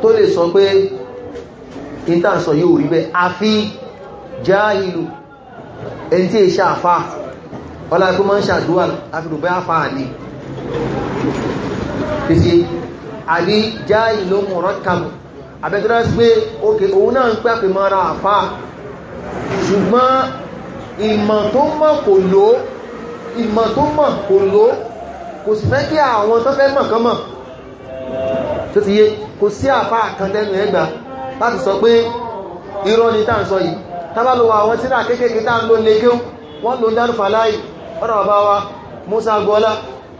tó lè sọ pé ìtànsọ yóò rí bẹ́ àfi jáhìlù ẹni tí è ṣàfáà ọlá ikú máa ń ṣàdúwà láti rùbẹ́ àfáà ni títí Ali já ìlú mọ̀rọ̀kàmù àbẹ́tọ́lá sí pé òkè òun náà ń pẹ́ pè mara àfá ṣùgbọ́n ìmọ̀ tó mọ̀ kò ló ìmọ̀ tó mọ̀ kò ló kò sì fẹ́ kí àwọn tó fẹ́ mọ̀ kán mọ̀ tó ti yé kò sí àfá kan tẹ́nu ẹgbà láti sọ pé irọ́ ni tá ń sọ yìí tábàlò àwọn tíra kéékèèké tá ń lò lé wọ́n lò dárúfà láì ọ̀rọ̀ bàbá wa Musa Gọ́lá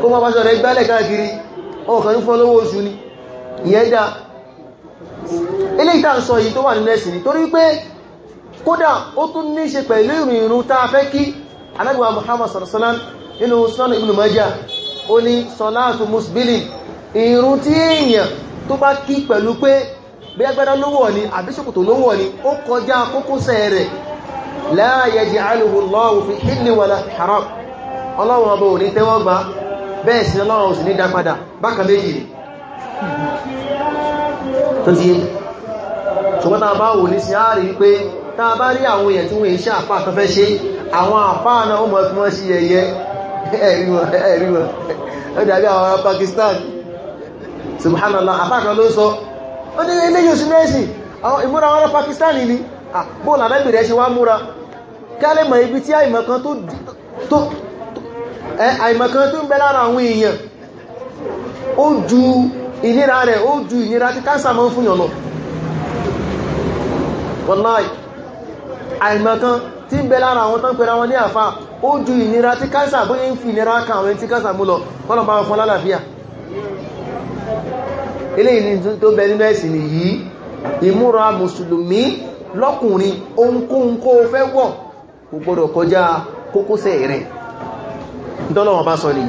kó má báṣọ rẹ̀ gbálẹ̀ káàkiri ọkàn ń fún olówó oṣù ni ìyẹn dá ilé ìta ń sọ yìí tó wà nínú ẹ̀sìn torí pé kódà ó tún ní ṣe pẹ̀lú ìrìnrún tá a fẹ́ kí Ànábì wa Muhammad sallallahu alaihi wasallam nínú Sunan Ibn Majah ó ní salatu musbili ìrún tí èèyàn tó bá kí pẹ̀lú haram ọlọ́run ọba ò ní tẹ́wọ́ gbà bẹ́ẹ̀ sí ọlọ́run òsì ní dápadà bákan méjì tó ti ṣùgbọ́n tàà bá wò ní sí ààrí wípé tàà bá rí àwọn èèyàn tí wọ́n iṣẹ́ àpá kan fẹ́ ṣe àwọn àpá Pakistan subhanallah àpá kan ló sọ ó ní eléyìí òsì mẹ́sì ìmúra àwọn ará Pakistan ni ah, bóòlù àdábìrẹ́ ṣe wá múra kí a lè mọ̀ ibi tí àìmọ̀kan tó ń bẹ lára àwọn èèyàn ó ju ìnira rẹ̀ ó ju ìnira tí káńsà mọ́ fún yànà wọ́láì àìmọ̀kan tí ń bẹ lára àwọn tán pẹ̀lá wọn ní àfá ó ju ìnira tí káńsà bóyí ń fi ìnira kan àwọn tí káńsà mú lọ kọ́lọ̀ bá fún lálàáfíà eléyìí ni tó bẹ nínú ẹ̀sìn nìyí ìmúra mùsùlùmí lọ́kùnrin ohunkóhunkó fẹ́ wọ̀ kò gbọ́dọ̀ kọjá kókósẹ̀ rẹ̀ dọ́lọ́wọ̀n bá sọ ní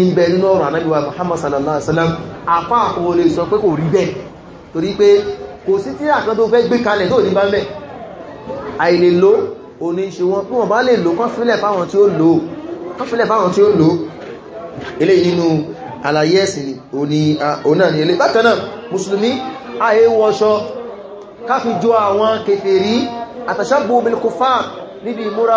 ìbẹ̀ nínú ọ̀rọ̀ anábíwá Muhammad sallallahu alaihi wasallam apá àkọwò lè sọ pé kò rí bẹ́ẹ̀ torí pé kò sí tí àkan tó fẹ́ gbé kalẹ̀ tó ní bá mẹ́ àìlè ló òní ṣe wọn kí wọ́n bá lè lò kán fílẹ̀ fáwọn tí ó lò ilé inú àlàyé ẹ̀sìn òní náà ni ilé bákanáà mùsùlùmí ààyè wọṣọ káfíjọ àwọn kèfèrí àtàṣàbò kufar níbi ìmúra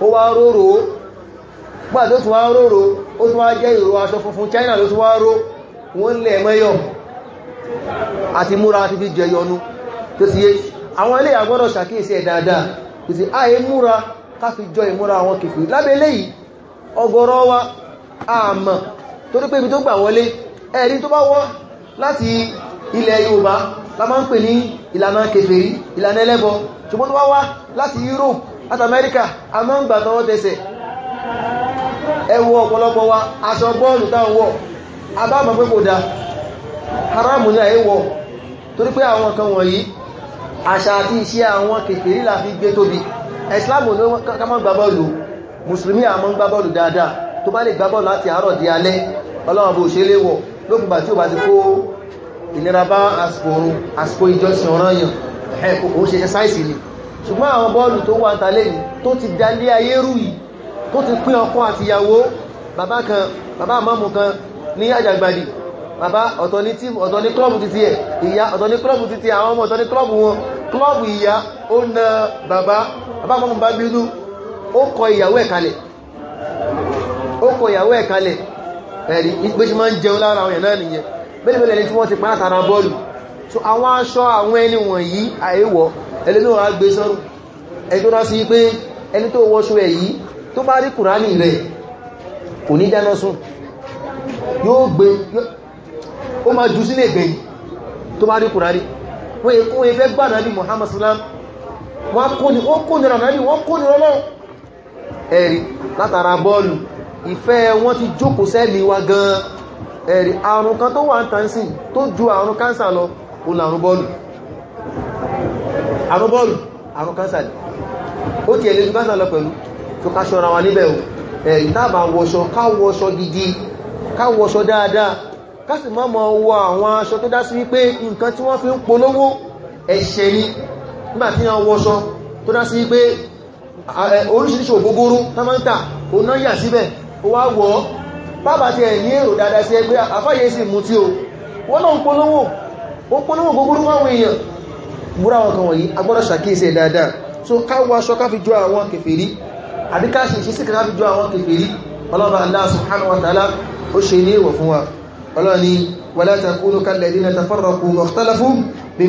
ó wá róró gbà tó tún wá róró ó tún wá jẹ́ ìró aṣọ funfun China ló tún wá ró wọ́n lẹ̀ mẹ́yọ̀ àti múra ti fi jẹyọnu tó ti yé àwọn ilé àgbọ́dọ̀ ṣàkíyèsí ẹ̀ dáadáa kò sí àyè múra ká fi jọ ìmúra àwọn kìfì lábẹ́lẹ́ yìí ọgọ́rọ̀ wa àmà torí pé ibi tó gbà wọlé ẹ̀rí tó bá wọ́ láti ilẹ̀ Yorùbá la máa ń pè ní ìlànà kèfèrí ìlànà ẹlẹ́bọ ṣùgbọ́n tó wá wá láti Europe àti amẹ́ríkà a máa ń gbà tọwọ́ tẹsẹ̀ ẹ wo ọ̀pọ̀lọpọ̀ wa aṣọ bọ́ọ̀lù táwọn wọ̀ abáàmọ̀ pé kò dá haramu ní àyíwọ̀ torí pé àwọn kan wọ̀nyí àṣà àti iṣẹ́ àwọn kèfèrí la fi gbé tóbi islamu ní ká máa gbá bọ́ọ̀lù mùsùlùmí a máa ń gbá bọ́ọ̀lù dáadáa tó bá lè gbá bọ́ọ̀lù láti àárọ̀ di alẹ́ ọlọ́wọ́n bó ṣe léwọ̀ lókùnbà tí ó bá ẹ̀kùn kò ṣe ẹsáìsì ni ṣùgbọ́n àwọn bọ́ọ̀lù tó wà tàlẹ́ yìí tó ti dalé ayé rú yìí tó ti pín ọkọ àti ìyàwó bàbá kan bàbá àmọ́mù kan ní àjàgbàdì bàbá ọ̀tọ̀ ní tíìmù ọ̀tọ̀ ní klọ́ọ̀bù títí ẹ̀ ìyá ọ̀tọ̀ ní klọ́ọ̀bù títí àwọn ọmọ ọ̀tọ̀ ní klọ́ọ̀bù wọn klọ́ọ̀bù ìyá ó na bàbá bàbá àmọ́mù bá bínú ó kọ ìyàwó ẹ̀ kalẹ̀ ó kọ ìyàwó ẹ̀ kalẹ̀ ẹ̀rí pé ṣe máa ń jẹun lára àwọn èèyàn náà nìyẹn bẹ́ẹ̀ bẹ́ẹ̀ lẹ́ni tí wọ́n ti pa látara bọ́ọ̀lù so àwọn aṣọ àwọn ẹni wọ̀nyí àìwọ̀ ẹni tó wà gbé sọ́rùn ẹni tó dá sí pé ẹni tó wọ́ṣọ ẹ̀ yìí tó bá rí kùránì rẹ̀ kò ní jáná sùn yóò gbé ó máa jù sílé ìgbé tó bá rí kùránì wọ́n èkó ẹfẹ́ gbà náàbí Muhammad salam wọ́n kó ní ọ̀nàbí wọ́n kó ní ọlọ́ ẹ̀rí látara bọ́ọ̀lù ìfẹ́ wọn ti jókòó sẹ́lì wa gan ẹ̀rí àrùn kan tó wà ń ó ní àrùn bọ́ọ̀lù àrùn bọ́ọ̀lù àrùn kánsà ni ó ti ẹ̀lẹ́jú kánsà lọ pẹ̀lú tó ká ṣọ́ra wa níbẹ̀ ìtàbà wọṣọ káwọṣọ gidi káwọṣọ dáadáa kásì má mọ̀ wọ àwọn aṣọ tó dá sí wípé nǹkan tí wọ́n fi ń polówó ẹ̀ṣẹ̀ ni nígbàtí wọ́n wọṣọ tó dá sí wípé oríṣiríṣi ògógóró tamanta oná yà síbẹ̀ ó wá wọ́ bábà ti ẹ̀ ní èrò dáadáa sí ẹgbẹ́ afáyé mú tí o wọ́n náà ń polówó ó polówó gbogbo fáwọn èèyàn búra wọn kan wọ̀nyí agbọ́dọ̀ ṣàkíyèsí ẹ̀ dáadáa so ká wọ aṣọ ká fi jọ àwọn kèfèrí àbí ká ṣe ìṣesí ká fi jọ àwọn kèfèrí ọlọ́ba Allah subhanahu wa ta'ala ó ṣe ní ìwọ̀ fún wa ọlọ́ni wala takunu kalladhina tafarraqu mọ̀tálàfú min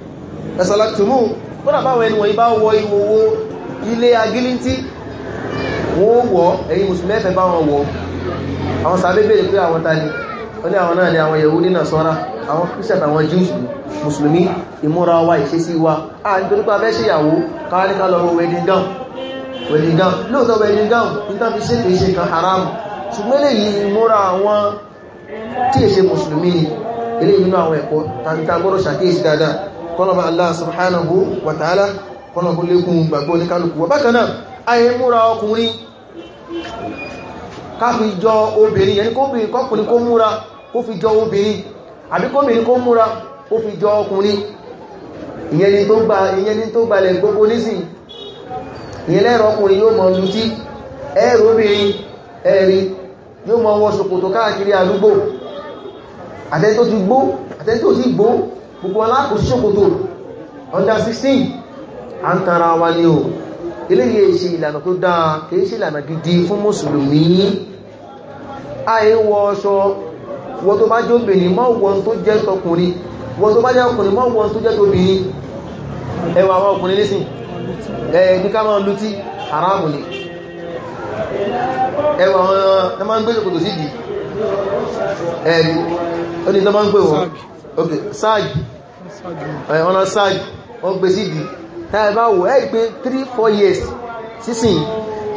ẹ̀sọ̀láktùmù tó nàbáwọn ẹni wọ̀nyí bá wọ ìwòwò ilé agílíntí wọ́n wọ́ ẹ̀yìn mùsùlùmí ẹ̀fẹ́ bá wọn wọ́ àwọn sàbẹ́ bèèrè pé àwọn tani wọ́n ní àwọn náà ni àwọn yẹ̀wò nínà sọ́ra àwọn kírísẹ̀ àtàwọn jíù mùsùlùmí ìmúra wa ìṣesí wa a ń torí pé abẹ́ṣẹ́ ìyàwó káwáníká lọ wedding gown wedding gown lóòótọ́ wedding gown níta fi ṣe kìí ṣe kan haram ṣùgbọ́n eléyìí ìmúra àwọn tí èṣe mùsùlùmí ni eléyìí nínú àwọn ẹ̀kọ́ tàbí tá gbọ́dọ̀ ṣàkíyèsí dáadáa kọ́nàbà Allah subhanahu wa ta'ala kọ́nàbà lékún gbàgbọ́ ní kálùkù wà bákanáà ayé múra ọkùnrin ká fi jọ obìnrin yẹni kọ́kùnrin kó múra kó fi jọ obìnrin àbí kọ́bìnrin kó múra kó fi jọ ọkùnrin ìyẹni tó gbalẹ̀ gbogbo nísìn ìyẹn lẹ́rọ ọkùnrin yóò mọ̀ lùtí ẹ̀rọ obìnrin ẹ̀rí yóò mọ̀ àtẹ́ tó ti gbó gbogbo alákòóso kòtò under 16 à ń tara wa ní o eléyìí ṣe ìlànà tó dáa kìí ṣe ìlànà gidi fún mùsùlùmí àìwọ ọṣọ wọ́n tó bá jẹ́ obìnrin mọ́ wọn tó jẹ́ tọkùnrin wọ́n tó bá jẹ́ ọkùnrin mọ́ wọn tó jẹ́ tóbìnrin ẹwà àwọn ọkùnrin nísìn ẹ̀ẹ̀dí ká máa lú haramu ni ẹwà àwọn ọmọ ń gbé ṣòkòtò sí ìdí ẹ̀ẹ̀dí ó ní tọ́ máa ń gbé wọn ok sáàjì ọ̀nà sáàjì wọ́n gbé sí ìdí táyẹ̀ bá wò ẹ́ pé 3-4 years sísìn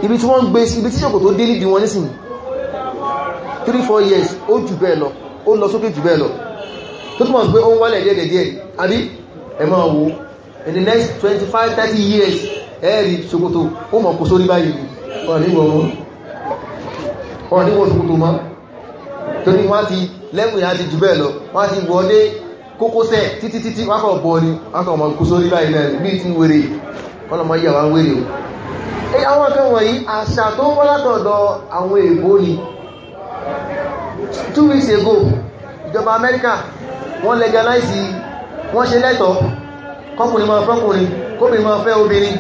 ibi tí wọ́n gbé sí ibi tí ṣòkò tó dé nídìí wọn nísìn 3-4 years ó jù bẹ́ẹ̀ lọ ó lọ sókè jù bẹ́ẹ̀ lọ tó túnmọ̀ pé ó ń wálẹ̀ díẹ̀díẹ̀ àbí in the next 25-30 years ẹ̀ẹ́rì ṣòkòtò ó mọ̀ kò sórí báyìí ọ̀rọ̀ níwọ̀n ọ̀rọ̀ níwọ̀n ṣòkòtò máa torí wọ́n ti lẹ́mù ìyá ti jù bẹ́ẹ̀ lọ wọ́n ti wọlé kókósẹ̀ títí títí wákọ̀ bọ́ ni wákọ̀ ọmọ kú sórí báyìí náà bí ti wèrè kọ́lọmọ yíyà wá wèrè o àwọn kan wọ̀nyí àṣà tó wọ́n látọ̀dọ̀ àwọn èèbó ni two weeks ago ìjọba Amẹ́ríkà wọ́n legalize wọ́n ṣe lẹ́tọ̀ọ́ kọkùnrin máa fọ́kùnrin kóbìnrin máa fẹ́ obìnrin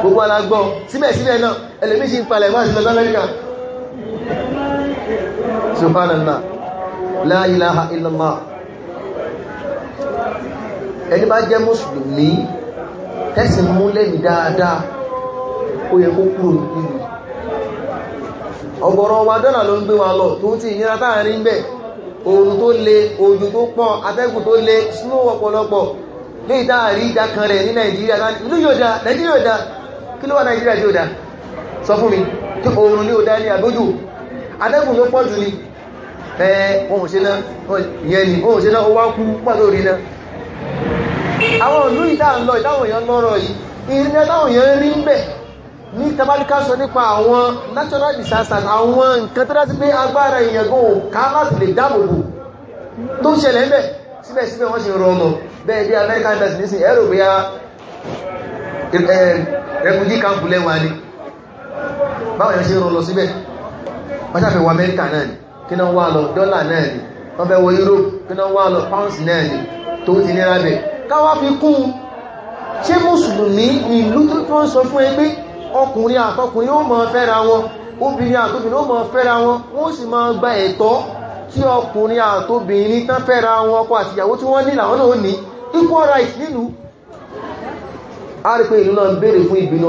gbogbo alágbọ́ síbẹ̀síbẹ̀ náà ẹlẹ́mí ṣe ń palẹ̀ wá sí lọ́dọ̀ Amẹ́ríkà subhanallah la ilaha illallah ẹni bá jẹ́ mùsùlùmí tẹ́sìn mú lẹ́ni dáadáa ó yẹ kó kúrò nínú ọ̀gọ̀rọ̀ wa dọ́là ló ń gbé wa lọ tó ti ìnira táàrin bẹ̀ oòrùn tó le òjò tó pọ̀ atẹ́gùn tó le snow ọ̀pọ̀lọpọ̀ lè dáàrí ìdákan rẹ̀ ní nàìjíríà ìlú yóò dá nàìjíríà yóò dá kí ló wà nàìjíríà yóò dá sọ fún mi tí oòrùn ní ò dá ní àgbójò adẹ́kùn ló pọ̀jù ni ohun ṣe náà yẹn ni ohun ṣe náà ó wá kú pọ̀ lórí náà àwọn ìdáwọn èèyàn lọ́rọ̀ yìí èèyàn rí ń bẹ̀ ní tabalika sọ nípa àwọn natural disasters àwọn nǹkan tó dájú pé agbára èèyàn gan lè dáàbòbò tó ń ṣẹlẹ̀ ń síbẹ̀síbẹ̀ wọ́n ṣe rọ ọmọ bẹ́ẹ̀ wọ́n ṣàfẹ́ wọ amẹ́ríkà náà ni kí náà wà lọ dọ́là náà ni wọ́n fẹ́ wọ europe kí náà wà lọ pounds náà ni tó ti nira bẹ̀ káwá fi kún ṣé mùsùlùmí ìlú tó tó ń sọ fún ẹgbẹ́ ọkùnrin àtọkùnrin ó mọ̀ fẹ́ra wọn obìnrin àtobìnrin ó mọ̀ fẹ́ra wọn wọ́n sì máa gba ẹ̀tọ́ tí ọkùnrin àtobìnrin tán fẹ́ra wọn ọkọ àtìyàwó tí wọ́n ní làwọn náà ní a rí pé ìlú náà ń béèrè fún ìbínú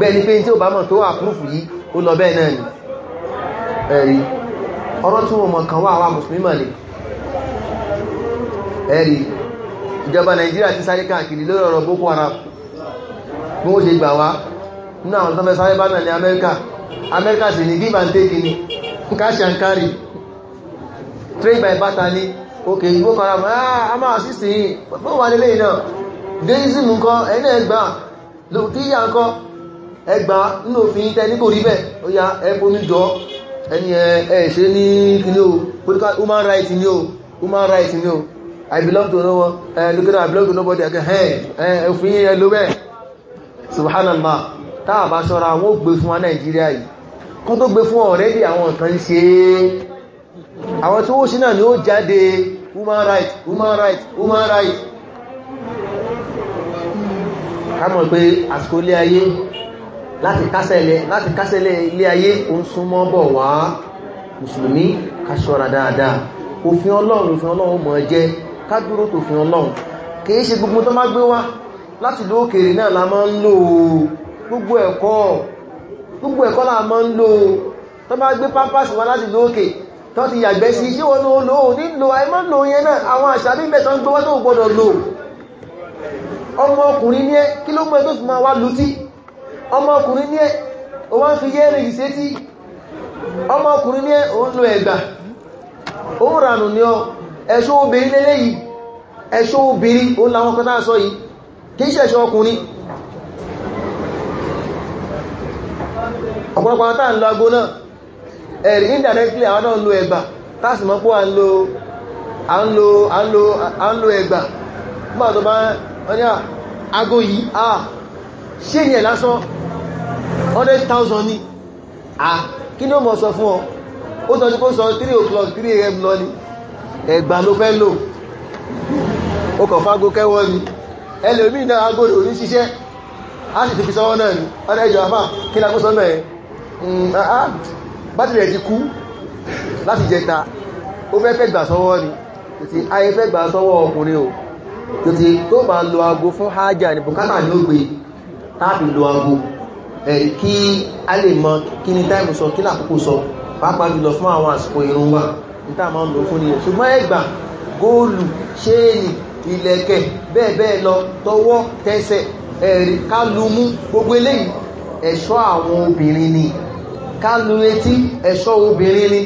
bẹ́ẹ̀ ni pé tí ó bá mọ̀ tó wà púrúfù yìí ó lọ bẹ́ẹ̀ náà ni ẹ̀rí ọ̀rọ̀ tí ti sáré káàkiri lórí ọ̀rọ̀ Boko Haram bí ṣe gbà wá nínú àwọn tó sáré bá ní Amẹ́ríkà Amẹ́ríkà sì ní give and take ni cash carry trade by barter ni òkè Boko Haram ah, a máa sí sí fún wà lélẹ́yìn náà déísì nǹkan ẹ̀ẹ́nà nǹkan ẹgbà nínú òfin tẹ́ ní kò rí bẹ́ẹ̀ ó yá ẹbú ní jọ ẹni ẹ ṣe ní kíní o political human rights ni o human rights ni o i belong to no one eh look at i belong to nobody again hey eh òfin yẹn ló bẹ́ẹ̀ subhanallah tá a bá ṣọ́ra wọn ó gbé fún wa nàìjíríà yìí kọ́ tó gbé fún already àwọn kan ṣe àwọn tí ó ṣe náà ni ó jáde human rights human rights human rights ká mọ̀ pé àsìkò ilé ayé láti kásẹ̀lẹ̀ láti kásẹ̀lẹ̀ ilé ayé òun súnmọ́ bọ̀ wá mùsùlùmí kásọ́ra dáadáa òfin ọlọ́run òfin ọlọ́run mọ̀ jẹ́ kádúró tòfin ọlọ́run kìí ṣe gbogbo tó má gbé wá láti ló kèrè náà la máa ń lò gbogbo ẹ̀kọ́ gbogbo ẹ̀kọ́ la máa ń lò tó bá gbé pápásì wá láti lókè tó ti yàgbẹ́ sí ṣé wọn ló nílò àìmọ́ lò yẹn náà àwọn àṣà bíbẹ̀ tó ń gbé wá tó gbọ́dọ̀ lò ọmọ ọkùnrin ní ẹ kí ló mọ́ ẹ tó fi máa wá lutí ọmọkùnrin ní ẹ̀ o wá ń fi yẹ́rẹ̀ yìí sétí ọmọkùnrin ní o ń lo ẹ̀gbà o ń ní ọ ẹ̀ṣọ́ obìnrin lélẹ́ yìí ẹ̀ṣọ́ obìnrin o láwọn kan sọ yìí kìí ṣẹ̀ṣọ́ ọkùnrin ọ̀pọ̀lọpọ̀ lo ago ṣe yẹn lásán 100,000 ní à kí ní ó mọ̀ sọ fún ọ ó sọ ní kó sọ 3 o'clock 3 a.m. lọ ní ẹgbà ló fẹ́ lò ó kọ̀ fágó kẹwọ́ ni ẹlòmí náà agóòdò ní ṣiṣẹ́ a sì ti fi sọ́wọ́ náà ní ọdẹ ìjọ àfà kí lágbó sọ́nà ẹ̀ bátìrì ẹ̀ ti kú láti jẹta ó fẹ́ fẹ́ gbà sọ́wọ́ ni títí ayé fẹ́ gbà sọ́wọ́ ọkùnrin o títí tó bá lo ago fún hájà ní bùkátà ní ó gbé táàbì lo aago ẹ̀rí kí a lè mọ kí ni táìmù sọ kí làkókò sọ pàápàá jùlọ fún àwọn àsìkò ìrun wa níta máa ń lò fún ni ṣùgbọ́n ẹgbà góòlù ṣéènì ìlẹ̀kẹ̀ bẹ́ẹ̀ bẹ́ẹ̀ lọ tọwọ́ tẹsẹ̀ ẹ̀rí ká lu mú gbogbo eléyìí ẹ̀ṣọ́ àwọn obìnrin ni ká etí ẹ̀ṣọ́ obìnrin ni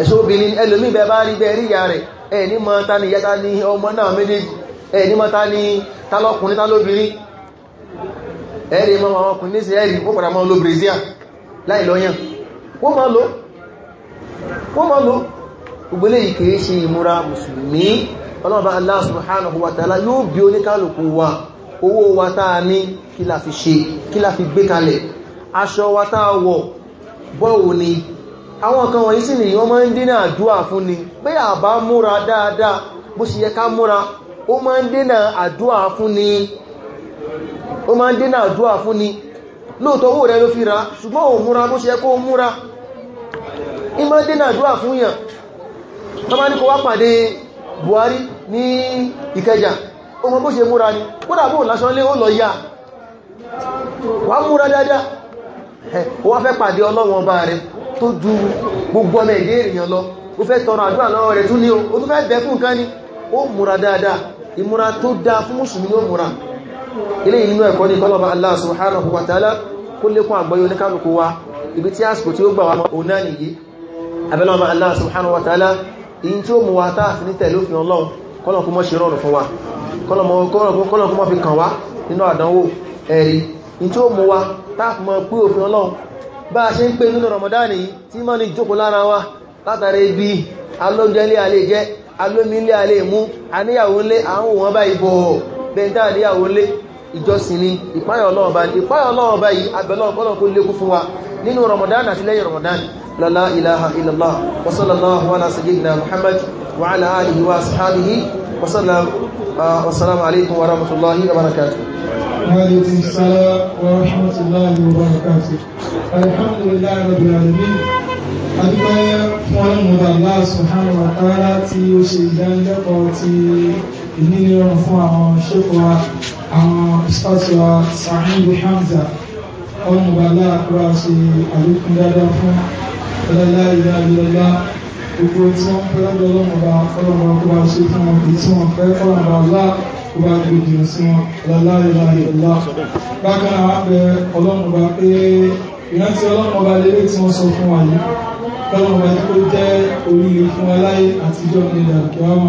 ẹ̀ṣọ́ obìnrin ẹlòmí bẹ bá rí bẹ́ẹ̀ rí ìyá rẹ̀ ẹ̀ ní mọ́ ni ìyá ta ni ọmọ náà méjèèjì ẹ̀ ní mọ́ ni tálọ́kùnrin tálóbìnrin ẹ̀rì ma wọn kùn ní sí ẹ̀rì wọ́n padà máa lo brazil láì lọ́yàn wọ́n máa lo wọ́n máa lo ògbélé ìkèé ṣe ìmúra mùsùlùmí ọlọ́ọ̀bá Allah subhanahu wa ta'ala yóò bí oníkálùkù wa owó wa táa ní kí la fi ṣe kí la fi gbé kalẹ̀ aṣọ wa táa wọ̀ bọ́ọ̀ ni àwọn kan wọ̀nyí sí ni wọ́n máa ń dínà àdúà fún ni pé àbá múra dáadáa bó ṣe yẹ ká múra ó máa ń dínà àdúà fún ni ó máa ń dé náà dúà fún ni lóòtọ́ owó rẹ̀ ló fi ra ṣùgbọ́n ò múra bó ṣe kó múra ní máa dé náà dúà fún yàn tó máa ní pàdé Buhari ní Ìkẹjà ọmọ bó ṣe múra ni kódà bó lásán lé ó lọ yá wà múra dáadáa ó fẹ́ tọrọ àdúrà lọ́wọ́ rẹ̀ tún ní o fẹ́ bẹ̀ fún ilé inú ẹ̀kọ́ ní kọ́lọ̀bá Allah subhanahu wa ta'ala kó lékún àgbọ́yé oníkálùkù wa ibi tí àsìkò tí ó gbà wà ọ̀nà nìyí abẹ́lọ́mà Allah subhanahu wa ta'ala in tí ó mú wa táà fi ní tẹ̀lé òfin Ọlọ́run kọ́lọ̀ kó mọ́ ṣe rọrùn fún wa kọ́lọ̀ kó mọ́ fi kàn wá nínú àdánwò ẹ̀rí in tí ó mú wa táà fi mọ́ pé òfin Ọlọ́run bá a ṣe ìjọsìn ni ìpáyọ̀ ọlọ́run bá ìpáyọ̀ ọlọ́run bá yìí abẹ́lọ́run kọ́lọ̀ kó lékún fún wa nínú ramadan àti lẹ́yìn ramadan lọ́lá ilaha illallah wa sallallahu ala sayyidina muhammad wa ala alihi wa ashabihi wa sallam ah, wa salamu alaikum wa rahmatullahi wa barakatuh wa alaikum salam wa rahmatullahi wa barakatuh fún ọlọ́mọdà allah subhanahu wa tí ó ṣe ìdánilẹ́kọ̀ọ́ ti ìnílẹ̀rùn fún àwọn ṣẹ́kọ̀ wa àwọn ìsọ́tì wa Sa'idu Hamza ọmọọba aláàkúrà ṣe àlékún dáadáa fún ọlọ́lá ìlà ìlọ́lá gbogbo tí wọ́n fẹ́ lọ́dọ̀ ọlọ́mọba ọlọ́mọba kó bá ṣe fún wọn èyí tí wọ́n fẹ́ ọlọ́mọba ọlá kó bá gbòdì sí wọn ọlọ́lá ìlà ìlọ́lá bákan náà wọ́n bẹ ọlọ́mọba pé ìrántí ọlọ́mọba lérè tí wọ́n sọ fún wa yìí ọlọ́mọba tí kò jẹ́ oríire fún wa láyé àtijọ́ nílẹ̀ àkíyáwó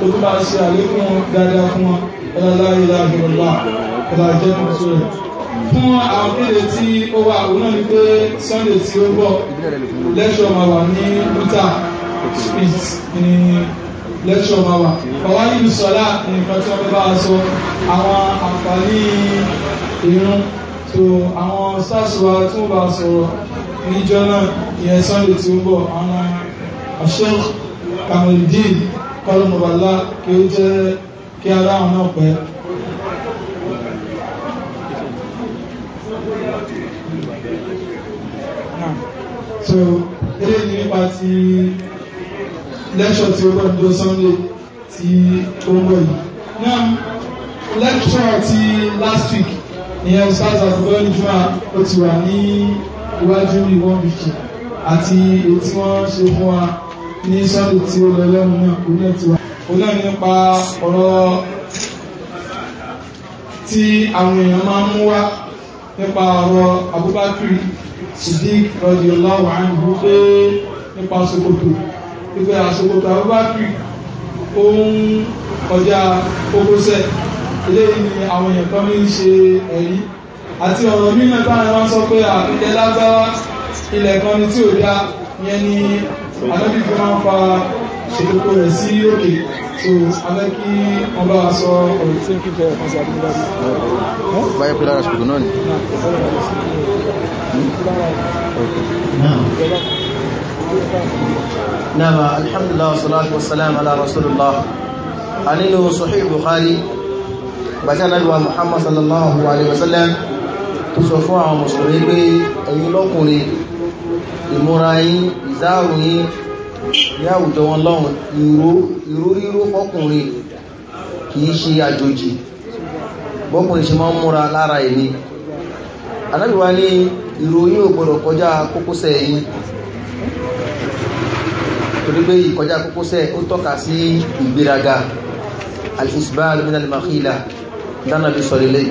tó tó bá ṣe àlékún dáadáa fún wọn ọlọ́láyé láàrínlá ọlọ́jẹ́ pọ̀tún rẹ̀ fún àwọn ilé tí ó wà òun náà ni pé Sunday tí ó bọ̀ lẹ́ṣọ̀ máa wà ní Utah street ní lẹ́ṣọ̀ máa wà ọ̀wá nínú sọ́lá nǹkan tí wọ́n bá sọ àwọn àǹfààní irun tó àwọn stars wa tí wọ́n bá sọ̀rọ̀ níjọ́ náà ìyẹn Sunday tí ó bọ̀ àwọn àṣẹ Kamaldeen kọ́lọ́mù bàlá kí ó jẹ́ kí ara àwọn náà pẹ́ so eré ní nípa ti lẹ́ṣọ̀ tí ó gbọ́dọ̀ Sunday tí ó ń bọ̀ yìí náà lẹ́ṣọ̀ ti last week ìyẹn stars àtúgbọ́ níjúmọ́ ó ti wà ní iwájú ìwọ̀n bìkì àti èyí tí wọ́n ṣe fún wa ní sọ́dù tí ó lọ lẹ́nu náà kò náà ti wà ó náà nípa ọ̀rọ̀ tí àwọn èèyàn máa ń mú wá nípa ọ̀rọ̀ Abubakar Siddiq radiyallahu anhu pé nípa sokoto ìgbé àsokoto Abubakar ó ń kọjá kókósẹ̀ eléyìí ni àwọn èèyàn kan ní í ṣe ẹ̀rí àti ọ̀rọ̀ mímẹ́ báyìí wọ́n sọ pé àpilẹ̀ lágbára ilẹ̀ kan ni tí ò dá yẹn ni anábì fi máa ń fa ìṣètòkò rẹ̀ sí òkè so anábì wọn bá sọ ọ̀rọ̀ tí ń kíkẹ́ ọ̀kan sí àdúgbàdì. báyẹ̀ pé lára ṣùgbọ́n náà ni. نعم الحمد لله والصلاة والسلام على رسول الله أنه صحيح بخاري بجانا محمد صلى الله عليه وسلم tó sọ fún àwọn mùsùlùmí pé ẹ̀yin lọ́kùnrin ìmúra yín ìzáàrù yín ní àwùjọ wọn lọ́wọ́n ìró ríró fọ́kùnrin kìí ṣe àjòjì bọ́kùnrin ṣe máa ń múra lára ẹni anábìwá ní ìró yín ò gbọ́dọ̀ kọjá kókósẹ̀ yín torí ìkọjá kókósẹ̀ ó tọ́ka sí ìgbéraga al-isbal makhila dánàbí sọ̀rẹ̀lẹ̀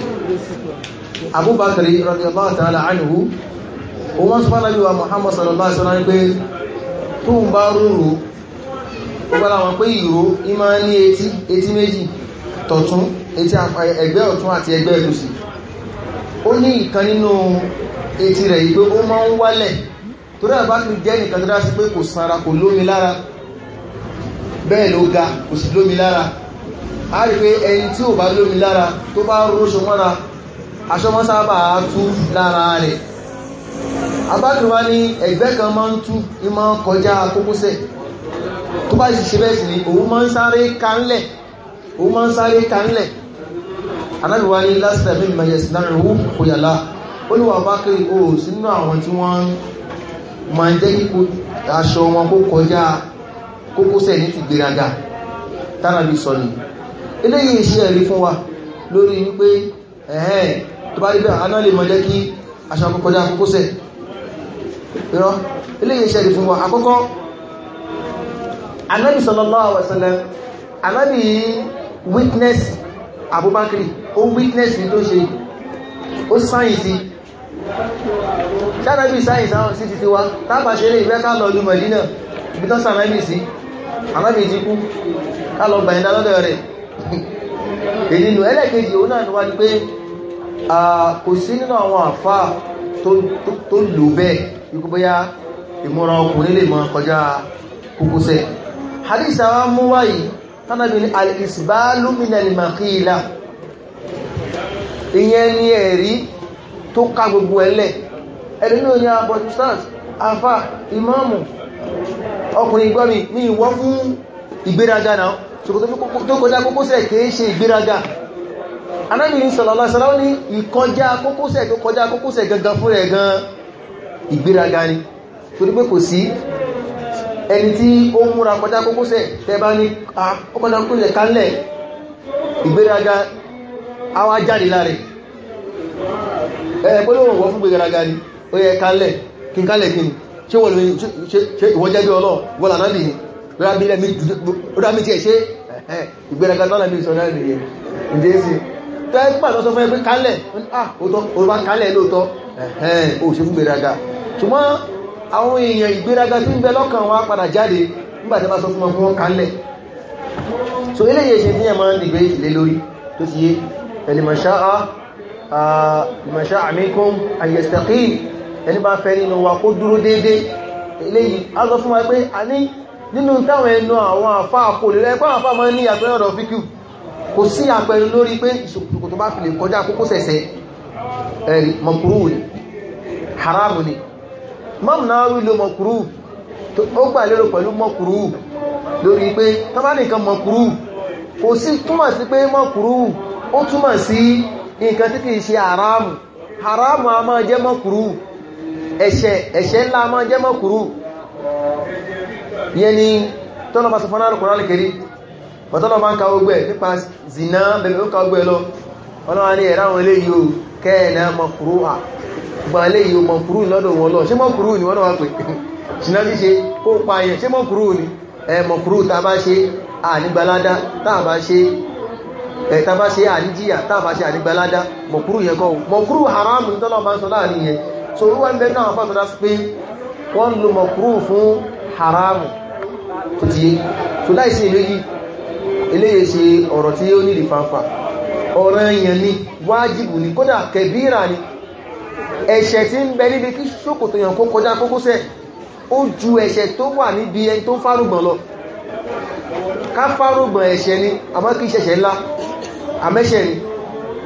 Abubakar radiyallahu anhu wọ́n sọ fánàbí wa Muhammad sallallahu alaihi wasallam pé tó ń bá rúrù ọgbọ́n àwọn pé ìró ìmá ní etí etí méjì tọ̀tún etí ẹgbẹ́ ọ̀tún àti ẹgbẹ́ ẹ̀lúsì ó ní ìkan nínú etí rẹ̀ yìí pé ó máa ń wálẹ̀ tó rẹ̀ bá fi jẹ́ nìkan tó dá sí pé kò sanra kò lómi lára bẹ́ẹ̀ ló ga kò sí lómi lára a rí pé ẹni tí ò bá lómi lára tó bá róṣo mọ́ra aṣọ́mọ́sábà tú lára rẹ̀ abájúwá ní ẹgbẹ́ kan máa ń tú ìmọ̀ kọjá kókósẹ̀ tó bá sì ṣe bẹ́ẹ̀ sí ni òun máa ń sáré kánlẹ̀ òun máa ń sáré kánlẹ̀ anábìwá ní lásìtà mí o sínú àwọn tí wọ́n máa ń jẹ́ kíkó aṣọ wọn kó kọjá kókósẹ̀ ní ti gbéraga tánàbí sọ ni eléyìí iṣẹ́ rí fún wa lórí wípé ẹ̀hẹ́n tó bá rí bẹ́ẹ̀ aná lè mọ̀ jẹ́ kí aṣàkókọjá kókósẹ̀ rọ iléyìn iṣẹ́ fún wa àkọ́kọ́ anábì sallallahu alaihi wasallam anábì witness Abubakar o witness ní tó ṣe ó sáyìnsì ṣáàbí sáyìnsì àwọn sí títí wa tábà ṣe lè rẹ́ká lọ lú Mẹ̀dínà ibi tán sàmẹ́bì sí anábì ti kú ká lọ gbàyìndà lọ́dọ̀ rẹ̀ èdè nù ẹlẹ́kejì òun náà ni wá ní pé kò sí nínú àwọn àfá tó lò bẹ́ẹ̀ bóyá ìmọ̀ràn ọkùnrin lè mọ kọjá kókósẹ̀ hadith àwọn mú wáyìí tánàbí ní al-isbalu min al ìyẹn ni ẹ̀rí tó ká gbogbo ẹlẹ̀ ẹ̀rí ní òní afá imáàmù ọkùnrin gbọ́mí ní ìwọ́ fún ìgbéraga náà tó kọjá kókósẹ̀ kìí ṣe ìgbéraga anábìrin sọ̀lọ̀lọ́ ìsọ́lọ́ ní ìkọjá kókósẹ̀ tó kọjá kókósẹ̀ gangan fún rẹ̀ gan ìgbéraga ni tó dípé kò sí ẹni tí ó múra kọjá kókósẹ̀ tẹba ní ọkọjá kókósẹ̀ kálẹ̀ ìgbéraga awá jáde láre ẹ̀ pẹ́lú ìgbéraga sọ tẹ́gbà lọ́sọ fún ẹgbẹ́ kálẹ̀ ọba ah, kálẹ̀ lóòtọ́ ẹ̀hẹ́n ó ṣe fún gbéraga ṣùgbọ́n àwọn èèyàn ìgbéraga tí ń bẹ lọ́kàn wọn padà jáde nígbàtí wọ́n sọ fún wọn fún wọn kálẹ̀ so eléyìí ṣe ní ẹ̀mọ́ ìgbé ilé lórí tó ti yé ẹlìmọ̀ṣá àmíkún àyẹ̀sẹ̀kí ẹni bá fẹ́ nínú wa kó dúró déédé eléyìí a sọ fún wa pé a ní nínú táwọn ẹnu àwọn àfáà kò lè rẹ́ pàwọn àfáà mọ́ ní àpẹẹrẹ ọ̀dọ̀ fíkù kò sí àpẹẹrẹ lórí pé ìṣòkòtò tó bá fi lè kọjá kókó sẹ̀sẹ̀ ẹ̀rì mọ̀kúrú ni haramu ni mọ́mù náà rí lo mọ̀kúrú ó gbà lérò pẹ̀lú mọ̀kúrú lórí pé tọ́bá nìkan mọ̀kúrú kò sí túmọ̀ sí pé mọ̀kúrú ó túmọ̀ sí nǹkan tí kìí ṣe haramu haramu a máa jẹ́ mọ̀kúrú ẹ̀ṣẹ̀ bọ̀tọ́lọ̀ máa ń ka ogbẹ̀ nípa zina bẹ̀rẹ̀ ó ka ogbẹ̀ lọ ọlọ́wà ní ẹ̀rá wọn léyìí o kẹ́ẹ̀nà mọ̀kúrú à gbà léyìí o mọ̀kúrú lọ́dọ̀ wọn lọ ṣé ni wọ́n wá pè ṣìná bí ṣe kó pa mọ̀kúrú ni ẹ mọ̀kúrú ta bá ṣe ànígbalada tá bá ṣe ẹ ta bá ṣe àníjìyà so orúwà ń bẹ náà wọ́n fọ́sọ́dá pé wọ́n lo mọ̀kúrú fún haramu tó ti yé so láìsí ìlú yìí eléyìí ṣe ọ̀rọ̀ tí ó nílì fanfà ọ̀rọ̀ èèyàn ni wájìbù ni kódà kẹbíra ni ẹ̀ṣẹ̀ tí ń bẹ níbi kí ṣòkòtò yàn kó kọjá kókósẹ̀ ó ju ẹ̀ṣẹ̀ tó wà níbi ẹni tó fárùgbọ̀n lọ ká fárùgbọ̀n ẹ̀ṣẹ̀ ni àmọ́ kí ṣẹ̀ṣẹ̀ ńlá àmẹ́ṣẹ̀ ni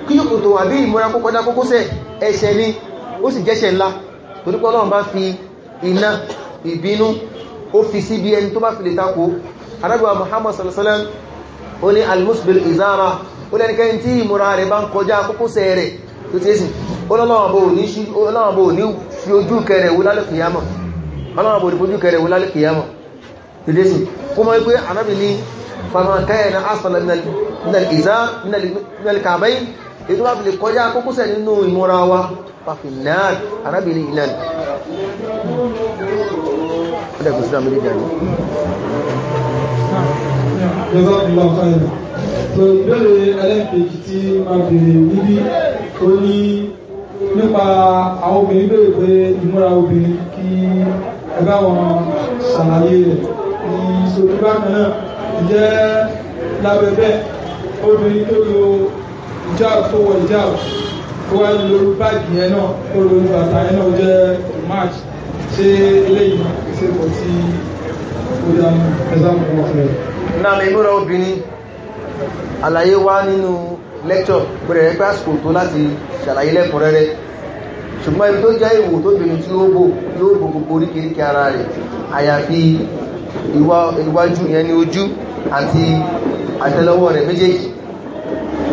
kí ṣòkòtò àbí ìmúra kó kọjá kókósẹ̀ ẹ̀ṣẹ̀ ni ó sì jẹ́ṣẹ̀ ńlá torípọ́ Ọlọ́run bá fi iná ìbínú ó fi síbi ẹni tó bá fi lè takò arábíwá Muhammad sallallahu alaihi wasallam ó ní almusbil izara ó lẹ́nikẹ́ni tí ìmúra rẹ̀ bá ń kọjá kókósẹ̀ rẹ̀ tó ti ẹ́sìn ọlọ́wọ̀bọ̀ ní fi ojú kẹrẹ̀ wú lálẹ́kìyàmọ̀ ọlọ́wọ̀bọ̀ ní fojú kẹrẹ̀ wú lálẹ́kìyàmọ̀ tó ti ẹ́sìn kó mọ́ wípé anábì ní famakẹ́ẹ̀nà asfala minal izar minal jọ́sọ́kùnlọ́ káyọ̀ tó ìbéèrè ẹlẹ́ẹ̀kejì tí máa bèèrè níbí ó ní nípa àwọn obìnrin béèrè pé ìmúra obìnrin kí ẹ bá wọn ṣàlàyé rẹ̀ ní sókè bákan náà ǹjẹ́ lábẹ́bẹ́ obìnrin tó lo ìjáàbù tó wọ ìjáàbù tó wá lórí báàgì yẹn náà tó lórí bàtà yẹn náà jẹ́ march ṣé eléyìí ṣe pọ̀ sí ó ẹ̀sán ọ̀fẹ́ rẹ̀ náà ìmúra obìnrin àlàyé wá nínú lẹ́kṣọ̀ bẹ̀rẹ̀ pé àsìkò tó láti ṣàlàyé lẹ́kùnrẹ́rẹ́ ṣùgbọ́n ibi tó jẹ́ ìwò tó bìnrin tí ó bò yóò bò gbogbo oríkèríkè ara rẹ̀ àyàfi iwájú yẹn ní ojú àti àtẹ́lẹwọ́ rẹ̀ méjèèjì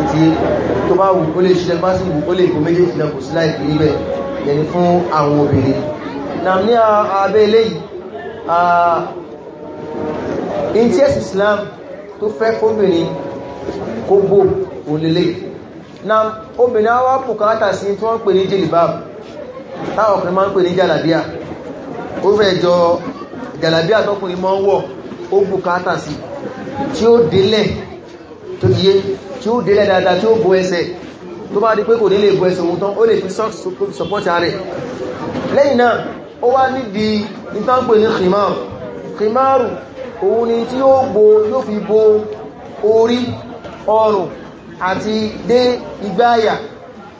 ti tó bá wù kó lè ṣiṣẹ́ bá sì wù kó lè kó méjèèjì náà kò sí láìpì níbẹ̀ yẹni fún àwọn obìnrin na ní abẹ́ eléyìí in tí ẹ̀sì Islam tó fẹ́ kóbìnrin kó bò òlélẹ̀ na obìnrin àwọn pùkátà sí tí wọ́n pè ní jìlìbáàbù táwọn ọkùnrin máa ń pè ní jàlàbíà ó fẹ́ jọ jàlàbíà tọkùnrin máa ń wọ̀ ó pùkátà sí tí ó délẹ̀ tó yé tí ó délẹ̀ dáadáa tí ó bo ẹsẹ̀ tó bá di pé kò ní lè bo ẹsẹ̀ òun tán ó lè fi sọ́pọ̀tì rẹ̀ lẹ́yìn náà ó wá nídìí ìtànpè ní khimar kìmáàrù òun ni tí ó bo yóò fi bo orí ọrùn àti dé igbáyà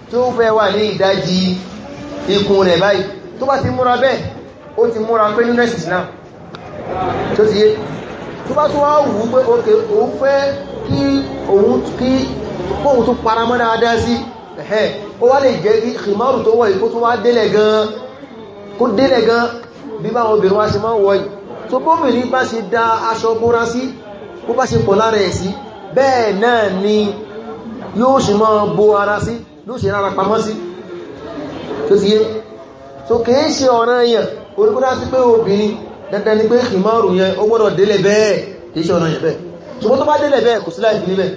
tí ó fẹ́ wà ní ìdájí ikùn rẹ̀ báyìí tó bá ti múra bẹ́ẹ̀ ó ti múra pé nínú ẹ̀sìn Islam tó ti yé tó bá tó wá wù ú pé òkè òun fẹ́ kí òun kí kóhun tó para mọ́ dáadáa sí ẹ̀hẹ́ ó wá lè jẹ́ kí kìmáàrù tó wọ̀ yìí kó tó wá délẹ̀ gan kó bí báwọn obìnrin wá ṣe máa ń yìí so bóbìnrin bá ṣe dá aṣọ bóra sí bó bá ṣe pọ̀ lára ẹ̀ sí bẹ́ẹ̀ náà ni yóò ṣe mọ́ bo ara sí ló ṣe rárá pamọ́ sí tó ti yé so kìí ṣe ọ̀ràn èèyàn oríkúdá sí pé obìnrin dandan ni pé ìmọ̀rù yẹn ó gbọ́dọ̀ délẹ̀ bẹ́ẹ̀ kìí ṣe ọ̀ràn yẹn bẹ́ẹ̀ ṣùgbọ́n tó bá délẹ̀ bẹ́ẹ̀ kò sí láìpì níbẹ̀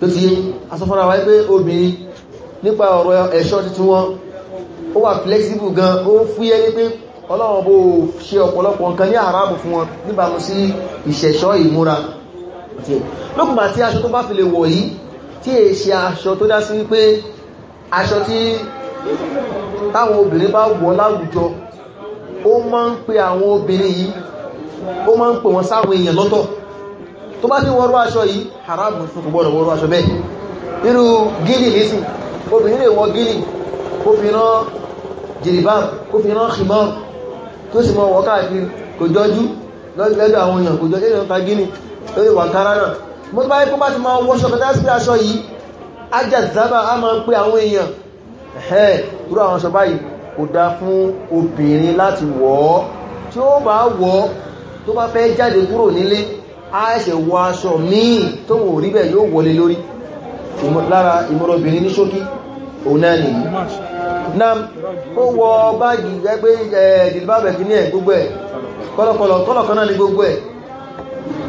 tó ti yé asọ́fọ́nra wáyé pé obìnrin nípa ọ̀rọ̀ ẹ̀ṣọ́ titun wọn ó wà flexible gan ó fúyẹ́ ní pé ọlọ́run bó ṣe ọ̀pọ̀lọpọ̀ nǹkan ní àrábù fún wọn níbàmú sí ìṣẹ̀ṣọ́ ìmúra lókùnbà tí aṣọ tó bá fi lè wọ̀ yìí tí è ṣe aṣọ tó dá sí wípé aṣọ tí táwọn obìnrin bá wọ̀ láwùjọ ó máa ń pe àwọn obìnrin yìí ó máa ń pè wọn sáwọn èèyàn lọ́tọ̀ tó bá ti wọ́rọ́ aṣọ yìí haramu fún kò gbọ́dọ̀ wọ́rọ́ aṣọ bẹ́ẹ̀ nínú gílì lẹ́sìn obìnrin lè wọ̀ gílì kó fi rán jìrìbá kó fi rán ṣìmọ́rùn tó sì mọ́ wọ́n káàkiri kò jọjú lọ́dọ̀ àwọn èèyàn kò jọjú èèyàn ká gíní lórí wàkárá náà mo tó bá yẹ kó bá ti máa wọ́ṣọ kẹta sí aṣọ yìí ajázábà á máa ń pé àwọn èèyàn ẹ̀hẹ́ irú àwọn aṣọ báyìí kò dá fún obìnrin láti wọ̀ ọ́ tí ó bá wọ̀ ọ́ tó bá fẹ́ jáde kúrò nílé á wọ aṣọ míì tó wò rí bẹ́ẹ̀ yóò wọlé lórí lára ìmọ̀rọ̀bìnrin ní ṣókí òun náà nìyí na ó wọ báyìí ẹgbẹ́ ìdìlbàbẹ̀ kí ní ẹ̀ gbogbo ẹ̀ kọ́lọ̀kọ́lọ̀ kọ́lọ̀kan náà ní gbogbo ẹ̀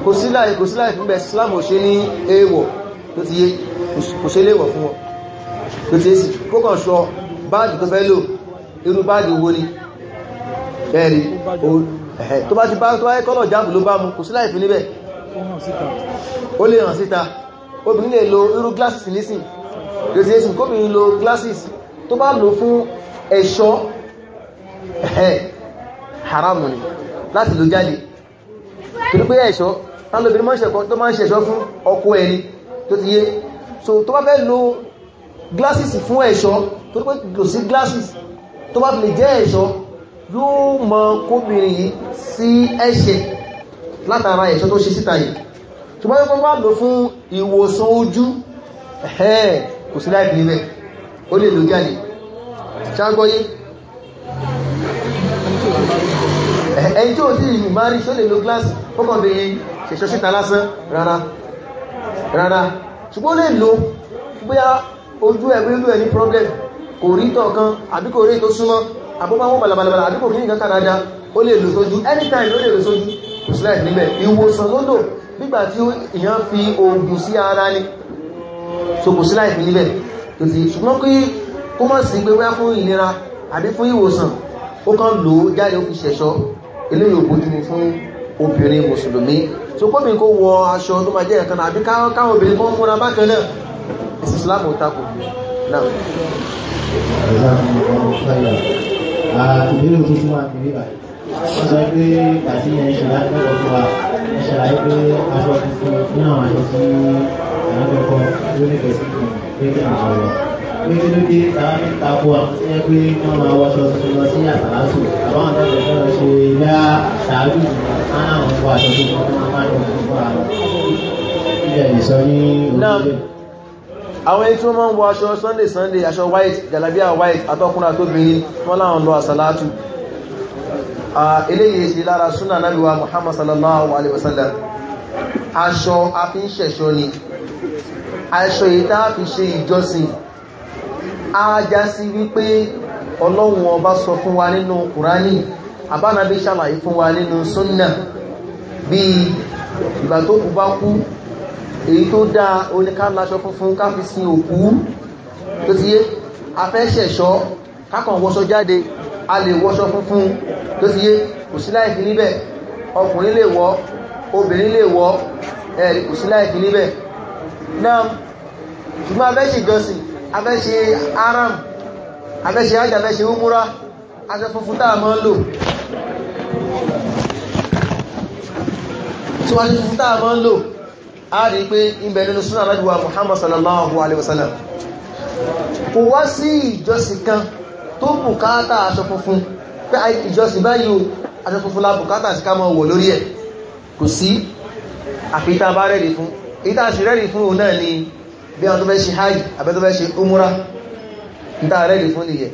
kò sí láì kò sí láì fún bẹ̀ Islam ò ṣe ní èèwọ̀ tó ti yé kò ṣe léèwọ̀ fún wọn tó ti yé sí kókàn sọ báàgì tó fẹ́ lò irú báàgì wo ni ẹ̀rí tó bá ti bá tó wáyé kọ́lọ̀ jáàbù ló bá mu kò sí láì fún níbẹ̀ ó lè hàn síta obìnrin lè lo irú glasses nísìn tó ti yé sí kóbìnrin lo glasses tó bá lò fún ẹ̀ṣọ́ ẹ̀ haramu ni láti lò jáde tó ní pé ẹ̀ṣọ́ tánlóbìnrin máa ń ṣẹ̀ṣọ́ fún ọkọ ẹni tó ti yé so tó bá fẹ́ lo glasses fún ẹ̀ṣọ́ tó pé kò sí glasses tó bá fi lè jẹ́ ẹ̀ṣọ́ yóò mọ kóbìnrin yìí sí ẹ̀ṣẹ̀ látara ẹ̀ṣọ́ tó ṣe síta yìí tó bá yẹ́ kó bá lò fún ìwòsàn ojú ẹ̀ẹ́ kò sí láìpínlẹ̀ ó lè lò jáde ṣágbọ́yé ẹni tí ó sì ìlú máa rí ṣó lè lò gíláàsì ó kàn bèèrè ṣẹ̀ṣọ́ síta lásán rárá rárá ṣùgbọ́n lè lò bóyá ojú ẹgbẹ́ ìlú ẹni problem kò rí tọ̀kan àbí kò rí tó súnmọ́ àbúgbàwọ́ balabalabala àbí kò rí nǹkan kàrájá ó lè lò sójú anytime ló lè lò sójú slide níbẹ̀ ìwòsàn ló lò nígbà tí èèyàn fi oògùn sí ara so kò slide níbẹ̀ tó ti ṣùgbọ́n pé kó mọ̀ sí pé wá fún ìlera àbí fún ìwòsàn ó kàn lò ó jáde ó fi ṣẹ̀ṣọ́ eléyìí ò bójúmu fún obìnrin mùsùlùmí tó kọ́bìn kó wọ aṣọ tó máa jẹ́ ẹ̀kan àbí káwọn obìnrin kan múra bákan náà Islam ò takò náà. Ah, ìbéèrè tó tún wà ní bíbá wọ́n sọ pé kàtí yẹn ṣẹlá ní ọ̀pọ̀ wa ṣàlàyé pé aṣọ tuntun fún àwọn aṣọ tí àwọn akẹ́kọ̀ọ́ lónìí kẹsì kan pé àwọn wọ̀ pé kí ló dé táwọn ní tako àtúnṣe pé wọ́n máa wọṣọ tuntun lọ sí àtàlásù àbáwọn tó lè fẹ́ràn ṣe yá ṣáájú máa àwọn ọkọ̀ àṣọ tó kọ́ máa máa lọ sí fún àwọn ilẹ̀ ìsọ ní orílẹ̀ tí wọ́n máa ń wọ aṣọ sunday sunday aṣọ white galabia white atọ́kùnrin àtóbìnrin wọ́n láwọn lọ àsàlátù eléyìí ṣe lára súnà nábíwá muhammad sallallahu alaihi wasallam aṣọ afínṣẹ̀ṣọ́ ni aṣọ ìta fi ṣe ìjọsìn a já sí wípé ọlọ́run ọba sọ fún wa nínú kùránì àbánabí ṣàlàyé fún wa nínú súnnà bí ìgbà tó kú bá kú èyí tó dáa oníká láṣọ funfun ká fi sin òkú tó ti yé afẹ́ṣẹ̀ṣọ́ kákan wọṣọ jáde a lè wọṣọ funfun tó ti yé kò sí láìfi níbẹ̀ ọkùnrin lè wọ̀ obìnrin lè wọ̀ ẹ̀rí kò sí láìfi níbẹ̀ náà ṣùgbọ́n abẹ́ṣe ìjọsìn abẹ́ṣe aram abẹ́ṣe ajá abẹ́ṣe umura aṣọ funfun táà mọ́ lò tí wọ́n funfun táà mọ́ lò a rí pé ibẹ̀ nínú súnà alájúwà Muhammad sallallahu alaihi wasallam kò wá sí ìjọsìn kan tó bùkátà aṣọ funfun pé ìjọsìn báyìí o aṣọ funfun la bùkátà sí ká mọ́ wọ̀ lórí ẹ̀ kò sí àfitá bá rẹ̀ rí fún ìta ṣìrẹ́rì fún òun náà ni bí àwọn tó fẹ́ ṣe hajj àbẹ́ tó fẹ́ ṣe umura ìta rẹ̀rì fún nìyẹ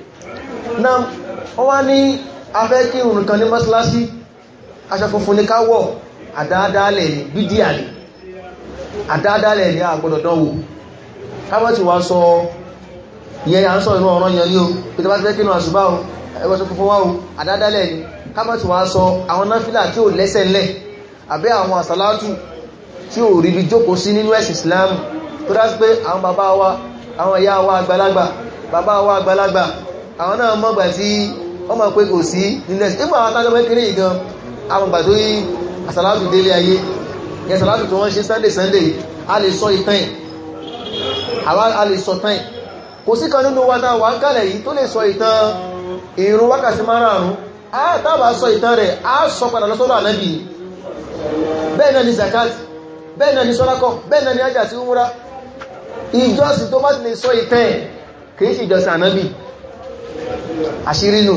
náà wọ́n wá ní afẹ́ kí òun ní aṣọ funfun ní káwọ̀ àdáadáalẹ̀ ní bídíà àdáadáalẹ̀ ní àgbọ̀dọ̀dọ̀wò funfun àbẹ́ àwọn tí ò rí bí jókòó sí nínú ẹ̀sìn Islam tó dá sí pé àwọn bàbá wa àwọn ìyá wa àgbàlagbà bàbá wa àgbàlagbà àwọn náà mọ́gbà tí wọ́n mọ̀ pé kò sí nínú ẹ̀sìn nígbà àwọn tájọ́ kékeré yìí gan àwọn gbà tó yí àsàlátù délé ayé yẹn àsàlátù tó wọ́n ṣe Sunday Sunday a lè sọ ìtàn àwa a lè sọ tán kò sí kan nínú wa náà yìí tó lè sọ ìtàn ìrun wákàtí márààrún àtàbà sọ ìtàn rẹ̀ a sọ padà lọ́sọ́dọ̀ ànábì bẹ́ẹ̀ náà ni zakat bẹ́ẹ̀ náà ni sọ́lákọ̀ bẹ́ẹ̀ náà ni ajá sí umura ìjọsìn tó bá ti lè sọ ìtẹ́ kìí sí ìjọsìn ànábì àṣírínù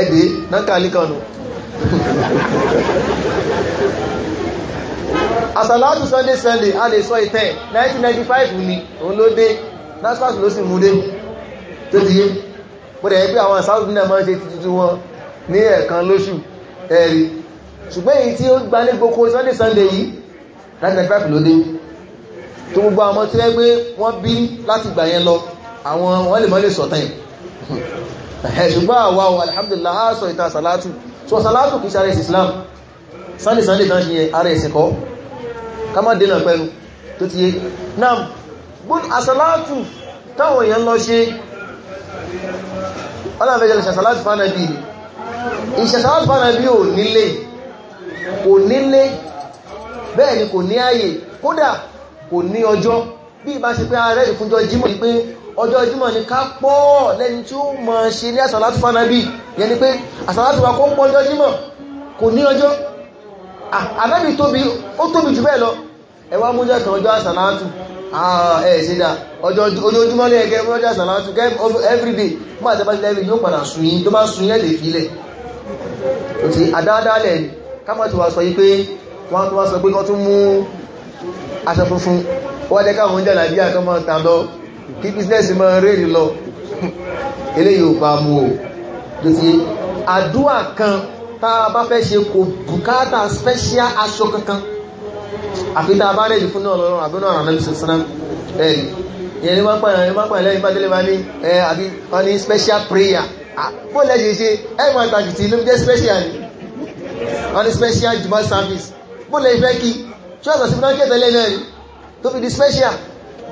ẹgbẹ́ nákàlíkanù àsàlátù sunday sunday a lè sọ ìtẹ́ 1995 ni òun ló dé nasfas ló sì mú dé tó ti yé bọ́dẹ̀ ẹgbẹ́ àwọn south vietnam máa ń ṣe títí wọn ní ẹ̀ẹ̀kan lóṣù ẹ̀rí ṣùgbẹ́ èyí tí ó gbalé gbogbo sunday sunday yìí 1995 ló dé tó gbogbo àwọn tí wọ́n gbé wọ́n bí láti gbà yẹn lọ àwọn wọ́n lè mọ́ lè sọ̀tàn yìí ṣùgbọ́n àwa o alhamdulillah a sọ ìta salatu so salatu kìí ṣàrẹ̀ islam sunday sunday náà ṣe ara ìsìnkọ́ ká má dínà pẹ̀lú tó ti yé náà gbọ́n asalatu táwọn èèyàn lọ ṣe ọlọ́fẹ́jẹ́ lè ṣàsalatu fánàbí ìṣàsalatu fánàbí ò nílé ò nílé bẹ́ẹ̀ ni kò ní ààyè kódà kò ní ọjọ́ bí ìbá ṣe pé ààrẹ ìfúnjọ jímọ̀ ni pé ọjọ́ jímọ̀ ni ká pọ̀ lẹ́ni tí ó mọ̀ ṣe ní àsàlátù fanabi yẹn ni pé àsàlátù wa kó pọ̀ ọjọ́ jímọ̀ kò ní ọjọ́ àbẹ́bí tóbi ó tóbi jù bẹ́ẹ̀ lọ ẹwà mújẹ́ kan ọjọ́ àsàlátù ẹ̀ ṣe dá ojoojúmọ́ ní ẹgẹ́ ọjọ́ àsàlátù everyday mú àtẹ́bá sílẹ̀ yóò padà sùn yín tó bá sùn yín lè fi lẹ̀ wọ́n tó wá sọ pé kọ́ tún mú aṣọ funfun wọ́n jẹ́ káwọn oúnjẹ nàìjíríà tó máa tàn lọ kí bísínẹ́sì máa rèrè lọ eléyìí ò bá mú o lóṣì àdúà kan tá a bá fẹ́ ṣe kò bùkátà special aṣọ kankan àfi tá a bá rèjì fún náà lọ́rùn àbínú àrùn àmì sọ́sánà ẹ̀rì ìyẹn ní wọ́n pààyàn lẹ́yìn pàdélé wa ní ẹ̀ àbí wọ́n ní special prayer bó lẹ́yìn ṣe ẹ̀ máa tàkìtì ló jẹ́ special ni wọ́n ní special jùmọ̀ service bó lè fẹ́ kí ṣọ́ọ̀sọ̀ sí fúnákẹ́ tẹ́lẹ̀ náà ni tó fi di special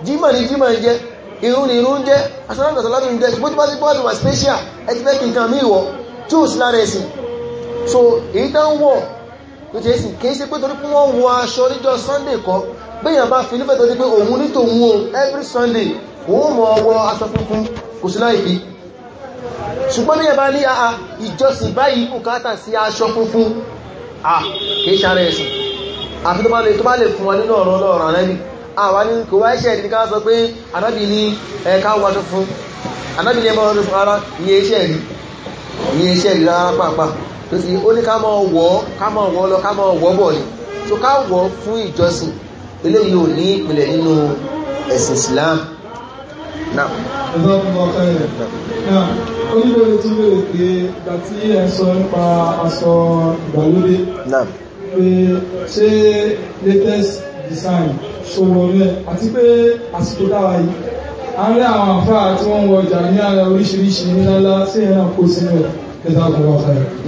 jímọ̀ ni jímọ̀ ń jẹ́ irun ni irun jẹ́ asọ́lọ́dọ̀ sọ́lọ́dọ̀ ń jẹ́ bó special ẹ ti fẹ́ choose lára so èyí tán wọ̀ tó ti ẹ̀sìn kìí ṣe pé torí pé wọ́n wọ aṣọ Sunday kọ́ béèyàn bá fi nífẹ̀ẹ́ tó ti pé òun ní tòun o every Sunday òun mọ̀ ọwọ́ aṣọ funfun kò sí láì bí ṣùgbọ́n ní ẹ̀bá ní àà ìjọsìn báyìí kò káàtà sí aṣọ funfun à kìí àfi tó bá lè tó bá lè fún wa nínú ọ̀rọ̀ ọlọ́rọ̀ ànábì àwa ní kò wáyé ṣẹ̀rí ká sọ pé ànábì ní ẹ̀ka wà tó fún ànábì ní ẹ̀mọ́ ọdún fún ara ní iṣẹ́ rí ní iṣẹ́ rí rárá pàápàá tó sì ó ní ká mọ́ wọ́ ká mọ́ wọ́ lọ ká mọ́ wọ́ bọ̀ ni tó ká wọ́ fún ìjọsìn eléyìí ò ní ìpìlẹ̀ nínú ẹ̀sìn Islam náà. ẹ̀dọ́ ọmọ ọ̀kan rẹ̀ náà oníbẹ̀rẹ̀ tí ó lè pé ìgbà tí ẹ̀ sọ nípa aṣọ ìgbàlódé náà pé ṣé latest design so wọlé àti pé àsìkò dára yìí a ń rí àwọn àfáà tí wọ́n ń wọ ọjà ní ara oríṣiríṣi níláńlá sí ẹ̀rọ kó sínú ẹ̀ kẹta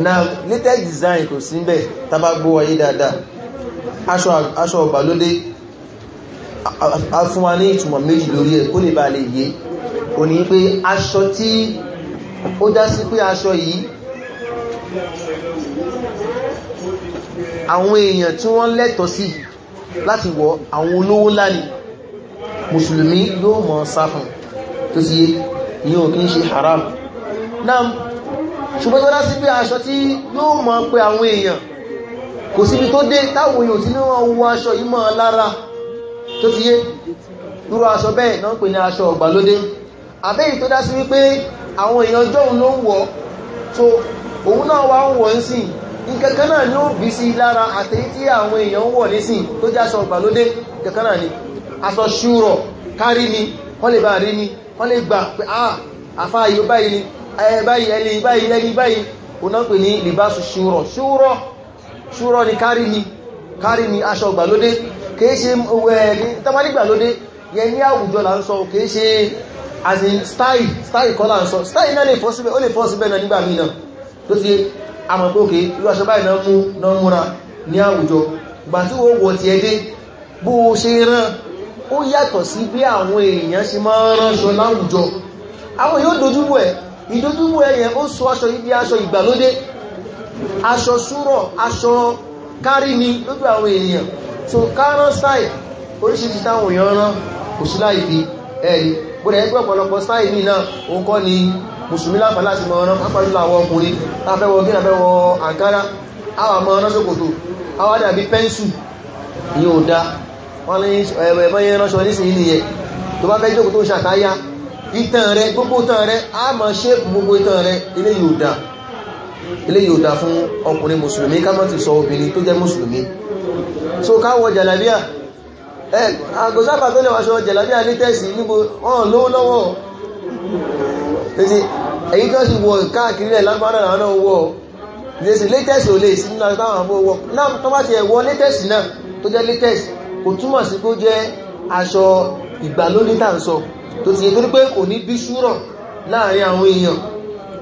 na latest design kò sí bẹ́ẹ̀ tá bá gbọ́ wáyé dáadáa aṣọ ọ̀gbàlódé a fún wa ní ìtumọ̀ méjì lórí ẹ̀ kó lè bá lè yé kò ní pé aṣọ tí ó dá sí pé aṣọ yìí àwọn èèyàn tí wọ́n lẹ́tọ̀ọ́ sí láti wọ àwọn olówó ńlá ni mùsùlùmí yóò mọ̀ sáfún tó sì yé ní òkè ṣe haram náà ṣùgbọ́n tó dá sí pé aṣọ tí yóò mọ̀ pé àwọn èèyàn kò síbi tó dé táwọn èèyàn tí ní wọ́n wọ aṣọ yìí mọ́ lára tó ti yé irú aṣọ bẹ́ẹ̀ náà pè ní aṣọ ọ̀gbàlódé àbẹ́yìn tó dá sí wípé àwọn èèyàn jọ́un ló ń wọ̀ tó òun náà wá ń wọ̀ ń sìn nkankan náà ni ó bí sí lára àtẹ́yí tí àwọn èèyàn wọ̀ nísìn tó já sọ ìgbàlódé nkankan náà ni aṣọ ṣúrọ̀ kárí ni wọ́n lè bá rí ni wọ́n lè gbà pé ah afá yóò báyìí ni báyìí ẹni báyìí ẹni báyìí oná pè ní libasu ṣúrọ̀ ṣúrọ̀ ṣúrọ̀ ni kárí ni kárí ni aṣọ ìgbàlódé kìí ṣe tamari ìgbàlódé yẹn ní àwùjọ là ń sọ kìí ṣe as in style style a mọ̀ pé òkè irú aṣọ báyìí náà múra ní àwùjọ ìgbà tí ó wọ̀ ti ẹdé bó ṣe rán ó yàtọ̀ sí bí àwọn èèyàn ṣe máa ránṣọ láwùjọ àwọn yóò dojúbọ̀ ẹ̀ ìdojúbọ̀ ẹ̀yẹn ó sọ aṣọ ibi aṣọ ìgbàlódé aṣọ súrọ̀ aṣọ kárí ni lójú àwọn èèyàn so kárán style oríṣiríṣi táwọn èèyàn rán kò sí láìpé ẹ̀rí bóde ẹgbẹ́ ọ̀pọ̀lọpọ̀ style mi náà òun kọ́ ni mùsùlùmí láǹfààní láti mọ ọ̀nà pápá jùlọ àwọn ọkùnrin láfẹ́wọ̀ gíga fẹ́wọ̀ àǹkárá àwọn àmọ́ ọ̀nà ṣòkòtò àwọn dàbí pẹ́ńsù ni ò da wọ́n ní ẹ̀mọ́ yẹn ránṣọ nísìnyí nìyẹn tó bá fẹ́ jókòó tó ń ṣàtáyà ìtàn rẹ gbogbo ìtàn rẹ á mọ ṣé gbogbo ìtàn rẹ eléyìí ò da eléyìí ò da fún ọkùnrin mùsùlùmí ká má ti sọ obìnrin tó jẹ́ mùsùlùmí àgbòsápà tó lè wáṣọ jẹ̀lábí anítẹ́sì níbo wọ́n lówó lọ́wọ́ èyí tó sì wọ káàkiri rẹ̀ lágbára àwọn owó lẹ́sì latest ò lè sí nínú àtàwọn àbò wọ náà tó bá ti ẹ̀wọ́ latest náà tó jẹ́ latest kò túmọ̀ sí kó jẹ́ aṣọ ìgbàlódé tà ń sọ tó ti yẹ torí pé kò ní bí ṣúrọ̀ láàrin àwọn èèyàn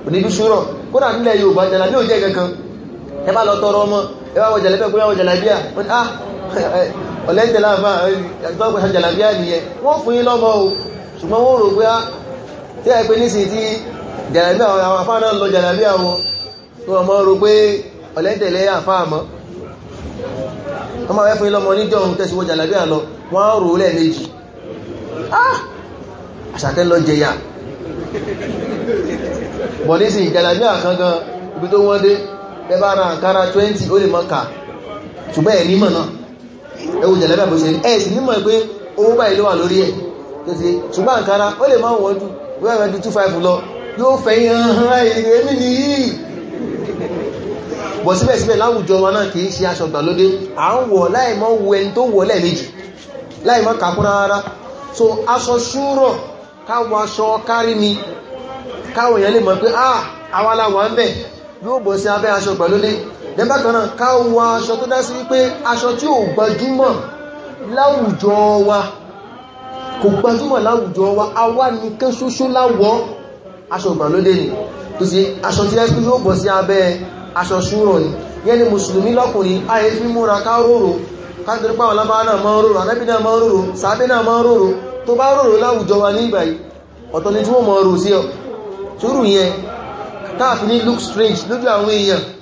kò ní bí ṣúrọ̀ kódà nílẹ̀ Yorùbá jàlábí ò jẹ́ kankan ẹ bá lọ tọrọ ọmọ ẹ bá wọ jàlábí ẹ ọ̀lẹ́tẹ̀ láàbá ìtọ́pẹ̀ àjàlàbíà nìyẹn wọ́n fún yín lọ́mọ o ṣùgbọ́n wọ́n rò pé á ah, tí a pé nísìn tí jàlàbíà àwọn afá náà lọ jàlàbíà wọn tó ọmọ rò pé ọ̀lẹ́tẹ̀ lẹ́ afá àmọ́ wọ́n máa fún yín lọ́mọ níjọ́ ohun tẹ́síwọ́ jàlàbíà lọ wọ́n rò lẹ́ẹ̀mejì àṣàkẹ́ lọ jẹyà bọ̀ nísìn jàlàbíà kankan ibi tó wọ́n dé bẹ́bára àkárá 20 ó lè mọ́ kà ṣùgbẹ́ ẹ̀ ẹwù jẹ̀lẹ́bẹ̀ bó ṣe ẹ̀ sì nímọ̀ pé owó báyìí ló wà lórí ẹ̀ tètè ṣùgbọ́n àǹkárá ó lè máa wọ́n jù wẹ́rẹ̀ ju 25 lọ yóò fẹ̀yìn hàn èmi nìyí bọ̀ èèyàn lè mọ̀ pé ah àwa la wà ń bẹ̀ yóò bọ̀ sí abẹ́ aṣọ ìgbàlódé nígbàkanáà ká wọ aṣọ tó dá sí wípé aṣọ tí ò gbajúmọ̀ láwùjọ wa kò gbajúmọ̀ láwùjọ wa awá nìkan ṣoṣo láwọ́ aṣọ ìgbàlódé ni tó sì aṣọ tí ẹ́sùn yóò bọ̀ sí abẹ́ aṣọ ṣúrọ̀ ni yẹ́ ni mùsùlùmí lọ́kùnrin ayé fi múra ká ni tí wọ́n mọ̀ rò sí ọ sórù yẹn káàfin look strange lójú àwọn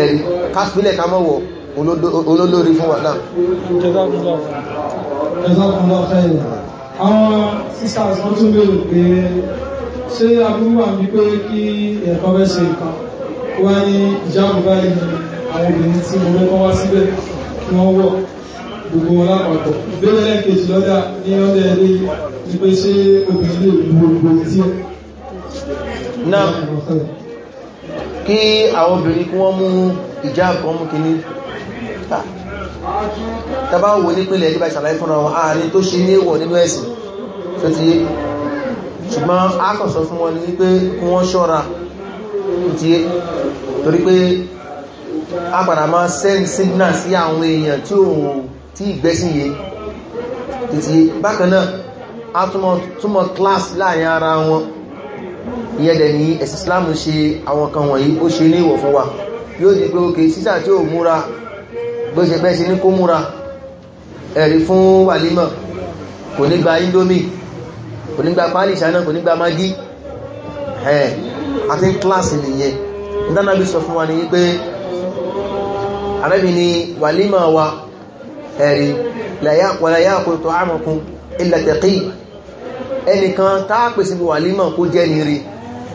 ẹ̀rí kásílẹ̀ ká mọ́wọ̀ olólórí fún wà náà ṣe agbúgbà ní pé kí ẹ̀kọ́ bẹ́ ṣe nǹkan wá ní ìjáàbù báyìí àwọn obìnrin tí mo mẹ́kọ́ wá síbẹ̀ kí wọ́n wọ̀ gbogbo wọn lápapọ̀ ìbéèrè lẹ́ẹ̀kejì lọ́dà ní ọdẹ ilé ní pé ṣé obìnrin lè gbogbo tí ó kí àwọn obìnrin kí wọ́n mú ìjà kan mú kìíní tàbá wò ní pínlẹ̀ nígbà ìṣàlàyé fúnra wọn àárín tó ṣe ní èwọ̀ nínú ẹ̀sìn tó ti yé ṣùgbọ́n a kàn sọ fún wọn ní pé kí wọ́n ṣọ́ra ti yé torí pé a padà máa send signal sí àwọn èèyàn tí òun tí ìgbẹ́sìn yé ti yé bákan a túnmọ̀ class láàrin ara wọn ìyẹ́dẹ̀ ní ẹ̀sì islam ṣe àwọn kan wọ̀nyí ó ṣe ní ìwọ̀ fún wa yóò di pé òkè sísà tí ó múra bó ṣe bẹ́ẹ̀ sí ní kó múra ẹ̀rí fún wàlímọ̀ kò ní gba indomie kò ní gba pálí ìṣáná kò ní gba magi ẹ̀ àti kíláàsì nìyẹn ìdánábí sọ fún wa ní pé arábì ni wàlímọ̀ wa ẹ̀rí ẹnìkan táàpẹ̀ síbi wàlímà kó jẹ́ ní rí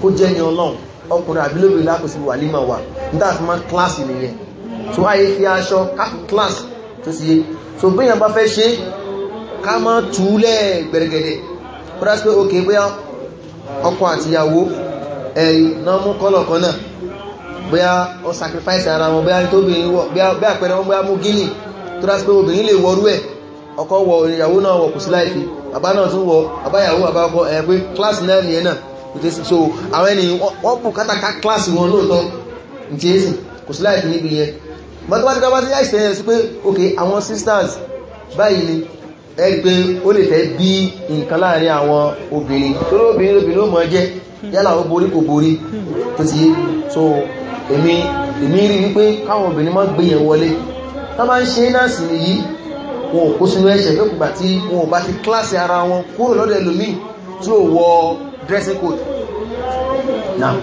kó jẹ́ ní ọlọ́run ọkùnrin àbílòrì lápẹ̀ síbi wàlímà wà nítàfimá kíláàsì nìyẹn tó ayé fi aṣọ kíláàsì tó so ṣe sí bóyá ọkọ kan sacrifice ara wọn bóyá tó wọ bí àpẹẹrẹ wọn bóyá mú tó pé obìnrin lè wọrú ẹ̀ wọ ìyàwó náà bàbá náà tún wọ bàbá ìyàwó bàbá ọkọ ẹ̀ pé kíláàsì náà nìyẹn náà so àwọn ènìyàn wọ́n kù kátàkà kíláàsì wọn lóòótọ́ ǹjẹ́ èsì kò sí láìpẹ́ níbi yẹn mọ́tòmátìkà bá ti láìsẹ̀ yẹn sí pé ok àwọn sisters báyìí ni ẹ pé ó lè fẹ́ bí nǹkan láàrin àwọn obìnrin tó lóbìnrin lóbìnrin ló mọ̀ jẹ́ yálà ó borí kò borí tó ti so èmi èmi rí wípé káwọn obìnrin má gbé yẹn wọlé tá bá ń ṣe náà sì nìyí wọn ò kó sínú ẹ̀ṣẹ̀ lókùgbà tí wọn bá ti ara wọn kúrò lọ́dẹ̀ ẹlòmí tí ó wọ dressing code náà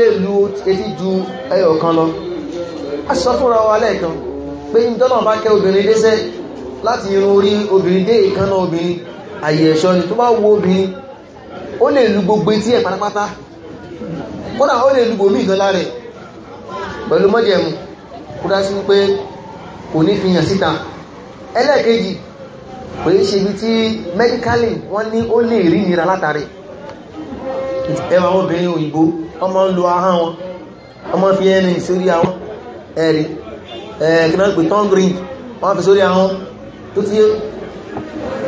lè lu etí ju ẹyọ kan lọ a sọ wa lẹ́ẹ̀kan pé ń dọ́nà bá kẹ obìnrin dẹ́sẹ́ láti irun orí obìnrin dé obìnrin àyè ẹ̀ṣọ́ ni tó bá wo obìnrin ó lè lu gbogbo etí ẹ̀ pátápátá kódà ó lè lu gbòmí pẹ̀lú wípé kò ní fi hàn síta ẹlẹ́ẹ̀kejì kò yí ṣe bí tí mẹ́díkálì wọ́n ní ó lè rí ìnira látàrí ẹwà obìnrin òyìnbó ọmọ ń lo ahá wọn ọmọ fi ẹni sórí àwọn ẹ̀rí ẹ̀kìnàgbè tọ́ngrin wọ́n fi sórí àwọn tó ti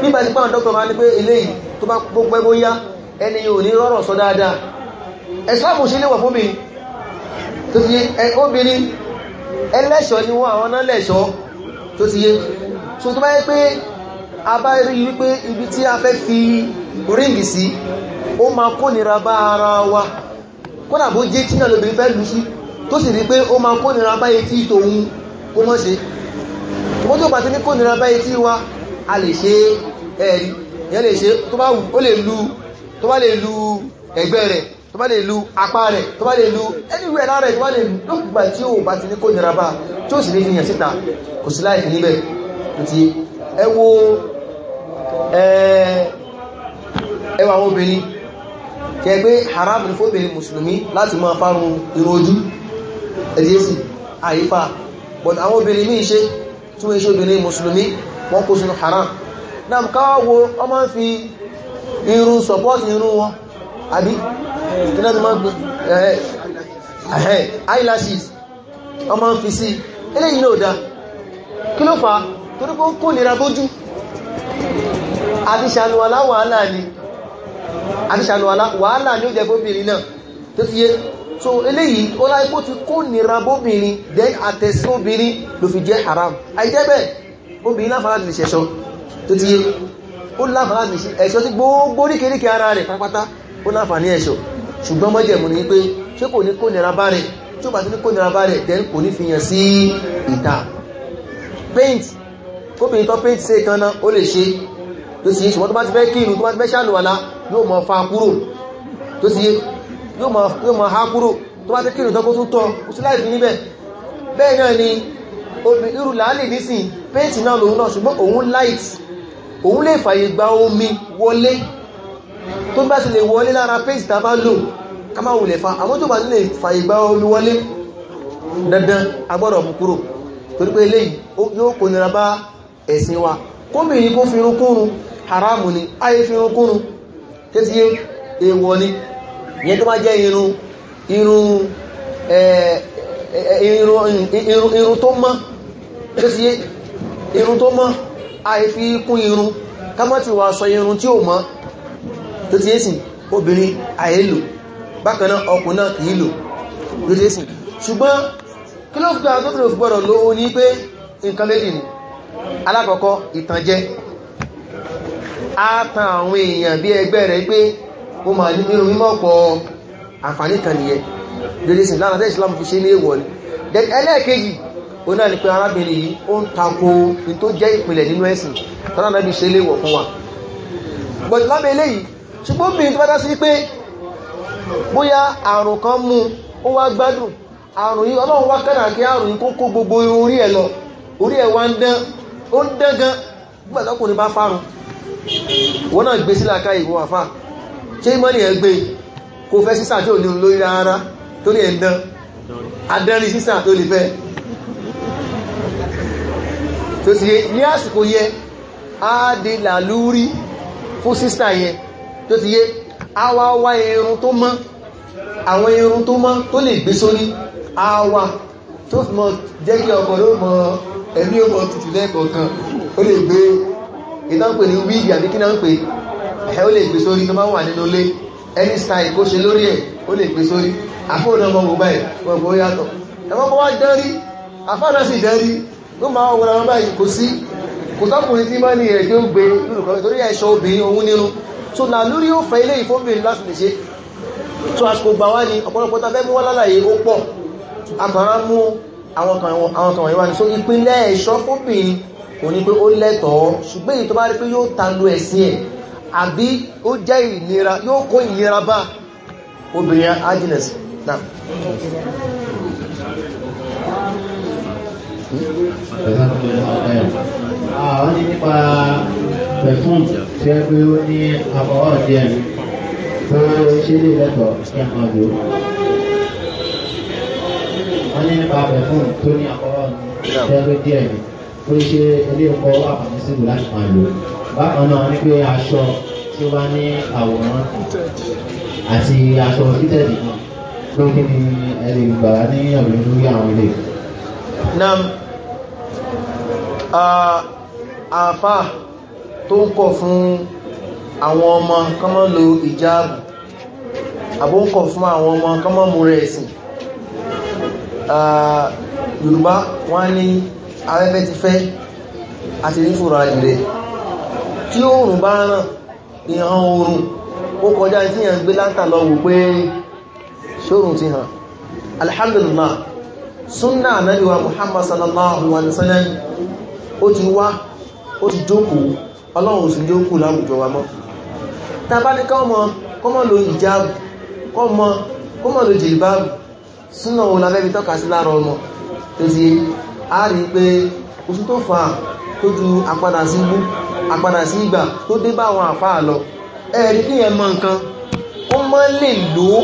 nígbà tí pàwọn dọ́kọ̀ máa ní pé eléyìí tó bá gbogbo ya yá ẹni yóò ní rọ́rọ̀ sọ dáadáa ẹ̀sọ́ àmúṣe léwà fún mi tó ẹlẹ́ṣọ́ ni wọ́n àwọn náà lẹ́ṣọ́ tó ti yé so tó bá yẹ pé a bá rí wípé ibi tí a fẹ́ fi ríǹgì sí ó máa kó nira bá ara wa kódà bó jẹ́ tí náà lóbìnrin fẹ́ lù sí tó sì rí pé ó máa kó nira bá etí tòun kó mọ́ ṣe mọ́ tó bá ti ní kó nira bá etí wa a lè ṣe ẹ̀rí ìyẹn lè ṣe tó bá tó bá lè lu ẹgbẹ́ rẹ̀ tó bá lè lu apá rẹ̀ tó bá lè lu ẹniwẹ̀ ẹ̀lá rẹ̀ tó bá lè lu lókùgbà tí ó bá ti ní kó nira bá tí ó sì lè fi yàn síta kò sí láì níbẹ̀ ti ẹwọ ẹwà àwọn obìnrin kẹgbẹ́ haram fóbìnrin mùsùlùmí láti máa fárun ìrojú ẹ̀díyèsí àyífà but àwọn obìnrin míì ṣe tí wọ́n ṣe obìnrin mùsùlùmí wọ́n kó sínú haram náà káwọ́ ọmọ ń fi irun support irun wọn àbí ìkínà tí máa ń gbé ẹ̀hẹ́ eh, eh, eh, eyelashes ọmọ ń fi sí eléyìí náà dá kí ló fà torí pé ó kó nira bójú àti ṣàlùwàlá wàhálà ni àti ṣàlùwàlá wàhálà ni ó jẹ bóbìnrin náà tó ti yé so eléyìí ó láì kó ti kó nira bóbìnrin dẹ́ àtẹ̀sí obìnrin ló fi jẹ́ haram àìjẹ́bẹ̀ obìnrin láfàá láti lè ṣẹ̀ṣọ́ tó ti yé ó láfàá láti lè ṣẹ̀ṣọ́ sí gbogbo oríkèríkè ara rẹ̀ pátápátá ó láfàá ní ẹ̀ṣọ́ ṣùgbọ́n mọ́jẹ̀mú ni pé ṣé kò ní kó nira bá rẹ̀ tí ó bá ti ní kó nira bá rẹ̀ then kò ní fi yàn sí ìta paint kóbìnrin tó paint ṣe kan náà ó lè ṣe tó sì ṣùgbọ́n tó bá ti fẹ́ kí irun tó bá ti fẹ́ ṣàlùwàlá yóò mọ fa kúrò tó sì yóò mọ ha kúrò tó bá ti kí irun tó kó tún tọ́ kó sí láì fi níbẹ̀ bẹ́ẹ̀ náà ni irú làálì nísìn paint náà lòun náà ṣùgbọ́n òun light òun lè fàyè gba omi wọlé tó bá sì lè wọlé lára page tàbá lò ká máa wùlẹ̀ fa àwọn tó bá lè fa ìgbà omi wọlé dandan agbọ́dọ̀ mú kúrò torí pé eléyìí yóò kó nira bá ẹ̀sìn wa kóbìnrin kó fi irunkúrun haramu ni ayé fi irunkúrun tẹ́tí èèwọ̀ ni ìyẹn tó bá jẹ́ irun irun irun tó mọ́ tẹ́tí irun tó mọ́ ayé fi kún irun ká má ti wà sọ irun tí ò mọ́ tó ti ẹ́sìn obìnrin àìlò bákanáà ọkùn náà kìí lò tó ti ẹ́sìn ṣùgbọ́n kí ló fún àwọn tó gbọ́dọ̀ ló ó ní pé nǹkan méjì ni alákọ̀ọ́kọ́ ìtànjẹ á tan àwọn èèyàn bí ẹgbẹ́ rẹ̀ pé ó máa ní irun mímọ́ pọ̀ àǹfààní kan nìyẹn ní ni ẹlẹ́ẹ̀kejì ó náà ni pé arábìnrin yìí ó ń tako ní tó jẹ́ ìpìlẹ̀ nínú ẹ̀sìn tọ́lá náà bí ṣe léèwọ̀ fún wa but lábẹ́ eléyìí ṣùgbọ́n obìnrin tó bá dá sí wípé bóyá àrùn kan mú ó wá gbádùn àrùn yìí ọlọ́run wá kánà kí àrùn yìí kó kó gbogbo irun orí ẹ̀ lọ orí ẹ̀ wá ń dán ó ń dán gan nígbà tọkùnrin bá fárun wọn náà gbé sílá ká ìwọ àfà ṣé mọ́nì ẹ̀ gbé kò fẹ́ sísà tí ò ní lórí rárá torí ẹ̀ ń dán fún sísà yẹn tó ti yé àwa wá irun tó mọ́ àwọn irun tó mọ́ tó lè gbé sórí àwa tó fi mọ́ jẹ́ kí ọkọ̀ ló mọ ẹ̀mí ọmọ tutù lẹ́ẹ̀kọ̀ọ̀kan ó lè gbé ìdánpè ní wíìgì àbí kí náà ń pè ẹ̀ ó lè gbé sórí tó bá wà nínú ilé any style kó ṣe lórí ẹ̀ ó lè gbé sórí àfóònà ọmọ so na lórí ó fẹ́ ilé ìfóbìnrin láti lè ṣe tó àsìkò gbà wá ní ọ̀pọ̀lọpọ̀ tàbẹ́ mú wá lálàyé ó pọ̀ àmàrà mú àwọn kan ìwà ní só ìpínlẹ̀ ẹ̀ṣọ́ fóbìnrin kò ní pé ó lẹ́tọ̀ọ́ ṣùgbọ́n èyí tó bá rí pé yóò tàlú ẹ̀sìn ẹ̀ àbí ó jẹ́ ìnira yóò àwọn ah, ní pẹ̀fún tí ẹ pé ó ní àkọ́wọ́ díẹ̀ ní tó ṣe lè lẹ́tọ̀ọ́ kí a máa lò wọ́n ní nípa pẹ̀fún tó ní àkọ́wọ́ tí ẹ pé díẹ̀ ní tó ṣe ilé ẹ̀kọ́ àpàtì síbù láti máa lò bákan náà ní pé aṣọ tí ó bá ní àwòrán àti aṣọ títẹ̀dì náà pé kí ni ẹ lè gbà ní ọ̀rẹ́ lórí àwọn ilé. Nam àfáà. Uh, tó ń kọ̀ fún àwọn ọmọ kán má lo ìjáàbù àbó ń kọ̀ fún àwọn ọmọ kán má múra ẹ̀sìn yorùbá wọ́n ní afẹ́fẹ́ ti fẹ́ àti nífòrò tí oòrùn bá ràn ní oòrùn kọjá tí yàn gbé lọ wò pé ṣóòrùn ti hàn alhamdulillah muhammad sallallahu alaihi wasallam ó ti wá ó ọlọ́run sì yóò kù láwùjọ wa mọ́ ta bá ní kọ́mọ kọ́mọ lo ìjáàbù kọ́mọ kọ́mọ lo jìlìbáàbù súnà òun lábẹ́bí tọ́ka sí lára ọmọ tó ti a rí pé oṣù tó fà tó ju apadà sí igbó apadà sí ìgbà tó dé bá àwọn àfáà lọ ẹ̀rí kí ẹ mọ nǹkan ó mọ́ lè lò ó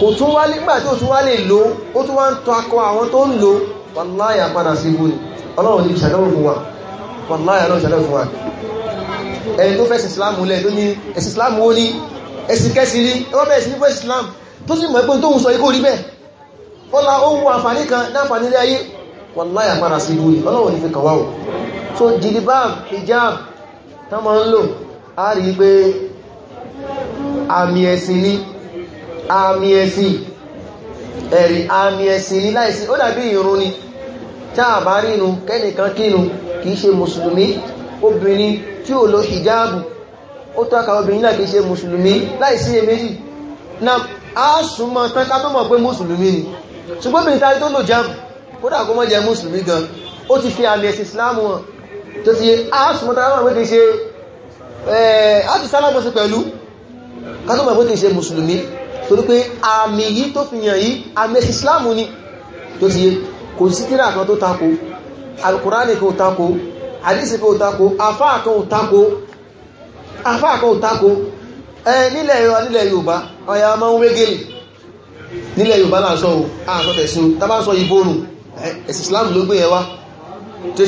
kò tún wá nígbà tí ó tún wá lè lò ó ó tún wá ń tọ akọ àwọn tó ń lò wàláyà padà sí igbó ni ọlọ́run ní ìṣàdánwò wa wàláyà náà ṣẹlẹ̀ fún wa ẹni tó fẹ́ ìsìláàmù lẹ̀ ló ní ẹ̀sì ìsìláàmù ó ní ẹ̀sì kẹsì rí ẹwọ́n bẹ̀rẹ̀ sí ní fẹ́ ìsìláàmù tó sì mọ̀ ẹgbẹ́ tó ń sọ ikú rí bẹ́ẹ̀ ó la ó wọ àǹfààní kan láǹfààní ilé ayé wàláyà padà sí ìwúrí ọlọ́wọ́ ní fi kàn wá so jìdìbáàm hijab tán máa ń lò á rí pé àmì ẹ̀sìn ni àmì ẹ̀sìn ẹ̀rí àmì ẹ̀sìn láìsí ó dàbí ìrun ni táà bá rínu kẹ́nìkan kínu kìí ṣe mùsùlùmí obìnrin tí ò lo hijabu ó tọ́ka obìnrin náà kìí ṣe mùsùlùmí láìsí èméjì na a súnmọ́ tánká tó mọ̀ pé mùsùlùmí ni ṣùgbọ́n obìnrin tàbí tó lò jáàbù kódà kó mọ́ jẹ mùsùlùmí gan ó ti fi àmì ẹ̀sìn islam wọn tó ti a súnmọ́ tánká mọ̀ pé eh, fi yàn yìí àmì ẹ̀sìn ni tó ti kò sí tíra kan tó tako alkùránì kò tako àdísì tako afáà kan ò tako ẹ eh, nílẹ̀ Yorùbá nílẹ̀ ọya máa ń wégélì nílẹ̀ Yorùbá náà sọ àṣọ́tẹ̀sùn tàbá sọ ìbóòrù eh, ẹ̀sì ló gbé ẹwà tó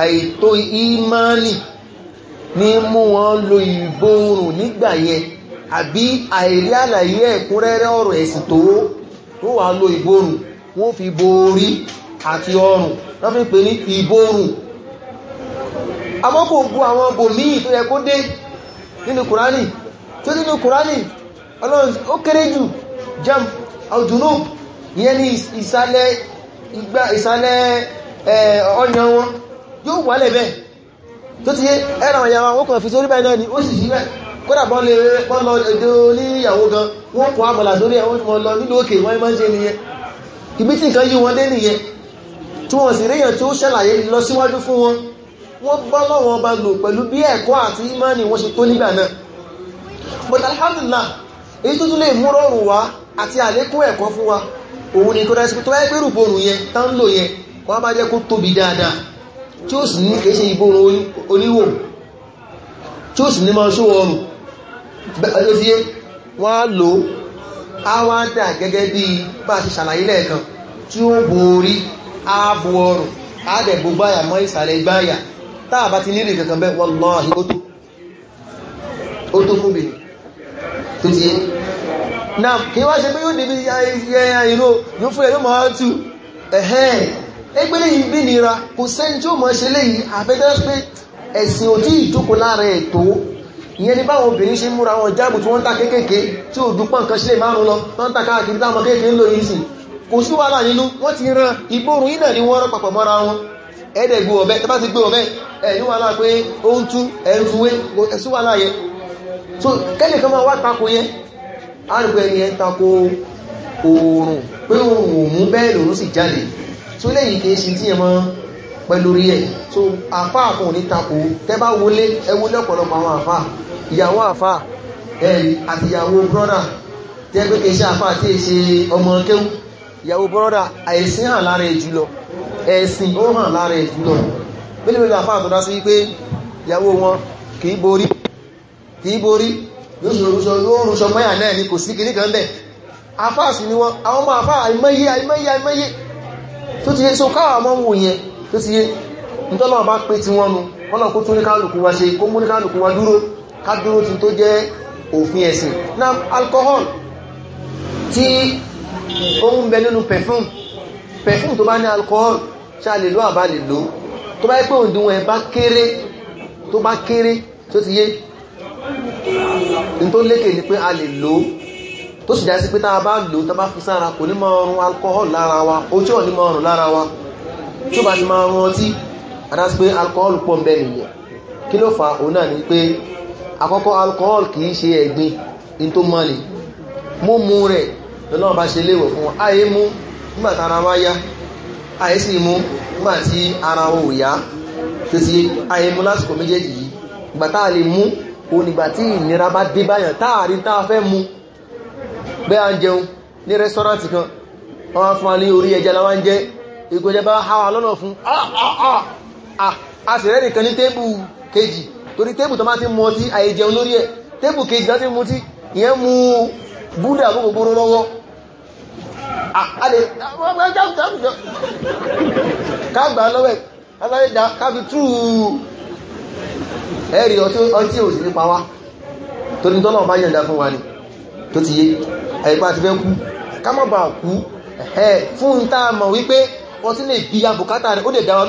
àìtó ìmáàlì ní mú wọn lo nígbà àbí àìrí àlàyé ẹ̀kúnrẹ́rẹ́ ọ̀rọ̀ ẹ̀sìn tó wà lo wọ́n fi borí àti ọrùn wọ́n fi pè ní ìborùn kò bu àwọn tó kó dé nínú kùránì tó nínú kùránì ọlọ́rọ̀ kéré jù jam àjùnú ìyẹn ni ìsàlẹ̀ ìgbà ìsàlẹ̀ wọn yóò wà lẹ̀ tó ti ẹran fi kódà bọ́n lè lọ èdè oníyàwó ibi tí nǹkan yí wọn dé nìyẹn tí wọ́n sì ríyàn tí ó ṣàlàyé lọ síwájú fún wọn wọ́n bá lọ́wọ́ ọba lò pẹ̀lú bí ẹ̀kọ́ àti ìmánì wọ́n ṣe tó nígbà náà but alhamdulillah èyí tó tún lè mú rọrùn wá àti àlékún ẹ̀kọ́ fún wa òun ni kọ́dá sípò tó wáyé pé rùbọrùn yẹn tá ń lò yẹn wọ́n bá jẹ́ kó tóbi dáadáa tí ó sì ní kìí ṣe ìborùn wọ́n á lò á wá dà gẹ́gẹ́ bí bá a ṣe ṣàlàyé lẹ́ẹ̀kan tí ó bo orí á bo ọrùn á dẹ̀ mọ́ ìsàlẹ̀ ti kankan wallahi ó tó fún mi tó ti yé náà kí wá ṣe pé yóò débi ọtụ yóò fún ẹ̀ yóò máa tú yìí bí nira kò sẹ́ni tí ó mọ̀ ṣe ìyẹn ni báwọn obìnrin ṣe múra wọn jáàbù tí wọ́n ń ta kéékèèké tí ò dúpọ̀ nǹkan sílẹ̀ márùn lọ wọ́n ń ta káàkiri táwọn kéékèèké ń lò yìí sì kò sí wàhálà nínú wọ́n ti ran ìgbóòrùn yìí náà ni wọ́n rán papọ̀ mọ́ra wọn ẹ̀ẹ́dẹ̀ gbò ọ̀bẹ tẹ́bá ti gbé ọ̀bẹ ẹ̀yìn wàhálà pé ó ń tú ẹ̀rùfúwé ẹ̀sùn wàhálà yẹ so kẹ́lẹ̀ kan máa wá tako yẹn àrùgbẹ́ ni ẹ ń tako oòrùn pé oòrùn ò mú bẹ́ẹ̀ lòrùn sì jáde so lẹ́yìn kìí ṣe tí ẹ mọ́ pẹ̀lú rí ẹ̀ so àfáà kan ò ní tako tẹ́bá wọlé ẹ wọlé ọ̀pọ̀lọpọ̀ àwọn àfáà ìyàwó àfà ẹ̀rì àti ìyàwó brọ́dà tẹ́ pé kìí ṣe àfà tí è ṣe ọmọ kéwù ìyàwó brọ́dà ẹ̀sìn hàn lára ẹ̀ jùlọ ẹ̀sìn ó hàn lára ẹ̀ jùlọ pélébélé àfà tó sí ìyàwó wọn kìí borí kìí borí yóò rúṣọ mọ́yà náà ni kò sí kan sì ni wọn àwọn ọmọ àìmọye àìmọye àìmọye tó ti so káwà mọ́ wò yẹn tó ti yé nítọ́lọ́wọ́ bá pé nu wọn náà kó tún ní kálukú wa ṣe kó mú ní kálukú wa dúró ká dúró tí tó jẹ́ òfin ẹ̀sìn na alcohol tí ó ń bẹ nínú perfume perfume tó bá ní alcohol ṣá lè lò àbá lè lò tó bá yẹ pé òǹdíwọ̀n ẹ̀ bá kéré tó bá kéré tó ti yé ní tó lékè ní pé a lè lò tó sì jásí pé tá a bá lò tá a bá fi sára kò ní máa rún alcohol lára wa ojú ò ní máa rún lára wa tí ó bá ti máa rún ọtí adásí pé alcohol pọ̀ ń bẹ nìyẹn kí ló fà òun náà ni pé àkọ́kọ́ alcohol kìí ṣe ẹ̀gbin in tó mọ́ ni mú mú rẹ̀ lọ́nà bá ṣe léwọ̀ fún ayé mú nígbàtí ara wá yá ayé sì mú nígbàtí ara wọn ò yá tó sí ayé mú lásìkò méjèèjì yìí ìgbàtá lè mú o nígbà tí ìnira bá dé báyàn táàrí táà fẹ́ mú bẹ́ à ń jẹun ní rẹ́sọ́rántì kan wọ́n fún wa ní orí ẹja láwá jẹ́ ìgbẹ́jẹ́ bá háwa lọ́nà fún ah, ah, ah. a sì rẹ́ nìkan ní tébù kejì torí tébù tó máa ti mọ́ tí ayé jẹun lórí ẹ̀ tébù kejì láti mú tí ìyẹn mú búdà mú gbogbo lọ́wọ́ kágbà lọ́wẹ́ aláyédá kábi túù ẹ̀rì ọtí ò sí nípa wá tó ní tọ́lọ̀ bá ni tó ti yé ẹ̀yípa ti fẹ́ kú ká má bàa kú ẹ̀ fún ń tá a mọ̀ wípé ọtí lè bí abùkátà rẹ̀ ó lè dá wa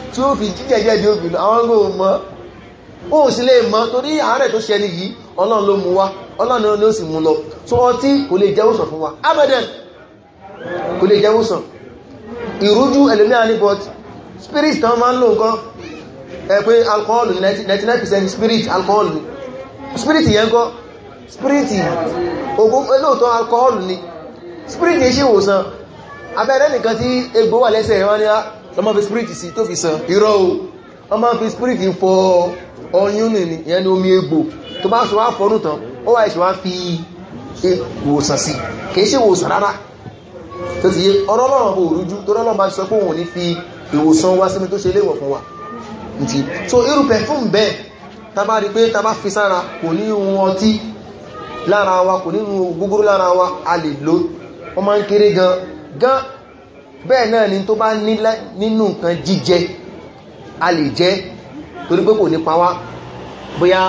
tí ó fi jíjẹ̀jẹ́ di òbí àwọn ọgbọ̀ mọ́ ó sì lè mọ́ torí àárẹ̀ tó ṣẹlẹ̀ yìí ọlọ́run ló mú wá ọlọ́run ló sì mú lọ tó ọtí kò lè jẹ́wọ́sàn fún wa abadan kò lè jẹ́wọ́sàn ìrújú ẹlòmíà ní but spirit tán máa ń lò nǹkan ẹ pé alcohol 99% spirit alcohol ni spirit yẹn kọ́ spirit ogun lóòtọ́ alcohol ni spirit yẹn ṣe ìwòsàn abẹ́rẹ́ nìkan tí egbò wà lẹ́sẹ̀ wọ́n ni tó máa fi spirit sí tó fi sàn irọ́ o wọ́n máa fi spirit fọ ọyún nìní ìyẹn ni omi egbò tó bá sọ wá fọ́nù tán ó wà ìṣẹ́ wá fi ìwòsàn sí kìí ṣe ìwòsàn rárá tó ti yé ọ̀rọ̀ Ọlọ́run bò so irú perfume bẹ́ẹ̀ tàbá rí pé tàbá fi sára kò wa kò ní ohun wa a lè lò ó máa gan bẹ́ẹ̀ náà ni tó bá nínú nǹkan jíjẹ a lè jẹ torí pé kò ní pa wá bóyá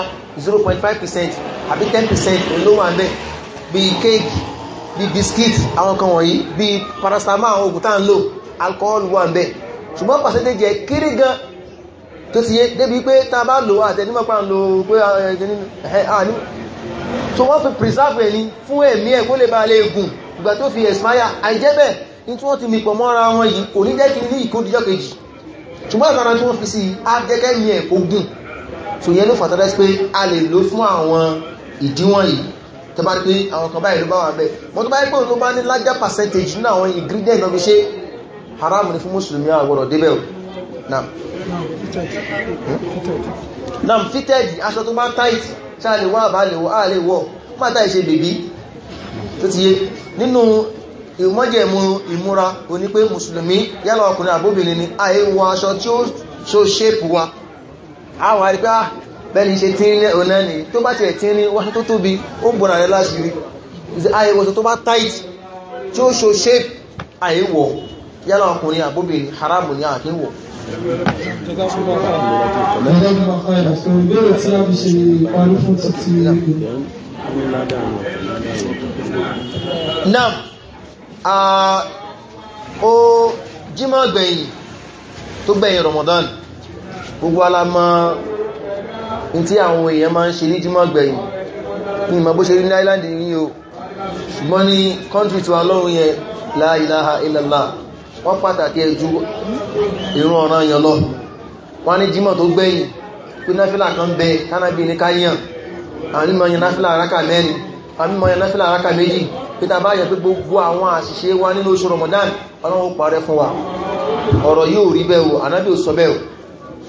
0.5% àbí 10% olówó àbẹ́ bíi kéèkì bíi biskit àwọn kan wọ̀nyí bíi parasama àwọn òkúta ń lò alcohol wà bẹ́ ṣùgbọ́n pàṣẹ́tẹ́jẹ kéré gan tó ti yé débi pé ta bá lò àtẹnumọ́pá ń lò pé àní tó wọ́n fi preserve ẹni fún ẹ̀mí ẹ̀ kó lè bá lè gùn ìgbà tó fi expire àìjẹ́ bẹ́ẹ̀ ní tí wọ́n ti mìpọ̀ mọ́ra wọn yìí kò ní jẹ́ kí ní ìkódíjọ́ kejì ṣùgbọ́n àtàrà tí wọ́n fi sí agẹ́gẹ́ ní ẹ̀kọ́ gùn tó yẹ ló fàtàrà sí pé a lè lò fún àwọn ìdíwọ̀n yìí tó bá pé àwọn kan báyìí ló bá wà bẹ́ẹ̀ mọ́ tó bá pé tó bá ní lájá percentage nínú àwọn ingredient náà fi ṣe haram ni fún mùsùlùmí àgbọ̀rọ̀ débẹ̀ nam hmm? nam fitted aṣọ tó bá tight ṣáà lè wọ́ àbá lè wọ́ àlè wọ́ pátá ìṣe bèbí tó ti yé nínú ìmọ́jẹ̀mú ìmúra oní pé musulmi yálà ọkùnrin àbóbìnrin ni a aṣọ tí ó so ṣépù wa àwọn àrípá ah, bẹ́ni ṣe tí ní ọ̀nà ni tó bá ti ní tó tóbi ó bọ̀nà rẹ̀ láṣìírí àìwọ̀sọ tó bá tight tí ó jímọ̀ gbẹ̀yìn tó gbẹ̀yìn Ramadan gbogbo alamọ́ in tí àwọn èèyàn máa ń ṣe ní jímọ̀ gbẹ̀yìn ní ìmọ̀ bó ṣe rí ní island ní o ṣùgbọ́n ní country tí wà lọ́run yẹn la ilaha illallah wọ́n pàtàkì ẹjú ìrun ọ̀ràn yẹn lọ wọ́n ní jímọ̀ tó gbẹ̀yìn pé náfílà kan bẹ kánábì àmìmọ̀ ẹ̀lẹ́fìlà àrákà méjì pítà bá yẹ pé gbogbo àwọn àṣìṣe wá nínú oṣù Ramadan ọlọ́run parẹ́ fún wa ọ̀rọ̀ yóò rí bẹ́ẹ̀ o ànábì ò sọ bẹ́ẹ̀ o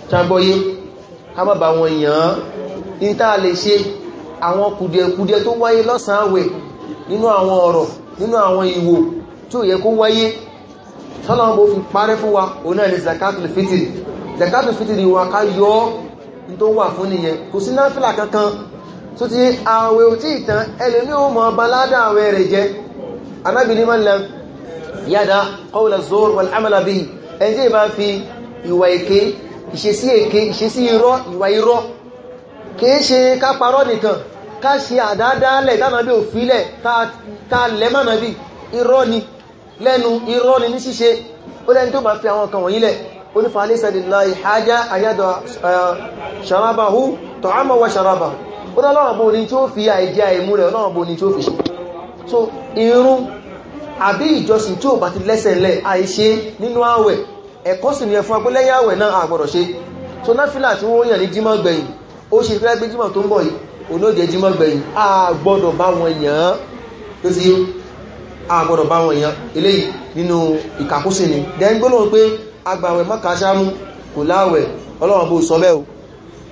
tábọ́yé ká má bá wọn yàn án ní tá a lè ṣe àwọn kùdìẹ̀kùdìẹ tó wáyé lọ́sàn-án àwẹ̀ nínú àwọn ọ̀rọ̀ nínú àwọn ìwò tí ò wà fún nìyẹn kò sí náfìlà kankan tó ti àwẹ̀ ò tí ìtàn ẹlùmí o mọ̀ balada àwẹ̀ rẹ̀ jẹ́ anábìlì mọ́lẹ̀ yàdá qawla zoor wal amala bi ẹni tí ìbá fi ìwà èké ìṣesí èké ìṣesí irọ́ ìwà irọ́ kìí ṣe ká parọ́ nìkan ká ṣe àdádálẹ̀ tánàbí òfilẹ̀ ká lẹ́mọ̀nàbí irọ́ ni lẹ́nu irọ́ ni ní ṣíṣe ó lẹ́ni tó bá fi àwọn kan wọ̀nyílẹ̀ onífàálẹ́sẹ̀lẹ̀ láì hajjá àyádọ̀ ṣàrábàhú eh, tọ̀hámọ̀wọ̀ ṣàrábàhú ó dá Ọlọ́run bó tí ó fi àìjẹ àìmú rẹ̀ Ọlọ́run bó ní tí ó fi ṣe so irun àbí ìjọsìn tí ó bá ti lẹ́sẹ̀ lẹ̀ àìṣe nínú ààwẹ̀ ẹ̀kọ́ sì ni ẹ̀fún agbélẹ́yà ààwẹ̀ náà àgbọ̀dọ̀ ṣe so náfìlà tí wọ́n yàn ní jímọ̀ gbẹ̀yìn ó ṣe fẹ́ gbé jímọ̀ tó ń bọ̀ yìí olóòjẹ́ jímọ̀ gbẹ̀yìn àgbọ̀dọ̀ bá wọn yàn án tó ti yé àgbọ̀dọ̀ bá wọn yàn eléyìí nínú ìkàkúsìn ni dẹ́n gbólóhùn pé agbàwẹ̀ mọ́kàṣámú kò láwẹ̀ Ọlọ́run bó sọ bẹ́ẹ̀ o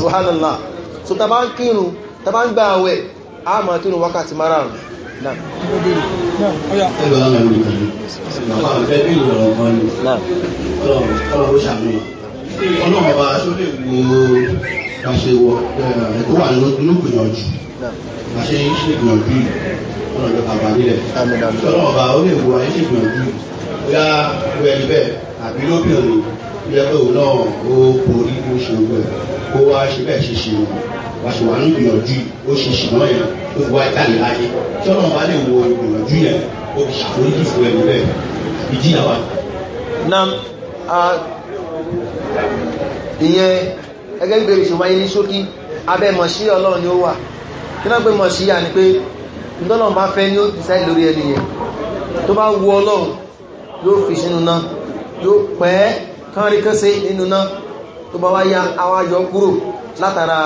subhanallah so ta bá ń kírun ta bá ń gba àwẹ̀ a máa kírun wákàtí márùn-ún náà ọlọ́run ọba ó lè wo àṣẹ ìgbìyànjú bóyá wẹ́ẹ̀ bẹ́ẹ̀ àbí lóbìnrin yẹ pé òun náà ó borí ó ṣe gbẹ ó wá ṣe bẹ́ẹ̀ ṣe ṣe wọn wá ṣe wà ní ìgbìyànjú ó ṣe ṣìnà yẹn ó fi wá jáde láyé tí ọlọ́run bá lè wo ìgbìyànjú yẹn ó fi ṣàforíjì fún ẹni bẹ́ẹ̀ ìjìyàwó. nam ìyẹn gẹ́gẹ́ bí bèrè ṣùgbọ́n ní ṣókí abẹ́ mọ̀sí ọlọ́run ni ó wà kí náà pé mọ̀sí yà ni pé ìdọ́lọ́run bá fẹ́ ní ó decide lórí kán rí kán ṣe nínú náà tó bá wá yá àwọn ayọ kúrò látara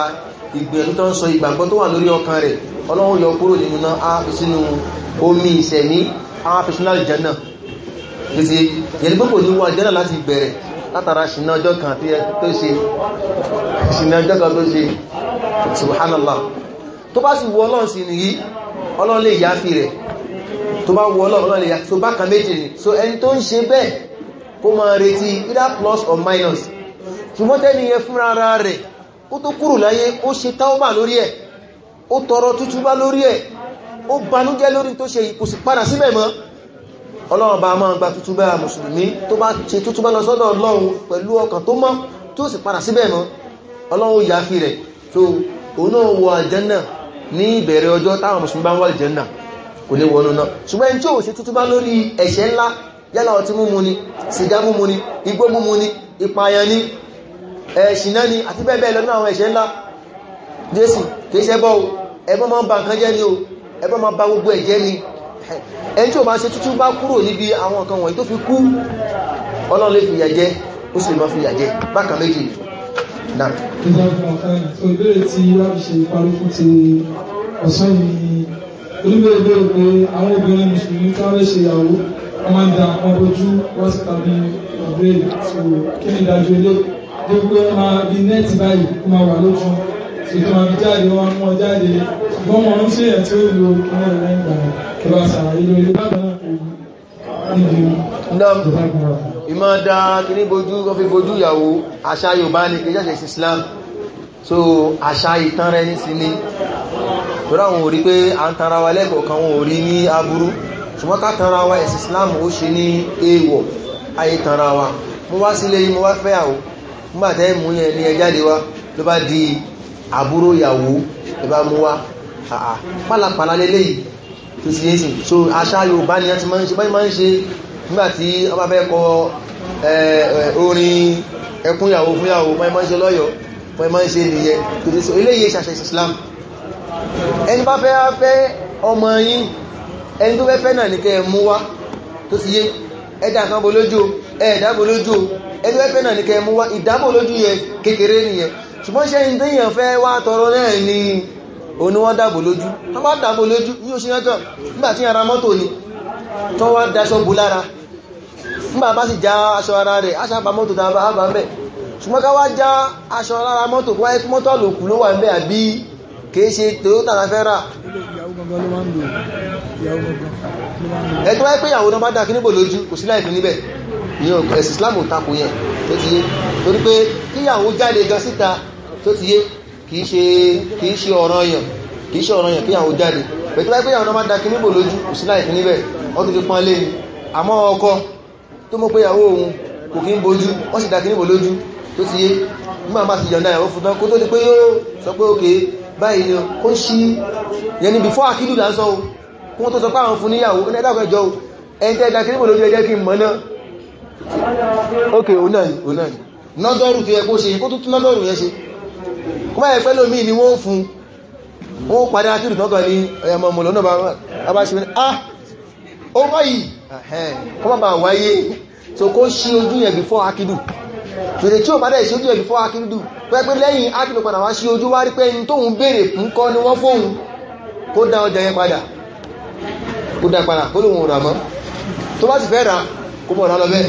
ìgbìyànjú tó ń sọ ìgbàgbọ́ tó wà lórí ọkàn rẹ̀ ọlọ́run yọ kúrò nínú náà á fi sínú omi ìṣẹ̀mí àwọn afẹ́ṣúnlá ìjẹ́nà gbèsè yẹ̀lẹ́gbọ́pọ̀ ní wọ́n ìjẹ́nà láti bẹ̀rẹ̀ látara ṣìnà ọjọ́ kan tó ṣe ṣìnà ọjọ́ subhanallah tó bá sì wọ ọlọ́run sí ní ọlọ́run lè yá fi rẹ̀ tó bá wọ ọlọ́run lè yá tó so ẹni tó kó máa retí either plus or minus ṣùgbọ́n tẹ́ni yẹn fúnra ara rẹ̀ ó tó kúrò láyé ó ṣe táọ́bà lórí ẹ̀ ó tọrọ tútúbá lórí ẹ̀ ó banújẹ́ lórí tó ṣe kò sì padà síbẹ̀ mọ́ ọlọ́run bá máa gba tútúbá mùsùlùmí tó bá ṣe tútúbá lọ sọ́dọ̀ ọlọ́run pẹ̀lú ọkàn tó mọ́ tó sì padà síbẹ̀ mọ́ ọlọ́run yà fi rẹ̀ tó òun náà wọ àjẹ́nà ní ìbẹ̀rẹ̀ ọjọ́ táwọn mùsùlùmí bá ń yálà ọtí múmu ni sìgá múmu ni igbó múmu ni ìpààyàn ni ẹ̀ṣìná ni àti bẹ́ẹ̀ bẹ́ẹ̀ lọ nínú àwọn ẹ̀ṣẹ̀ ńlá jésù kìí ṣẹbọ o ẹbọ ń ba nǹkan jẹ́ ni o ẹbọ máa ba gbogbo ẹ̀jẹ́ ni ẹni tí o máa ṣe tútú bá kúrò níbi àwọn nǹkan wọ̀nyí tó fi kú ọlọ́run lè fi ìyà jẹ ó sì lè máa fi ìyà jẹ bákan méjì ni náà. ìjọba ìbéèrè àwọn obìnrin mùsùlùmí káwé ṣe ìyàwó wọ́n máa ń da àwọn ojú wọ́n sì tàbí ọ̀dọ́ èyí tó kí ni ìdájọ́ ilé dé pé wọ́n máa di nẹ́ẹ̀tì báyìí wọ́n máa wà lójú ètò máa fi jáde wọ́n mú ọ jáde ṣùgbọ́n wọ́n ń ṣe ẹ̀tí ó lo ọmọ rẹ̀ ń gbà kí wọ́n sàrà ilé ilé bàbá náà níbi ìjọba ìmọ̀ da kíní bojú wọ́n fi bojú ìyàwó àṣà Yorùbá ni kí jẹ́ Islam so àṣà ìtàn rẹ̀ ní sí ni tó ráwọn ò rí pé à ń tanra wa lẹ́kọ̀ọ́ kan wọn ò rí ní aburú ṣùgbọ́n ká tanra wa ẹ̀sìn islam ó ṣe ní èèwọ̀ ayé tanra wa mo wá sílé yìí mo wá fẹ́ àwọ̀ nígbàtẹ́ mú yẹn ní ẹjáde wa ló bá di àbúrò ìyàwó ló bá mú wa àà pálapàla lélẹ̀ yìí tó sì yé sí so àṣà yorùbá ni a ti máa ń ṣe báyìí máa ń ṣe nígbàtí wọ́n bá fẹ́ kọ islam ẹni bá fẹ́ fẹ́ ọmọ yín ẹni tó fẹ́fẹ́ náà ní kẹ́ mú wá tó sì yé kan bó lójú ẹ̀dà lójú ẹni fẹ́fẹ́ náà ní kẹ́ mú wá ìdábò lójú yẹ kékeré nìyẹn ṣùgbọ́n ṣe ní fẹ́ wá tọrọ ni òní wọ́n dábò lójú wọ́n bá dábò lójú ní oṣù moto nígbà tí ara mọ́tò ni tó wá daṣọ bù lára nígbà bá sì já aṣọ ara rẹ̀ aṣàpá mọ́tò a bá mẹ́ ṣùgbọ́n ká wá já aṣọ ara mọ́tò wáyé mọ́tò àlòkù ló wà ń àbí kìí ṣe toyota la fẹ́ rà ẹjọ́ wáyé pé ìyàwó náà bá dá kíníbò lójú kò sí láìpín níbẹ̀ ìyàn ẹ̀sì islam tako yẹn tó ti yé torí pé kíyàwó jáde gan síta tó ti yé kìí ṣe ọ̀ràn yàn kìí ṣe ọ̀ràn yàn kíyàwó jáde pẹ̀tí wáyé pé ìyàwó náà bá dá kíníbò lójú kò sí láìpín níbẹ̀ wọ́n ti fi pọ́n lé ni àmọ́ ọkọ tó mọ̀ pé ìyàwó òun kò kí ń bojú ìyàwó fún báyìí ni ó ṣí yẹni before akídù lásán o kún tó sọ pé àwọn fún níyàwó ní ẹ̀dàkọ̀ẹ́jọ́ o ẹni tẹ́ ìdákẹ́ níbò lójú ẹjẹ́ kí n mọ̀ náà ok onáni onáni nọ́dọ́rù tó yẹ kó ṣe kó tútù nọ́dọ́rù yẹ ṣe ni wọ́n fún wọ́n padà akídù tọ́kọ̀ ní ẹ̀yàmọ̀ mọ̀lọ́ náà bá ṣe mẹ́rin ah ó wáyìí kó má bàa wáyé so kó ṣí ojú before akídù fèrè tí ò bá dẹ̀ ṣojú ẹ̀ fún akíndù pẹ́pẹ́ lẹ́yìn akíndù padà wá sí ojú wá rí pé ní tóun béèrè fún kọ́ ni wọ́n fóun kó dá ọjà yẹn padà kó dá padà kó lóun rà mọ́ tó bá sì fẹ́ rà kó mọ̀ rà lọ bẹ́ẹ̀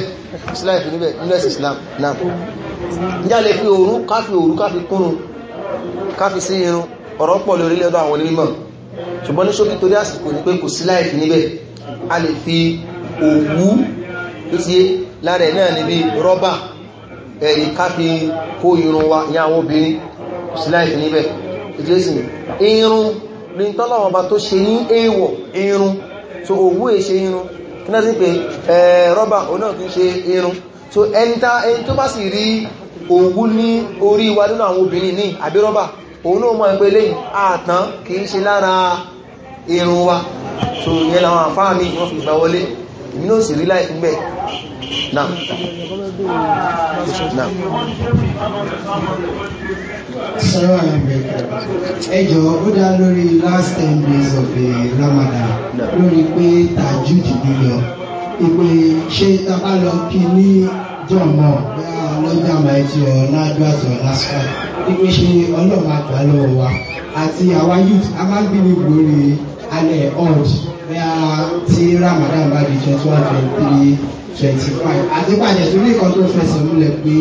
islam fi níbẹ̀ nílẹ̀ islam náà níjà lè fi òru káfi òru káfi kúrun káfi sí irun ọ̀rọ̀ pọ̀ lórí lọ́dọ̀ àwọn onímọ̀ ṣùgbọ́n ní ṣókí torí àsìkò ní pé kò sí láì fi níbẹ̀ a lè fi òwú tó ti lára ẹ̀ náà níbi rọ́bà ìká fi kó irun wa ní àwọn obìnrin síláìfì níbẹ̀ ìjẹ́sìn irun ní tọ́lọ̀wọ̀n bá tó ṣe ní èèwọ̀ irun so òwú èṣe irun kí náà sí pé rọ́bà onáà kí ṣe irun so ẹnta ẹni tó bá sì rí òwú ní orí wa nínú àwọn obìnrin ní àbí rọ́bà òun mọ́ ẹgbẹ́ wa so ìyẹn làwọn àfáà mi wọ́n èmi náà sì rí láì gbẹ̀ náà náà. sọ́rọ́ ẹjọ́ ó dá lórí last ten days of the Ramadan lórí pé tajud yíyọ ìpè ṣé tábà lọ kí ní jọ̀mọ́ lọ́jọ́ àmàìtì ọ̀nà àjọ́àtì ọ̀nà sọ́ọ̀ wípé ṣe ọlọ́mà àgbà lọ́wọ́ wa àti àwa youth a máa ń bí ní gbòòrè alẹ́ ọ̀dì bí a ti Ramadan bá di twenty one twenty three twenty five àti pàjẹ́ torí nǹkan tó fẹsẹ̀ múlẹ̀ pé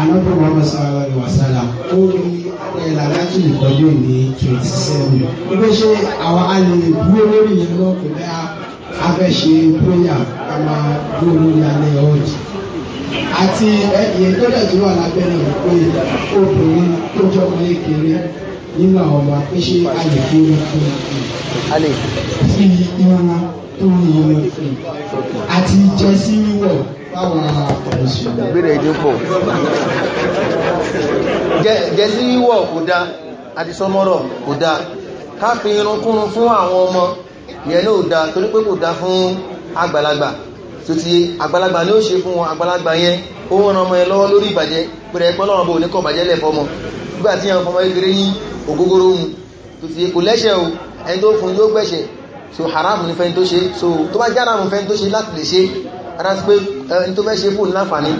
anábì Muhammad sallallahu alaihi wasallam ó rí ẹ̀là láti ìtọ́jú ní twenty seven ibi ṣe àwọn alẹ́ dúró lórí yẹn lọ kò bẹ́ẹ̀ afẹ́ṣe bóyá ká máa dúró lórí alẹ́ ọ̀jì àti ẹ̀yẹ tó dẹ̀ tó wà lábẹ́ náà wípé obìnrin tó jọ́ ọmọ kékeré nínú àwọn ọba pé ṣé àyè tó ń fún un sí ìrànlá tó ń yọ àti jẹ́sí wíwọ̀ báwa ìbéèrè ìdínkù jẹ́sí wíwọ̀ kò dá àdìsọmọ́rọ̀ kò dá ká fi irunkúrun fún àwọn ọmọ ìyẹn náà dá torí pé kò dá fún àgbàlagbà tó ti àgbàlagbà ní ó ṣe fún wọn àgbàlagbà yẹn ó wọ́n ọmọ ẹ lọ́wọ́ lórí ìbàjẹ́ pẹ̀lẹ́ pọ́lọ́rọ̀ bò ní kọ̀ bàjẹ́ lẹ̀ fọ́mọ nígbà tí àwọn ọmọ ìgbèrè yí ògógóró mu tó ti kò lẹ́ṣẹ̀ o ẹni tó fún yóò gbẹ̀ṣẹ̀ so haramu ní fẹ́ni tó ṣe so tó bá jára mú fẹ́ni tó ṣe láti lè ṣe adájú pé eh, ẹni tó fẹ́ ṣe fún láǹfààní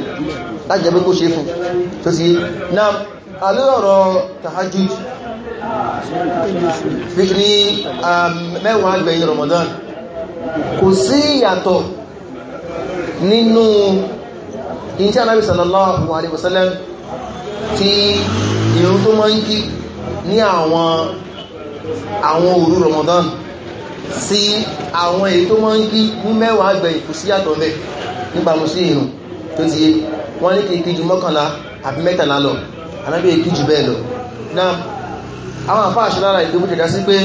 láti jẹ́ pé kó ṣe fún tó ti na alóòrọ̀ tahajjud ní um, mẹ́wàá gbẹ̀yìn Ramadan kò sí ìyàtọ̀ nínú ìyí tí anábì sallallahu alaihi wasallam tí ìrun tó mọ́ ń kí ní àwọn òru Ramadan sí àwọn èyí tó mọ́ ń kí ní mẹ́wàá àgbẹ̀ ìkù sí yàtọ̀ mẹ́ níbàmú sí ìrun tó ti yé wọ́n ní kí kí ju mọ́kànlá àbí mẹ́tàlá lọ anábí kí jù bẹ́ẹ̀ lọ náà àwọn àfáà ṣe lára ìdókù jẹ̀dá sí pé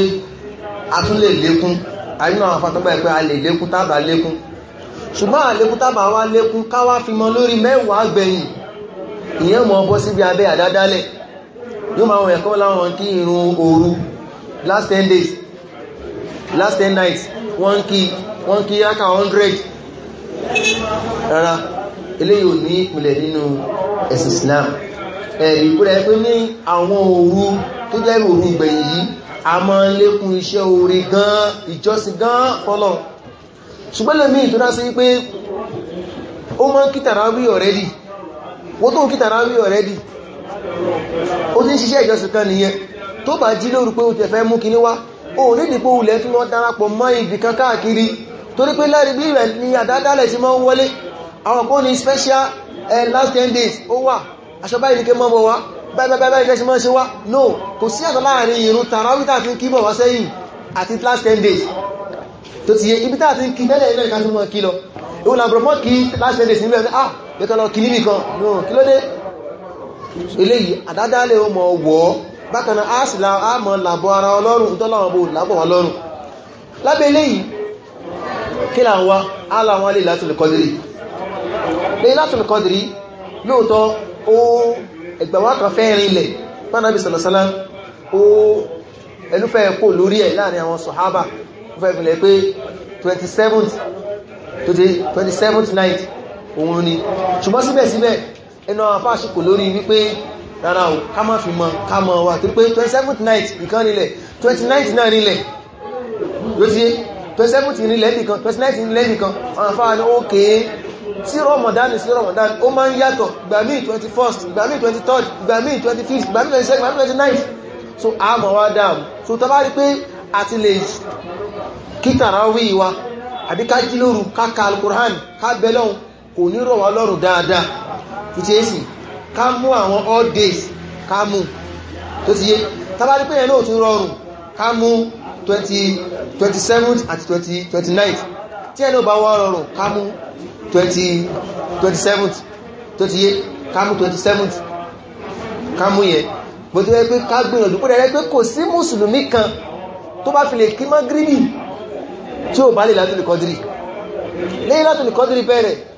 a tún lè lékún àrínà àwọn àfáà tọ́gbà ìpẹ́ a lè ṣùgbọ́n àlékún wá lékún káwá fi mọ́ lórí mẹ́wàá gbẹ̀yìn ìyẹn mọ́ bọ́ síbi abẹ́ àdádálẹ̀ yóò máa wọn ẹ̀kọ́ láwọn kí irun òru last 10 days last 10 nights wọ́n kí wọ́n kí yáka 100 rárá eléyìí ò ní ìpìlẹ̀ nínú ẹ̀sìn Islam ẹ̀rí kúrẹ́ pé ní àwọn òru tó jẹ́ òru gbẹ̀yìn yìí a máa ń lékún iṣẹ́ orí gan ìjọsìn gan fọ́lọ̀ ṣùgbọ́n lèmí ìtura sí pé ó máa ń kí tàràwí already wọ́n tó ń kí tàràwí already ó ti ń ṣiṣẹ́ ìjọsìn kan nìyẹn tó bá jí lóru pé ó ti fẹ́ mú kíní wá ó ní ìdìpò ulẹ̀ tí wọ́n darapọ̀ mọ́ ibì kan káàkiri torí pé láàrin bí rẹ̀ ni àdádálẹ̀ ti máa wọlé àwọn kan ní special last ten days ó wà aṣọ báyìí ní kí mọ́ bọ̀ wá báyìí kẹ́sí mọ́ no eléyìí àdádálẹ̀ ó mọ̀ wọ́ bákaná áàsìlá àmọ́ làbọ̀ ara ọlọ́run tọ́lọ́wọ́ bó làbọ̀ wọn lọ́rùn lábẹ́ eléyìí kí là ń wá aláwọn alẹ́ látùlù kọdìrí lè látùlù kọdìrí lóòótọ́ ó ẹgbàwá kan fẹ́ rin ilẹ̀ pánábì sàlọ̀sálá ó ẹnúfẹ́ kò lórí ẹ̀ láàrin àwọn sọ̀hábà ó fẹ́ ìfìnlẹ̀ pé 27th today 27th night òun ni ṣùgbọ́n síbẹ̀síbẹ̀ ẹnu àwọn afáṣùkò lórí wípé rárá o ká má fi mọ ká mọ wa tó pé 27th night nìkan nílẹ̀ 29th náà nílẹ̀ ló ti 27th nílẹ̀ nìkan 29th nílẹ̀ nìkan àwọn afáà ní ókè sí Ramadan sí Ramadan ó máa ń yàtọ̀ ìgbà míì 21st ìgbà míì 23rd ìgbà míì 25th ìgbà 27th ìgbà 29th so a mọ̀ wá dáàmù so tó bá rí pé àti lè kí tàràwí wa àbí ká jí lóru ká ka al ká bẹ́lọ́un kò ní rọ̀ wá lọ́rùn dáadáa tó ti ẹ́sì ká mú àwọn all days ká mú tó ti yé tàbárí pé ẹ̀nà òtún rọrùn ká mú 27th àti 29th tí ẹ̀nà bá wá rọrùn ká mú 27th tó ti yé ká mú 27th ká mú yẹ bó tó yẹ pé ká gbìyànjú pé rẹ̀ pé kò sí mùsùlùmí kan tó bá fi lè kí má gírí tí ò bá lè látòlùkọ́dìrì lẹ́yìn látòlùkọ́dìrì bẹ̀rẹ̀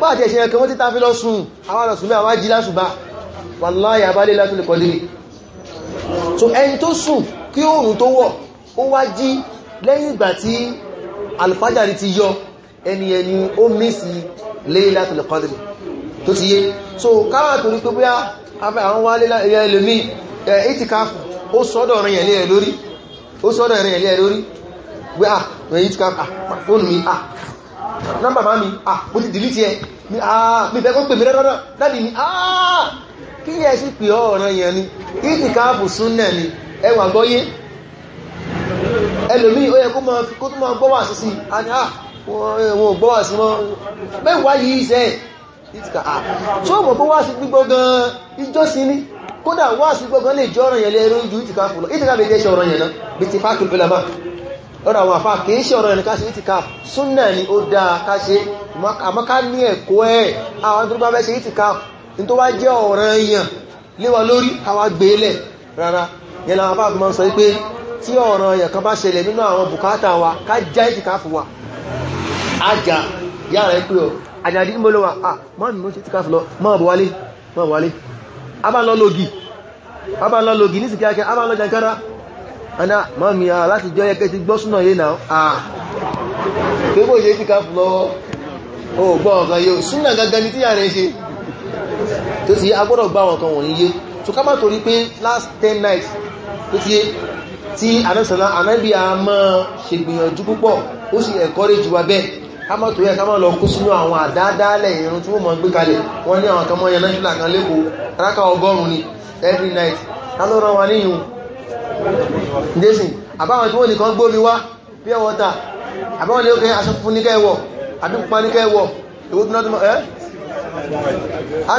pàtí ẹ̀ṣẹ̀ ẹ̀kẹ́ wọ́n ti ta fi lọ sùn àwọn àrọ̀sùnmẹ́ àwọn ajílá ṣùgbà wallahi àbálé látún lè kọdírí so ẹni tó sùn kí oòrùn tó wọ̀ ó wá jí lẹ́yìn ìgbà tí alfajari ti yọ ẹni ẹni ó mísì lẹ́yìn látún lè kọdírí tó ti yé so káwà torí pé bóyá afẹ́ àwọn wá lẹ́yìn ẹlòmí ìtìkáfù ó sọ́dọ̀ rìn ẹ̀lẹ́ lórí ó sọ́dọ̀ rìn ẹ̀lẹ́ lórí wẹ́ à ah, nọ́mbà máa mi ah mo ti dìlítì ẹ ah mi fẹ́ kó pè mí rárá dáàdì mi ah kí yẹ sí pè ọ ọ̀ràn yẹn ni ìtì káàbù súnà ni ẹwà gbọ́yé ẹlòmíì ó yẹ kó máa kó tó máa gbọ́wà sí sí a ah wọn eh, ò gbọ́wà sí mọ́ mẹ́wàá yìí sẹ́ ìtìkà ah tí ó mọ̀ pé wá sí gbígbọ́ gan-an ìjọ́sìn ni kódà wá sí gbọ́gán lè jọ ọ̀ràn yẹn lẹ́rú ju ìtìkà fún lọ ìtìkà bèèrè ṣe ọ̀ràn yẹn lọ́dọ̀ àwọn àfáà kìí ṣe ọ̀rọ̀ ẹnìká sí ìtìkáf súnnà ni ó dáa ká ṣe àmọ́ká ní ẹ̀kọ́ ẹ̀ àwọn tó bá fẹ́ ṣe ìtìkáf ní tó wá jẹ́ ọ̀rọ̀ èèyàn léwa lórí àwa gbélẹ̀ e rárá yẹn làwọn àfáà fi máa ń sọ pé tí ọ̀rọ̀ èèyàn kan bá ṣẹlẹ̀ nínú àwọn bùkátà wa ká já ìtìkáf wa ajá yára ẹ pé ọ àjàdí ana mọ́mí a láti jọ yẹ kẹ́ ti gbọ́ súnà yìí náà àà pẹ́kọ̀ yìí ti káàpù lọ́wọ́ o gbọ́ ọ̀kan yóò súnà gangan ní tí yà rẹ̀ ṣe tó ti agbọ́dọ̀ gbá wọn kan wọ̀nyí yé tó ká má torí pé last ten nights tó ti tí anẹ́sànlá anábì a mọ́ ṣe gbìyànjú púpọ̀ ó sì encourage wa bẹ́ẹ̀ ká má torí ẹ̀ ká má lọ kó sínú àwọn àdáadáalẹ̀ ìrun tí wọ́n mọ̀ gbé kalẹ̀ wọ́n ní àwọn kan ndésì àbáwọn tí wọ́n nìkan gbómi wá pure water àbáwọn ní ókè aṣọ fún níkẹ́ ẹwọ̀ àbí pupa níkẹ́ ẹwọ̀ èwo tó náà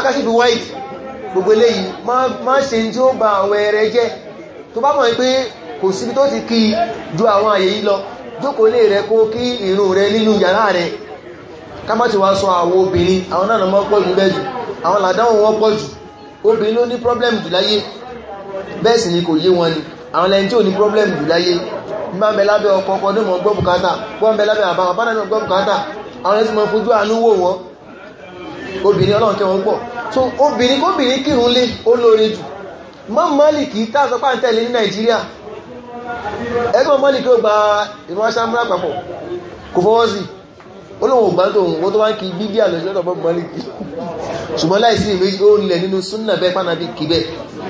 ẹ́ white gbogbo eléyìí ma ṣe tí ó ba àwọn ẹrẹ jẹ́ tó bá mọ̀ pé kò síbi tó ti kí ju àwọn àyè yìí lọ jókòó lè rẹ kó kí ìrun rẹ nínú yàrá rẹ ká bẹ́ẹ̀ sì ni kò yé wọn ni àwọn ẹni tí ò ní problem jù láyé bá ń bẹ lábẹ́ ọkọ̀ ọkọ̀ ní mọ̀ gbọ́ bùkátà bọ́ ń bẹ lábẹ́ àbá àbá náà gbọ́ bùkátà àwọn ẹni tí mọ̀ fojú àánú wò wọ́n obìnrin ọlọ́run kẹwọn pọ̀ so obìnrin kóbìnrin kírun lé ó lóore jù mọ́ mọ́lìkì tààsọ pàǹtẹ̀lẹ̀ ní nàìjíríà ẹgbẹ́ mọ́lìkì ó gba ìrún aṣámúrà papọ̀ kò fọwọ́ sí i olóhun bá tó ohun tó bá ń kí bíbí àlọ́jọ́dọ̀ bọ́ mọ́lìkì ṣùgbọ́n láìsí ìméjì ó lẹ̀ nínú súnnà bẹ́ẹ̀ pánàbí kì bẹ́ẹ̀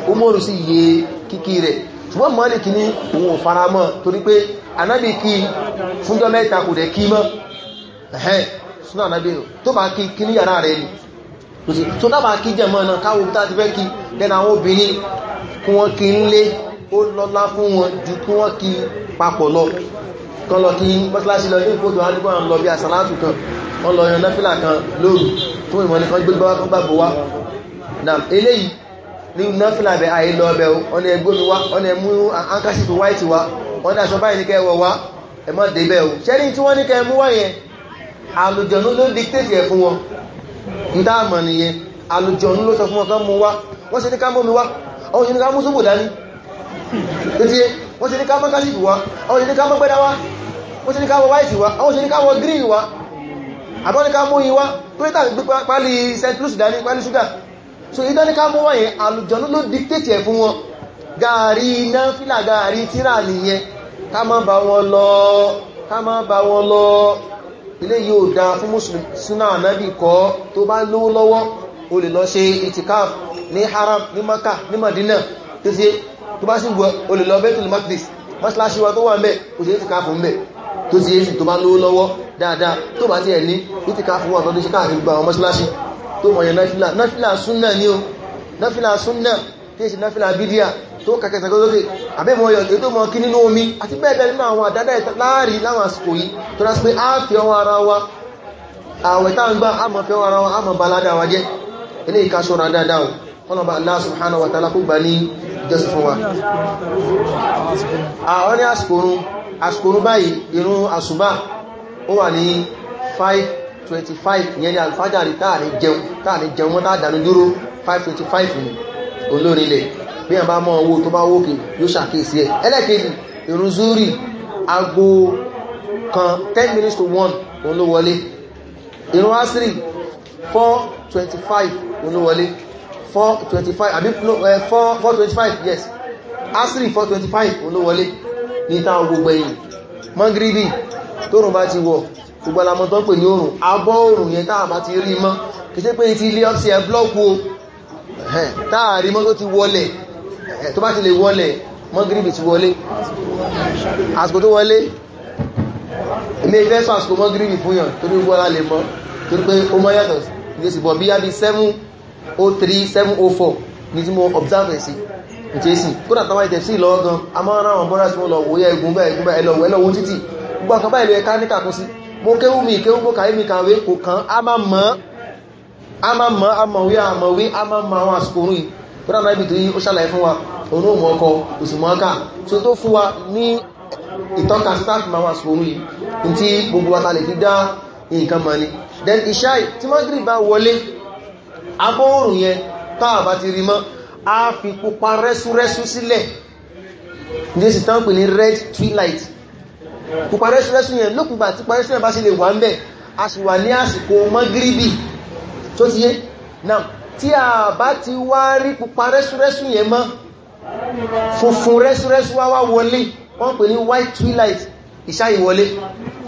ó mọ́rù sí iye kíkí rẹ̀ ṣùgbọ́n mọ́lìkì ní òun ò fara mọ́ torí pé anábì kí fúnjọ́ mẹ́ta kò dẹ̀ kí mọ́ ẹ̀hẹ́n súnnà anábì tó bá kí kí ní yàrá rẹ̀ ni tó dábà kí jẹ̀mọ́ náà káwò tá ti fẹ́ kí lẹ́nà àwọn obìnrin kí wọ́n kí ń lé ó lọ́lá fún wọn ju kí wọ́n kí papọ̀ lọ kan lọ kí mọ́síláṣí lọ ní ìfòtò àdúgbò àwọn lọ bí àsàlátù kan wọ́n lọ yan náfílà kan lóòrù fún ìmọ̀ nìkan gbégbá wá bàbò wá eléyìí ní náfílà bẹ̀ àyè lọ ọbẹ̀ ọ̀nà ẹgbómi wá ọ̀nà ẹmú ankásìpì wáìtì wá ọ̀nà aṣọ báyìí ní kẹwọ wá ẹmọ́ débẹ̀ o ṣẹ́ni tí wọ́n ní kẹ mú wá yẹn àlùjọ̀nú ló dictate ẹ̀ fún wọn ń dáàmọ̀ nìyẹn àlùjọ̀nú ló sọ fún wọn kán mú wá wọ́n ṣe ní ká mú mi wá ọ̀hún ṣe ní ká mú súbù dání tó ti wọ́n ti ní ká mọ́ kásìkù wá àwọn ti ní ká mọ́ gbẹ́dá wá wọ́n ti ní ká wọ wáìtì wá àwọn ti ní ká wọ green wá àbọ́ ní ká mú yí wá pẹ́lẹ́tà pálí st louis dání pálí ṣúgà so ìdá ní ká mú wá yẹn àlùjọ̀nú ló dictate ẹ̀ fún wọn gààrí náfílà gààrí tíra nìyẹn ká má bá wọn lọ ká má bá wọn lọ ilé yóò dáa fún itikaf ní haram ní maka ní madina tó tó bá sì wọ olùlọ Baitul Maqdis mọ́síláṣí wa tó wà mẹ́ kò sí ètìká fún mẹ́ tó ti èsì tó bá lówó lọ́wọ́ dáadáa tó bá ti ẹ̀ ní ètìká fún wọn tọ́dún sí káàkiri gba àwọn mọ́síláṣí tó mọ̀ yẹn náfílà náfílà súnnà ní o náfílà súnnà tí èsì náfílà bídíà tó kàkẹsẹ̀ gọ́gọ́gẹ́ àbẹ́mọ̀ yọ tó mọ̀ kí nínú omi àti bẹ́ẹ̀ bẹ́ẹ̀ nínú àwọn àdádá láàrí láwọn àsìkò yìí tó rá sí pé a fi ọwọ́ ara wa àwẹ̀ táwọn gbá a mọ̀ fi ọwọ́ ara wa a mọ̀ balada wa jẹ́ eléyìí ká ṣọ́ra dáadáa ọlọ́ba Allah subhanahu wa ta'ala kó gbà ní jẹ́sì fún wa àwọn ní àsìkòrún àsìkòrún báyìí irun àsùbá ó wà ní 5:25 ìyẹn ni alfajari táàrí jẹun táàrí jẹun mọ́ táàdánú dúró 5:25 ni olórinlẹ̀ bí ẹ̀ bá mọ́ owó tó bá wókè yóò ṣàkíyèsí ẹ̀ ẹlẹ́kẹ̀ẹ́ni irun zuri ago kan 10 minutes to 1 òun ló wọlé irun asiri 4:25 òun ló wọlé 425 àbí no 425 eh, yes asiri 425 olówọlé ní táwọn gbogbo ẹ̀yìn mangribi tóòrùn bá ti wọ̀ gbogbo alamọ́ tó ń pè ní oòrùn abọ́ oòrùn yẹn táà bá ti rí mọ́ kì í ṣe pé ti ilé ọ́sí ẹ blọ́ọ̀kù táàrí mọ́ tó ti wọlé tó bá ti lè wọlé mangribi ti wọlé àsìkò tó wọlé ilé ìfẹ́ sọ àsìkò mangribi fún yàn torí gbọ́lá lè mọ́ torí pé ó mọ́ yàtọ̀ ìgbésìbọ̀ 7 03704 ní tí mo observe sí ìtẹ́sìn kódà tàbí ìtẹ̀sí lọ́wọ́ gan a máa rán àwọn bọ́rá sí wọn lọ wòye ẹgbùn bá ẹgbùn bá ẹlọ́wọ́ ẹlọ́wọ́ títì gbogbo àkọ́bá ìlú ẹka ní kàkún sí mo kéwú mi kéwú mo kàí mi kàwé kò kàn á máa mọ́ á máa mọ́ á máa wí á máa wí á máa mọ́ àwọn àsìkò orin kódà náà ibi tó yí ó ṣàlàyé fún wa òun ó mọ ọkọ òsì mọ́ ká tó tó fún wa ní ìtọ́ka sáàfì máa wà àsìkò orin yìí tí gbogbo wa lè fi dá nǹkan mọ́ ni then ìṣáì tí mọ́gírì bá wọlé agbóòrùn yẹn táà bá ti rí mọ́ a fi pupa rẹ́súrẹ́sú sílẹ̀ ní tán pè ní red twilight pupa rẹ́súrẹ́sú yẹn lókùnbà tí parí sílẹ̀ bá sí lè wà ń bẹ̀ a sì wà ní àsìkò mọ́gíríbì tó ti yé náà tí a bá ti wá rí pupa rẹ́súrẹ́sú yẹn mọ́ funfun rẹ́súrẹ́sú wá wá wọlé wọ́n pè ní white twilight ìṣáyìwọlé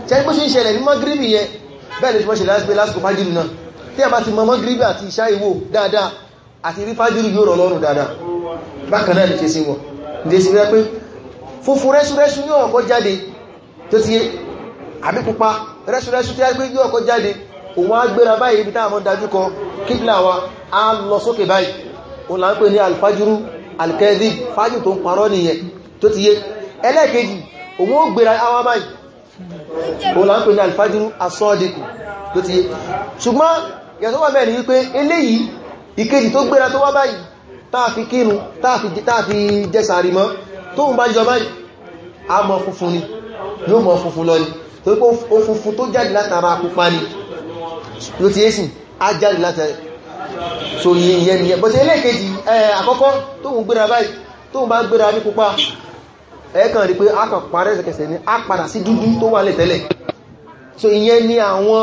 tẹ́ gbóṣù ìṣẹ̀lẹ̀ ní mọ́gíríbì yẹn bẹ́ẹ̀ lè tí wọ́n ṣe lásìkò fájìlì náà tí a bá ti mọmọ́ gírígbà àti ìṣá ìwò dáadáa àti rí fájúrì yóò rọ̀lọ́rùn dáadáa bákan náà nìṣe sí wọn dé sí rẹ́ pé funfun rẹ́súrẹ́sú yóò ọkọ̀ jáde tó ti yé àbí pupa rẹ́súrẹ́sú tí a gbé yóò ọkọ̀ jáde òun á gbéra báyìí ibi táwọn dájú kọ kíbla wa á lọ sókè báyìí òun là ń pè ní alfajuru alkezi fájú tó ń parọ́ nìyẹn tó ti yé ṣùgbọ́n ìyàtọ̀ wà bẹ́ẹ̀ ni wípé eléyìí ìkejì tó gbéra tó wá báyìí táà fi kínu táà fi jẹsàrí mọ́ tó ń bá jọ báyìí a mọ́ funfun ni yóò mọ́ funfun lọ ni tó pé ó funfun tó jáde látara pupa ni ló ti yẹ́sìn á jáde látara so ìyẹn nìyẹn bọ́tí elékejì àkọ́kọ́ tó ń gbéra báyìí tó ń bá gbéra ní pupa ẹ̀ẹ́kàn rí pé a kàn parẹ́ so ìyẹn ni àwọn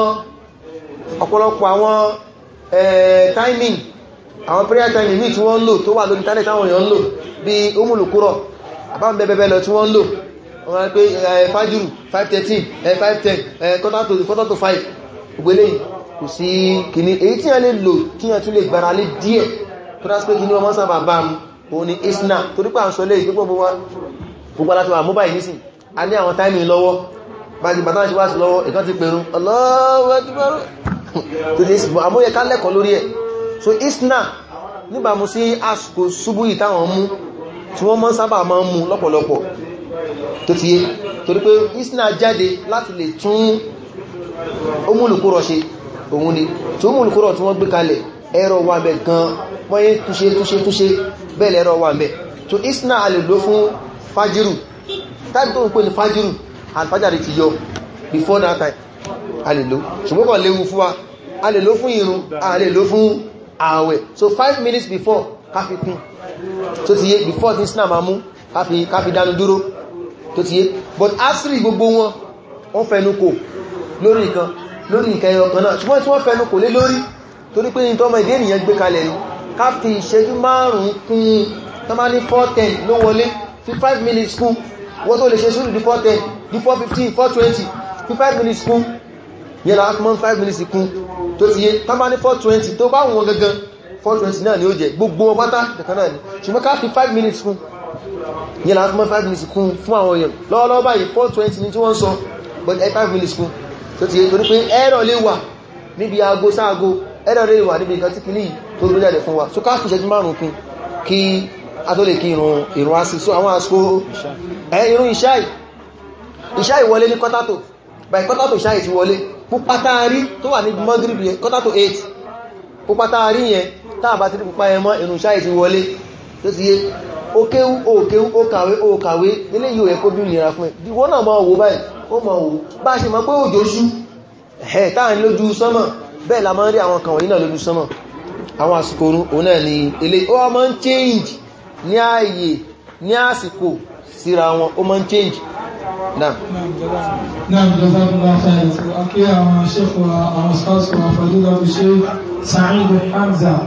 ọ̀pọ̀lọpọ̀ àwọn eh, timing àwọn prayer timing ní tí wọ́n ń lò tó wà lórí internet àwọn èèyàn ń lò bí omulukurọ̀ àbáwọn bẹ́ẹ̀bẹ́ẹ̀ lọ tí wọ́n ń lò wọ́n rẹ̀ pé fájúrù 513 510 quarter to 5 ògbélé kò sí kìíní èyí tí a lè lò kí a tún lè gbára lé díẹ̀ tó dá sí pé kìíní ọmọ sábà bá mú òun ni isna torípà ń sọ a ní àwọn timing báyìí bàtà ṣe wá sí lọ́wọ́ ìkan ti pẹ̀rún ọlọ́wọ́dúnmọ́rún tó dé ìsìnkú àmúyẹ ká lẹ́kọ̀ọ́ lórí ẹ̀ so isna níbàmú sí àsìkò ṣubú ìtàwọn mú tí wọ́n mọ́ sábà máa ń mú lọ́pọ̀lọpọ̀ tó ti yé torí pé isna jáde láti lè tún omúlùkúrọ̀ ṣe òun ni tí omúlùkúrọ̀ tí wọ́n gbé kalẹ̀ ẹ̀rọ wà bẹ̀ gan wọ́n yé túnṣe túnṣe túnṣe bẹ́ẹ̀ lẹ́rọ wà bẹ̀ so isna a lè lò fún fájírù tábí tó ń pè ní fájírù alfajari ti yọ before that time a lè lò ṣùgbọ́n kàn léwu fún wa a lè lò fún irun a lè lò fún ààwẹ̀ so five minutes before káfí pín tó ti yé before tí sinam amú káfí dánu dúró tó ti yé but asiri gbogbo wọn wọ́n fẹ́nu kò lórí nǹkan lórí nǹkan ẹyọ kan náà ṣùgbọ́n tí wọ́n fẹ́nu kò lé lórí torí pé ní tọ́mọ ìdí ènìyàn gbé kalẹ̀ ní káfí ìṣẹ́jú márùn-ún kún tọ́mọ ní 410 ló wọlé fi 5 minutes kún wọ́n tó lè ṣe sùúrù before 10 before 15 before 20 fi 5 minutes kún yẹ́lá akọ́mọ́ 5 minutes kún tó ti yé tánbá ní 420 tó bá wọn gangan 420 náà ni ó jẹ gbogbo wọn pátá kankan náà ni ṣùgbọ́n ká fi 5 minutes kún yẹ́lá akọ́mọ́ 5 minutes kún fún àwọn èèyàn lọ́wọ́lọ́wọ́ báyìí 420 ni tí wọ́n sọ but 5 minutes kún tó ti yé torí pé ẹ̀rọ lè wà níbi aago sáago ẹ̀rọ lè wà níbi nǹkan tí kìíní tó gbé so ká fi ìṣẹ́jú márùn-ún atólè kí irun irun asìsú àwọn asìkò ẹ irun ìṣáì ìṣáì wọlé ní kọ́tàtò by kọ́tàtò ìṣáì ti wọlé pupa taari tó wà ní Maghrib yẹn kọ́tàtò 8 pupa taari yẹn táàbá ti rí pupa ẹmọ́ irun ìṣáì ti wọlé tó ti yé ó kéwú ó kéwú ó kàwé ó kàwé ilé yíò ẹ̀kọ́ bí nira fún ẹ̀ wọ́n náà máa wò báyìí ó máa la máa ń rí àwọn kan wọ̀nyí náà lójú sánmọ̀ àwọn àsìkò òun náà ń change ní ààyè ní àsìkò síra wọn ó máa ń change náà náà jọba bá ṣáyẹ̀ tí ó kí àwọn ṣẹ́fọ́ àwọn sọ́ọ̀sọ̀ àfàdúgbà fi